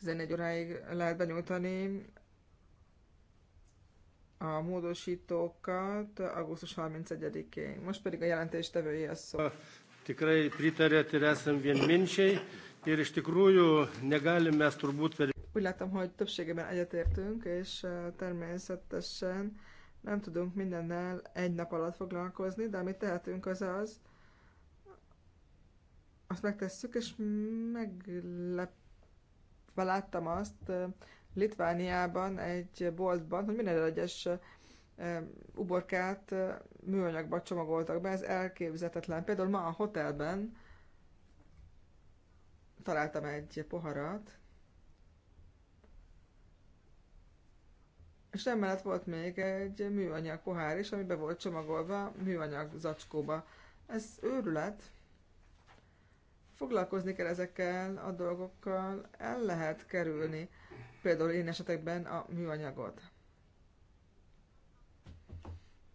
11 óráig lehet benyújtani a módosítókat augusztus 31-én. Most pedig a jelentés tevője a szó. Tikrai pritarėt ir esam vienminčiai ir iš tikrųjų negalim Úgy látom, hogy többségében egyetértünk, és eh, természetesen nem tudunk mindennel egy nap alatt foglalkozni, de amit tehetünk az az, azt megtesszük, és meglep láttam azt Litvániában egy boltban, hogy minden egyes uborkát műanyagba csomagoltak be, ez elképzelhetetlen. Például ma a hotelben találtam egy poharat, és emellett volt még egy műanyag pohár is, ami be volt csomagolva műanyag zacskóba. Ez őrület. Foglalkozni kell ezekkel a dolgokkal, el lehet kerülni például én esetekben a műanyagot.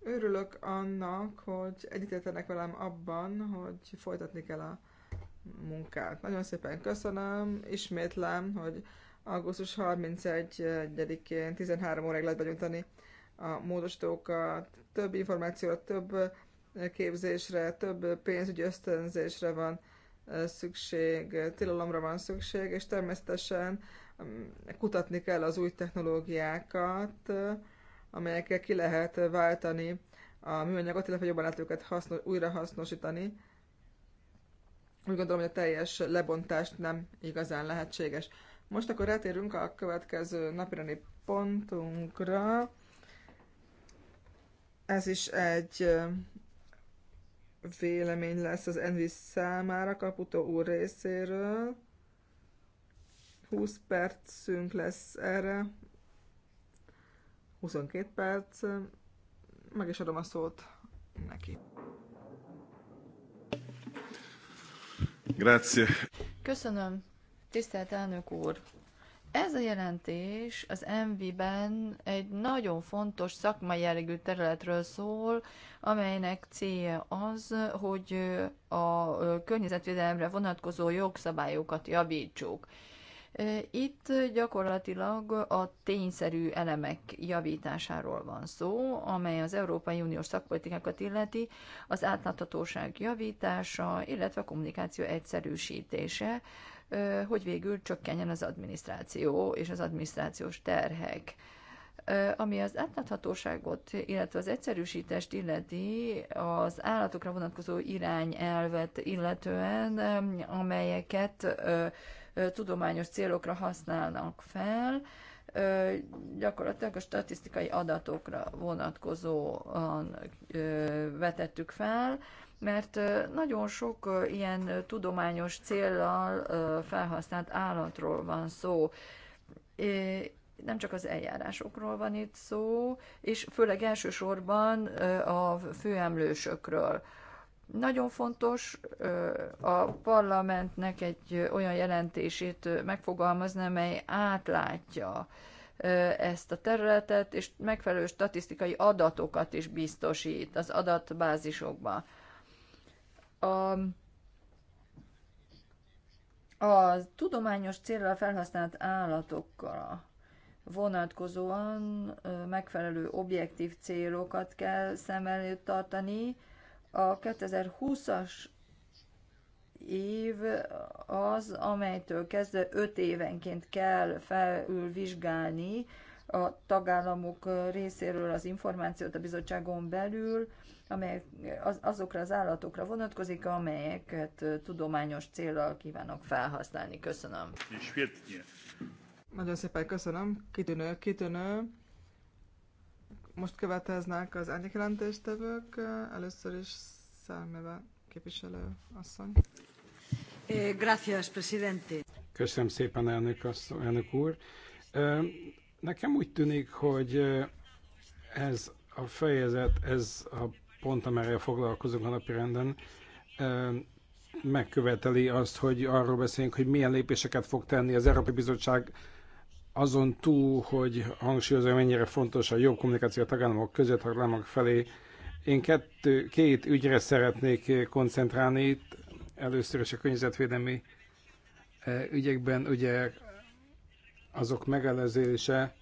Örülök annak, hogy egyetértenek velem abban, hogy folytatni kell a munkát. Nagyon szépen köszönöm, ismétlem, hogy augusztus 31-én 13 óráig lehet begyújtani a módosítókat, több információra, több képzésre, több pénzügyi ösztönzésre van szükség, tilalomra van szükség, és természetesen mm, kutatni kell az új technológiákat, amelyekkel ki lehet váltani a műanyagot, illetve jobban lehet őket hasznos, újra hasznosítani. Úgy gondolom, hogy a teljes lebontást nem igazán lehetséges. Most akkor rátérünk a következő napirani pontunkra. Ez is egy vélemény lesz az Envis számára Kaputó úr részéről. 20 percünk lesz erre. 22 perc. Meg is adom a szót neki. Grazie. Köszönöm, tisztelt elnök úr. Ez a jelentés az MV-ben egy nagyon fontos szakmai jellegű területről szól, amelynek célja az, hogy a környezetvédelemre vonatkozó jogszabályokat javítsuk. E, itt gyakorlatilag a tényszerű elemek javításáról van szó, amely az Európai Uniós szakpolitikákat illeti, az átláthatóság javítása, illetve a kommunikáció egyszerűsítése, hogy végül csökkenjen az adminisztráció és az adminisztrációs terhek. Ami az átláthatóságot, illetve az egyszerűsítést illeti, az állatokra vonatkozó irányelvet illetően, amelyeket tudományos célokra használnak fel, gyakorlatilag a statisztikai adatokra vonatkozóan vetettük fel, mert nagyon sok ilyen tudományos célral felhasznált állatról van szó. Nem csak az eljárásokról van itt szó, és főleg elsősorban a főemlősökről. Nagyon fontos a parlamentnek egy olyan jelentését megfogalmazni, amely átlátja ezt a területet, és megfelelő statisztikai adatokat is biztosít az adatbázisokban a, a tudományos célra felhasznált állatokkal vonatkozóan megfelelő objektív célokat kell szem előtt tartani. A 2020-as év az, amelytől kezdve 5 évenként kell felülvizsgálni a tagállamok részéről az információt a bizottságon belül, amelyek az, azokra az állatokra vonatkozik, amelyeket tudományos célral kívánok felhasználni. Köszönöm. Nagyon szépen köszönöm. Kitűnő, kitűnő. Most következnek az árnyékjelentéstevők. Először is Szármeve képviselő asszony. Eh, gracias, presidente. Köszönöm szépen, elnök, asszony, elnök úr. Nekem úgy tűnik, hogy ez a fejezet, ez a pont, amerrel foglalkozunk a renden megköveteli azt, hogy arról beszéljünk, hogy milyen lépéseket fog tenni az Európai Bizottság azon túl, hogy hangsúlyozom, mennyire fontos a jobb kommunikáció a tagállamok között, a tagállamok felé. Én kettő, két ügyre szeretnék koncentrálni itt. Először is a környezetvédelmi ügyekben ugye azok megelezése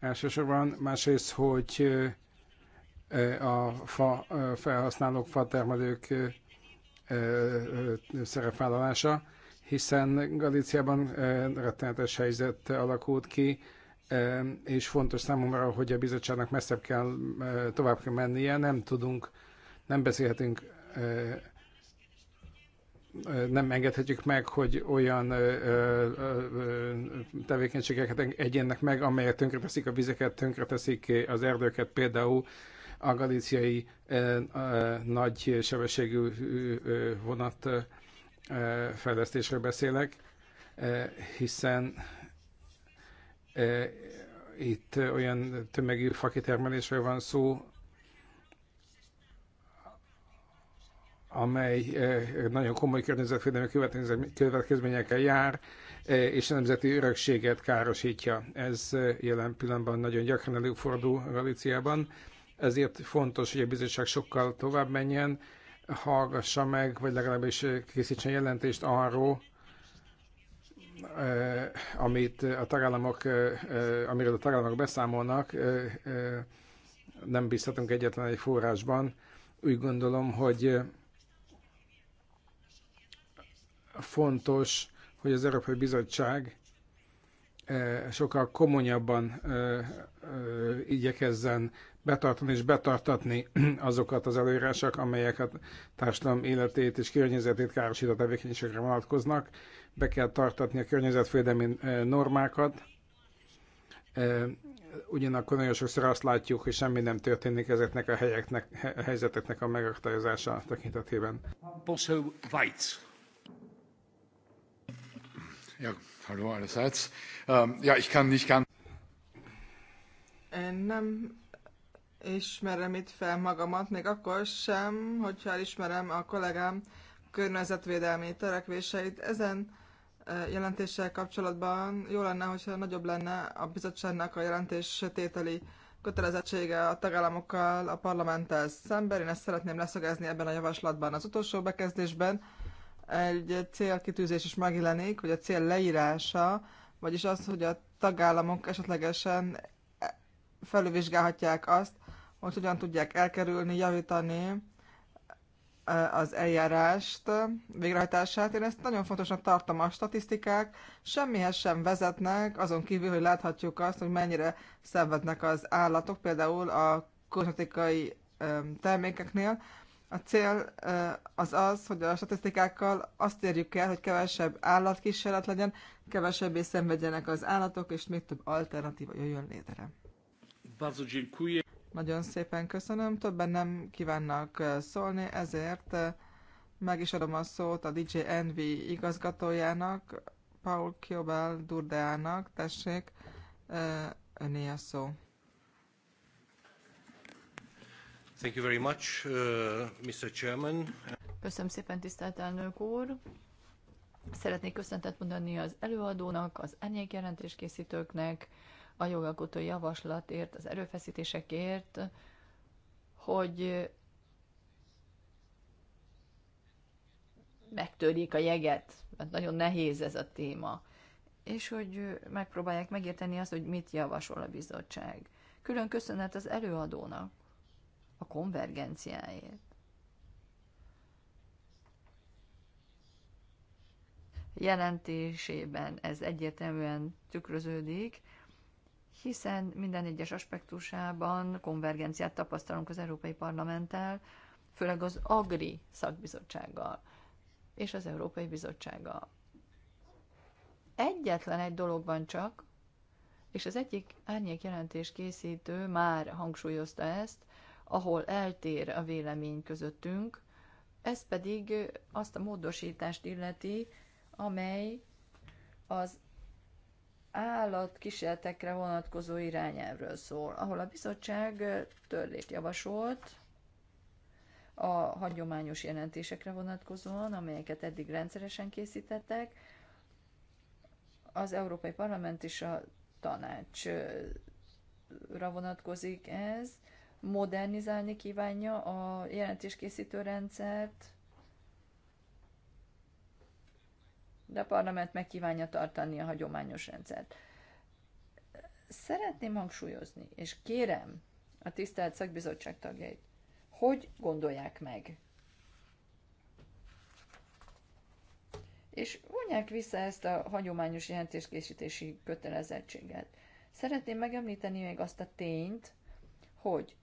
elsősorban, másrészt, hogy a fa felhasználók, fa termelők szerepvállalása, hiszen Galíciában rettenetes helyzet alakult ki, és fontos számomra, hogy a bizottságnak messzebb kell, tovább kell mennie, nem tudunk, nem beszélhetünk nem engedhetjük meg, hogy olyan ö, ö, ö, tevékenységeket egyenek meg, amelyek tönkreteszik a vizeket, tönkreteszik az erdőket, például a galíciai ö, ö, nagy sebességű ö, vonat ö, fejlesztésről beszélek, ö, hiszen ö, itt olyan tömegű fakitermelésről van szó, amely eh, nagyon komoly környezetvédelmi következményekkel jár, eh, és a nemzeti örökséget károsítja. Ez eh, jelen pillanatban nagyon gyakran előfordul Galíciában, ezért fontos, hogy a bizottság sokkal tovább menjen, hallgassa meg, vagy legalábbis készítsen jelentést arról, amit a tagállamok, amiről a tagállamok beszámolnak, nem bízhatunk egyetlen egy forrásban. Úgy gondolom, hogy fontos, hogy az Európai Bizottság eh, sokkal komolyabban eh, eh, igyekezzen betartani és betartatni azokat az előírások, amelyek a társadalom életét és környezetét károsított tevékenységre vonatkoznak. Be kell tartatni a környezetvédelmi normákat. Ugyanakkor nagyon sokszor azt látjuk, hogy semmi nem történik ezeknek a helyeknek, a helyzeteknek a megakadályozása tekintetében. Bosszú Ja, hallo allerseits. Ähm, ja, ich kann nicht ganz... Én nem ismerem itt fel magamat, még akkor sem, hogyha ismerem a kollégám környezetvédelmi törekvéseit. Ezen jelentéssel kapcsolatban jó lenne, hogyha nagyobb lenne a bizottságnak a jelentés tételi kötelezettsége a tagállamokkal, a parlamenttel szemben. Én ezt szeretném leszögezni ebben a javaslatban. Az utolsó bekezdésben egy célkitűzés is megjelenik, hogy a cél leírása, vagyis az, hogy a tagállamok esetlegesen felülvizsgálhatják azt, hogy hogyan tudják elkerülni, javítani az eljárást, végrehajtását. Én ezt nagyon fontosnak tartom. A statisztikák semmihez sem vezetnek, azon kívül, hogy láthatjuk azt, hogy mennyire szenvednek az állatok, például a kozmetikai termékeknél, a cél az az, hogy a statisztikákkal azt érjük el, hogy kevesebb állatkísérlet legyen, kevesebbé szenvedjenek az állatok, és még több alternatíva jöjjön létre. Nagyon szépen köszönöm, többen nem kívánnak szólni, ezért meg is adom a szót a DJ Envy igazgatójának, Paul Kiobel Durdeának, tessék, öné a szó. Thank you very much, uh, Mr. Chairman. Köszönöm szépen, tisztelt elnök úr. Szeretnék köszöntet mondani az előadónak, az enyék jelentéskészítőknek, a jogalkotó javaslatért, az erőfeszítésekért, hogy megtörjék a jeget, mert hát nagyon nehéz ez a téma, és hogy megpróbálják megérteni azt, hogy mit javasol a bizottság. Külön köszönet az előadónak, a konvergenciáért. Jelentésében ez egyértelműen tükröződik, hiszen minden egyes aspektusában konvergenciát tapasztalunk az Európai Parlamenttel, főleg az Agri szakbizottsággal és az Európai Bizottsággal. Egyetlen egy dolog van csak, és az egyik árnyék jelentés készítő már hangsúlyozta ezt, ahol eltér a vélemény közöttünk, ez pedig azt a módosítást illeti, amely az állatkísérletekre vonatkozó irányelvről szól, ahol a bizottság törlést javasolt a hagyományos jelentésekre vonatkozóan, amelyeket eddig rendszeresen készítettek. Az Európai Parlament és a tanácsra vonatkozik ez, modernizálni kívánja a jelentéskészítő rendszert, de a parlament kívánja tartani a hagyományos rendszert. Szeretném hangsúlyozni, és kérem a tisztelt szakbizottság tagjait, hogy gondolják meg. És vonják vissza ezt a hagyományos jelentéskészítési kötelezettséget. Szeretném megemlíteni még azt a tényt, hogy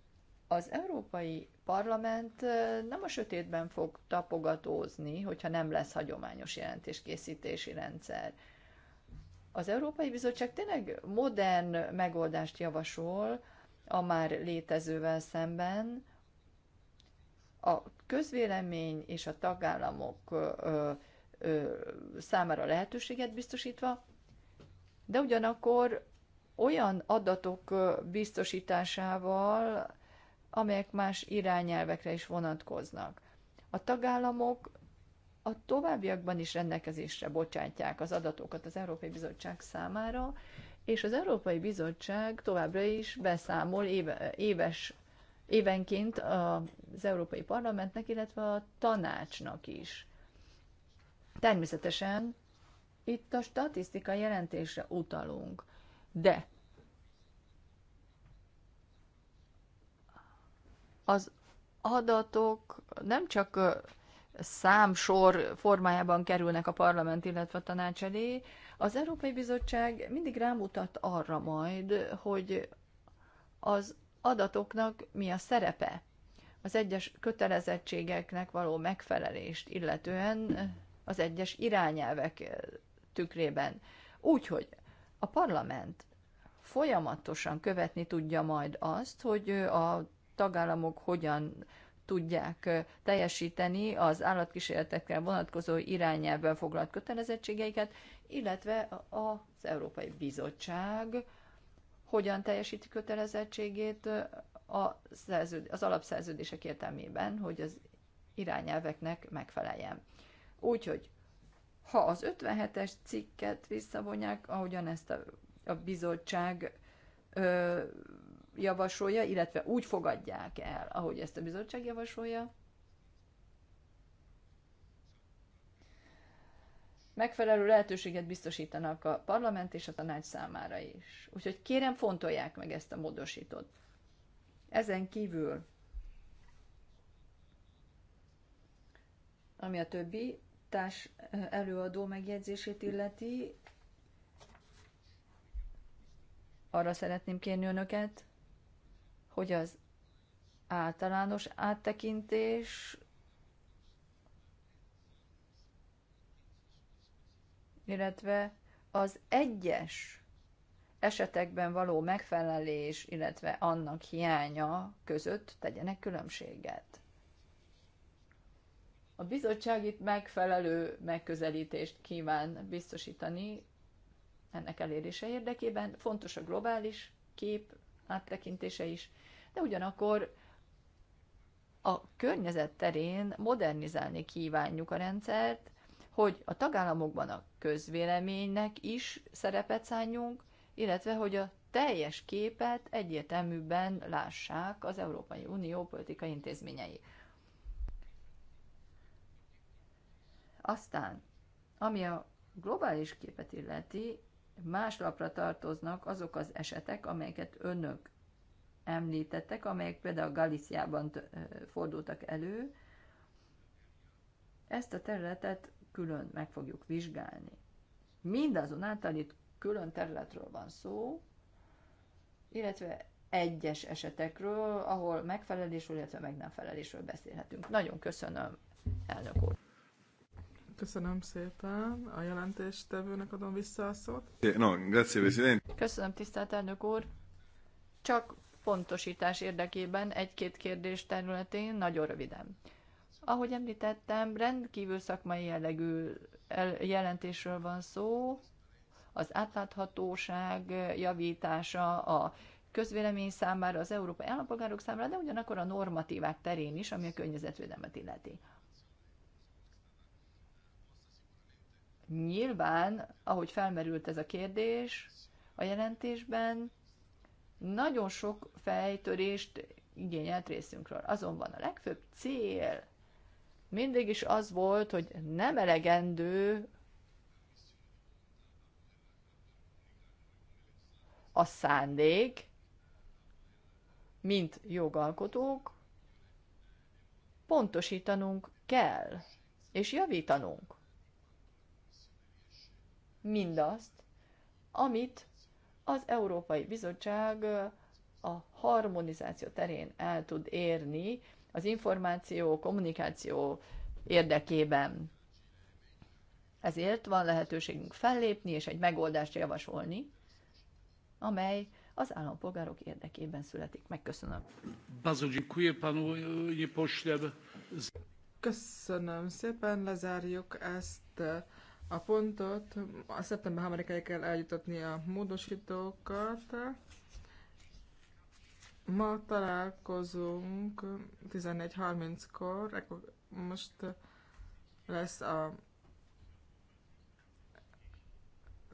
az Európai Parlament nem a sötétben fog tapogatózni, hogyha nem lesz hagyományos jelentéskészítési rendszer. Az Európai Bizottság tényleg modern megoldást javasol a már létezővel szemben. A közvélemény és a tagállamok ö, ö, számára lehetőséget biztosítva, de ugyanakkor olyan adatok biztosításával, amelyek más irányelvekre is vonatkoznak. A tagállamok a továbbiakban is rendelkezésre bocsátják az adatokat az Európai Bizottság számára, és az Európai Bizottság továbbra is beszámol éve, éves, évenként az Európai Parlamentnek, illetve a tanácsnak is. Természetesen itt a statisztika jelentésre utalunk, de az adatok nem csak számsor formájában kerülnek a parlament, illetve a tanács elé, az Európai Bizottság mindig rámutat arra majd, hogy az adatoknak mi a szerepe az egyes kötelezettségeknek való megfelelést, illetően az egyes irányelvek tükrében. Úgyhogy a parlament folyamatosan követni tudja majd azt, hogy a tagállamok hogyan tudják teljesíteni az állatkísérletekkel vonatkozó irányelvben foglalt kötelezettségeiket, illetve az Európai Bizottság hogyan teljesíti kötelezettségét a szerződ, az alapszerződések értelmében, hogy az irányelveknek megfeleljen. Úgyhogy, ha az 57-es cikket visszavonják, ahogyan ezt a, a bizottság ö, javasolja, illetve úgy fogadják el, ahogy ezt a bizottság javasolja, megfelelő lehetőséget biztosítanak a parlament és a tanács számára is. Úgyhogy kérem, fontolják meg ezt a módosítót. Ezen kívül, ami a többi társ eh, előadó megjegyzését illeti, arra szeretném kérni önöket, hogy az általános áttekintés illetve az egyes esetekben való megfelelés, illetve annak hiánya között tegyenek különbséget. A bizottság itt megfelelő megközelítést kíván biztosítani ennek elérése érdekében. Fontos a globális kép, áttekintése is, de ugyanakkor a környezet terén modernizálni kívánjuk a rendszert, hogy a tagállamokban a közvéleménynek is szerepet szálljunk, illetve hogy a teljes képet egyértelműbben lássák az Európai Unió politikai intézményei. Aztán, ami a globális képet illeti, más lapra tartoznak azok az esetek, amelyeket önök említettek, amelyek például Galiciában fordultak elő. Ezt a területet külön meg fogjuk vizsgálni. Mindazonáltal itt külön területről van szó, illetve egyes esetekről, ahol megfelelésről, illetve meg nem felelésről beszélhetünk. Nagyon köszönöm, elnök úr! Köszönöm szépen. A jelentéstevőnek adom vissza a szót. Eh, no, grazie, Presidente. Köszönöm, tisztelt elnök úr. Csak pontosítás érdekében egy-két kérdés területén nagyon röviden. Ahogy említettem, rendkívül szakmai jellegű jelentésről van szó, az átláthatóság javítása a közvélemény számára, az európai állampolgárok számára, de ugyanakkor a normatívák terén is, ami a környezetvédelmet illeti. Nyilván, ahogy felmerült ez a kérdés a jelentésben, nagyon sok fejtörést igényelt részünkről. Azonban a legfőbb cél mindig is az volt, hogy nem elegendő a szándék, mint jogalkotók, pontosítanunk kell, és javítanunk mindazt, amit az Európai Bizottság a harmonizáció terén el tud érni az információ, kommunikáció érdekében. Ezért van lehetőségünk fellépni és egy megoldást javasolni, amely az állampolgárok érdekében születik. Megköszönöm. E, Köszönöm szépen, lezárjuk ezt a pontot. A szeptember 3-áig kell eljutatni a módosítókat. Ma találkozunk 14.30-kor, most lesz a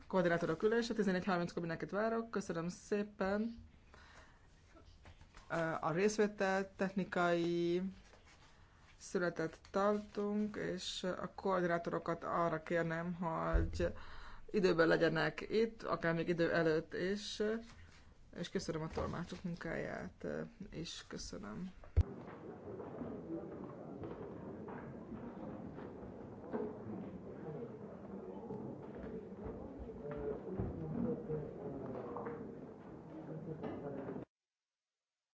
koordinátorok ülése, 11.30-kor mindenkit várok. Köszönöm szépen a részvétel technikai született tartunk, és a koordinátorokat arra kérnem, hogy időben legyenek itt, akár még idő előtt is, és köszönöm a tolmácsok munkáját, és köszönöm.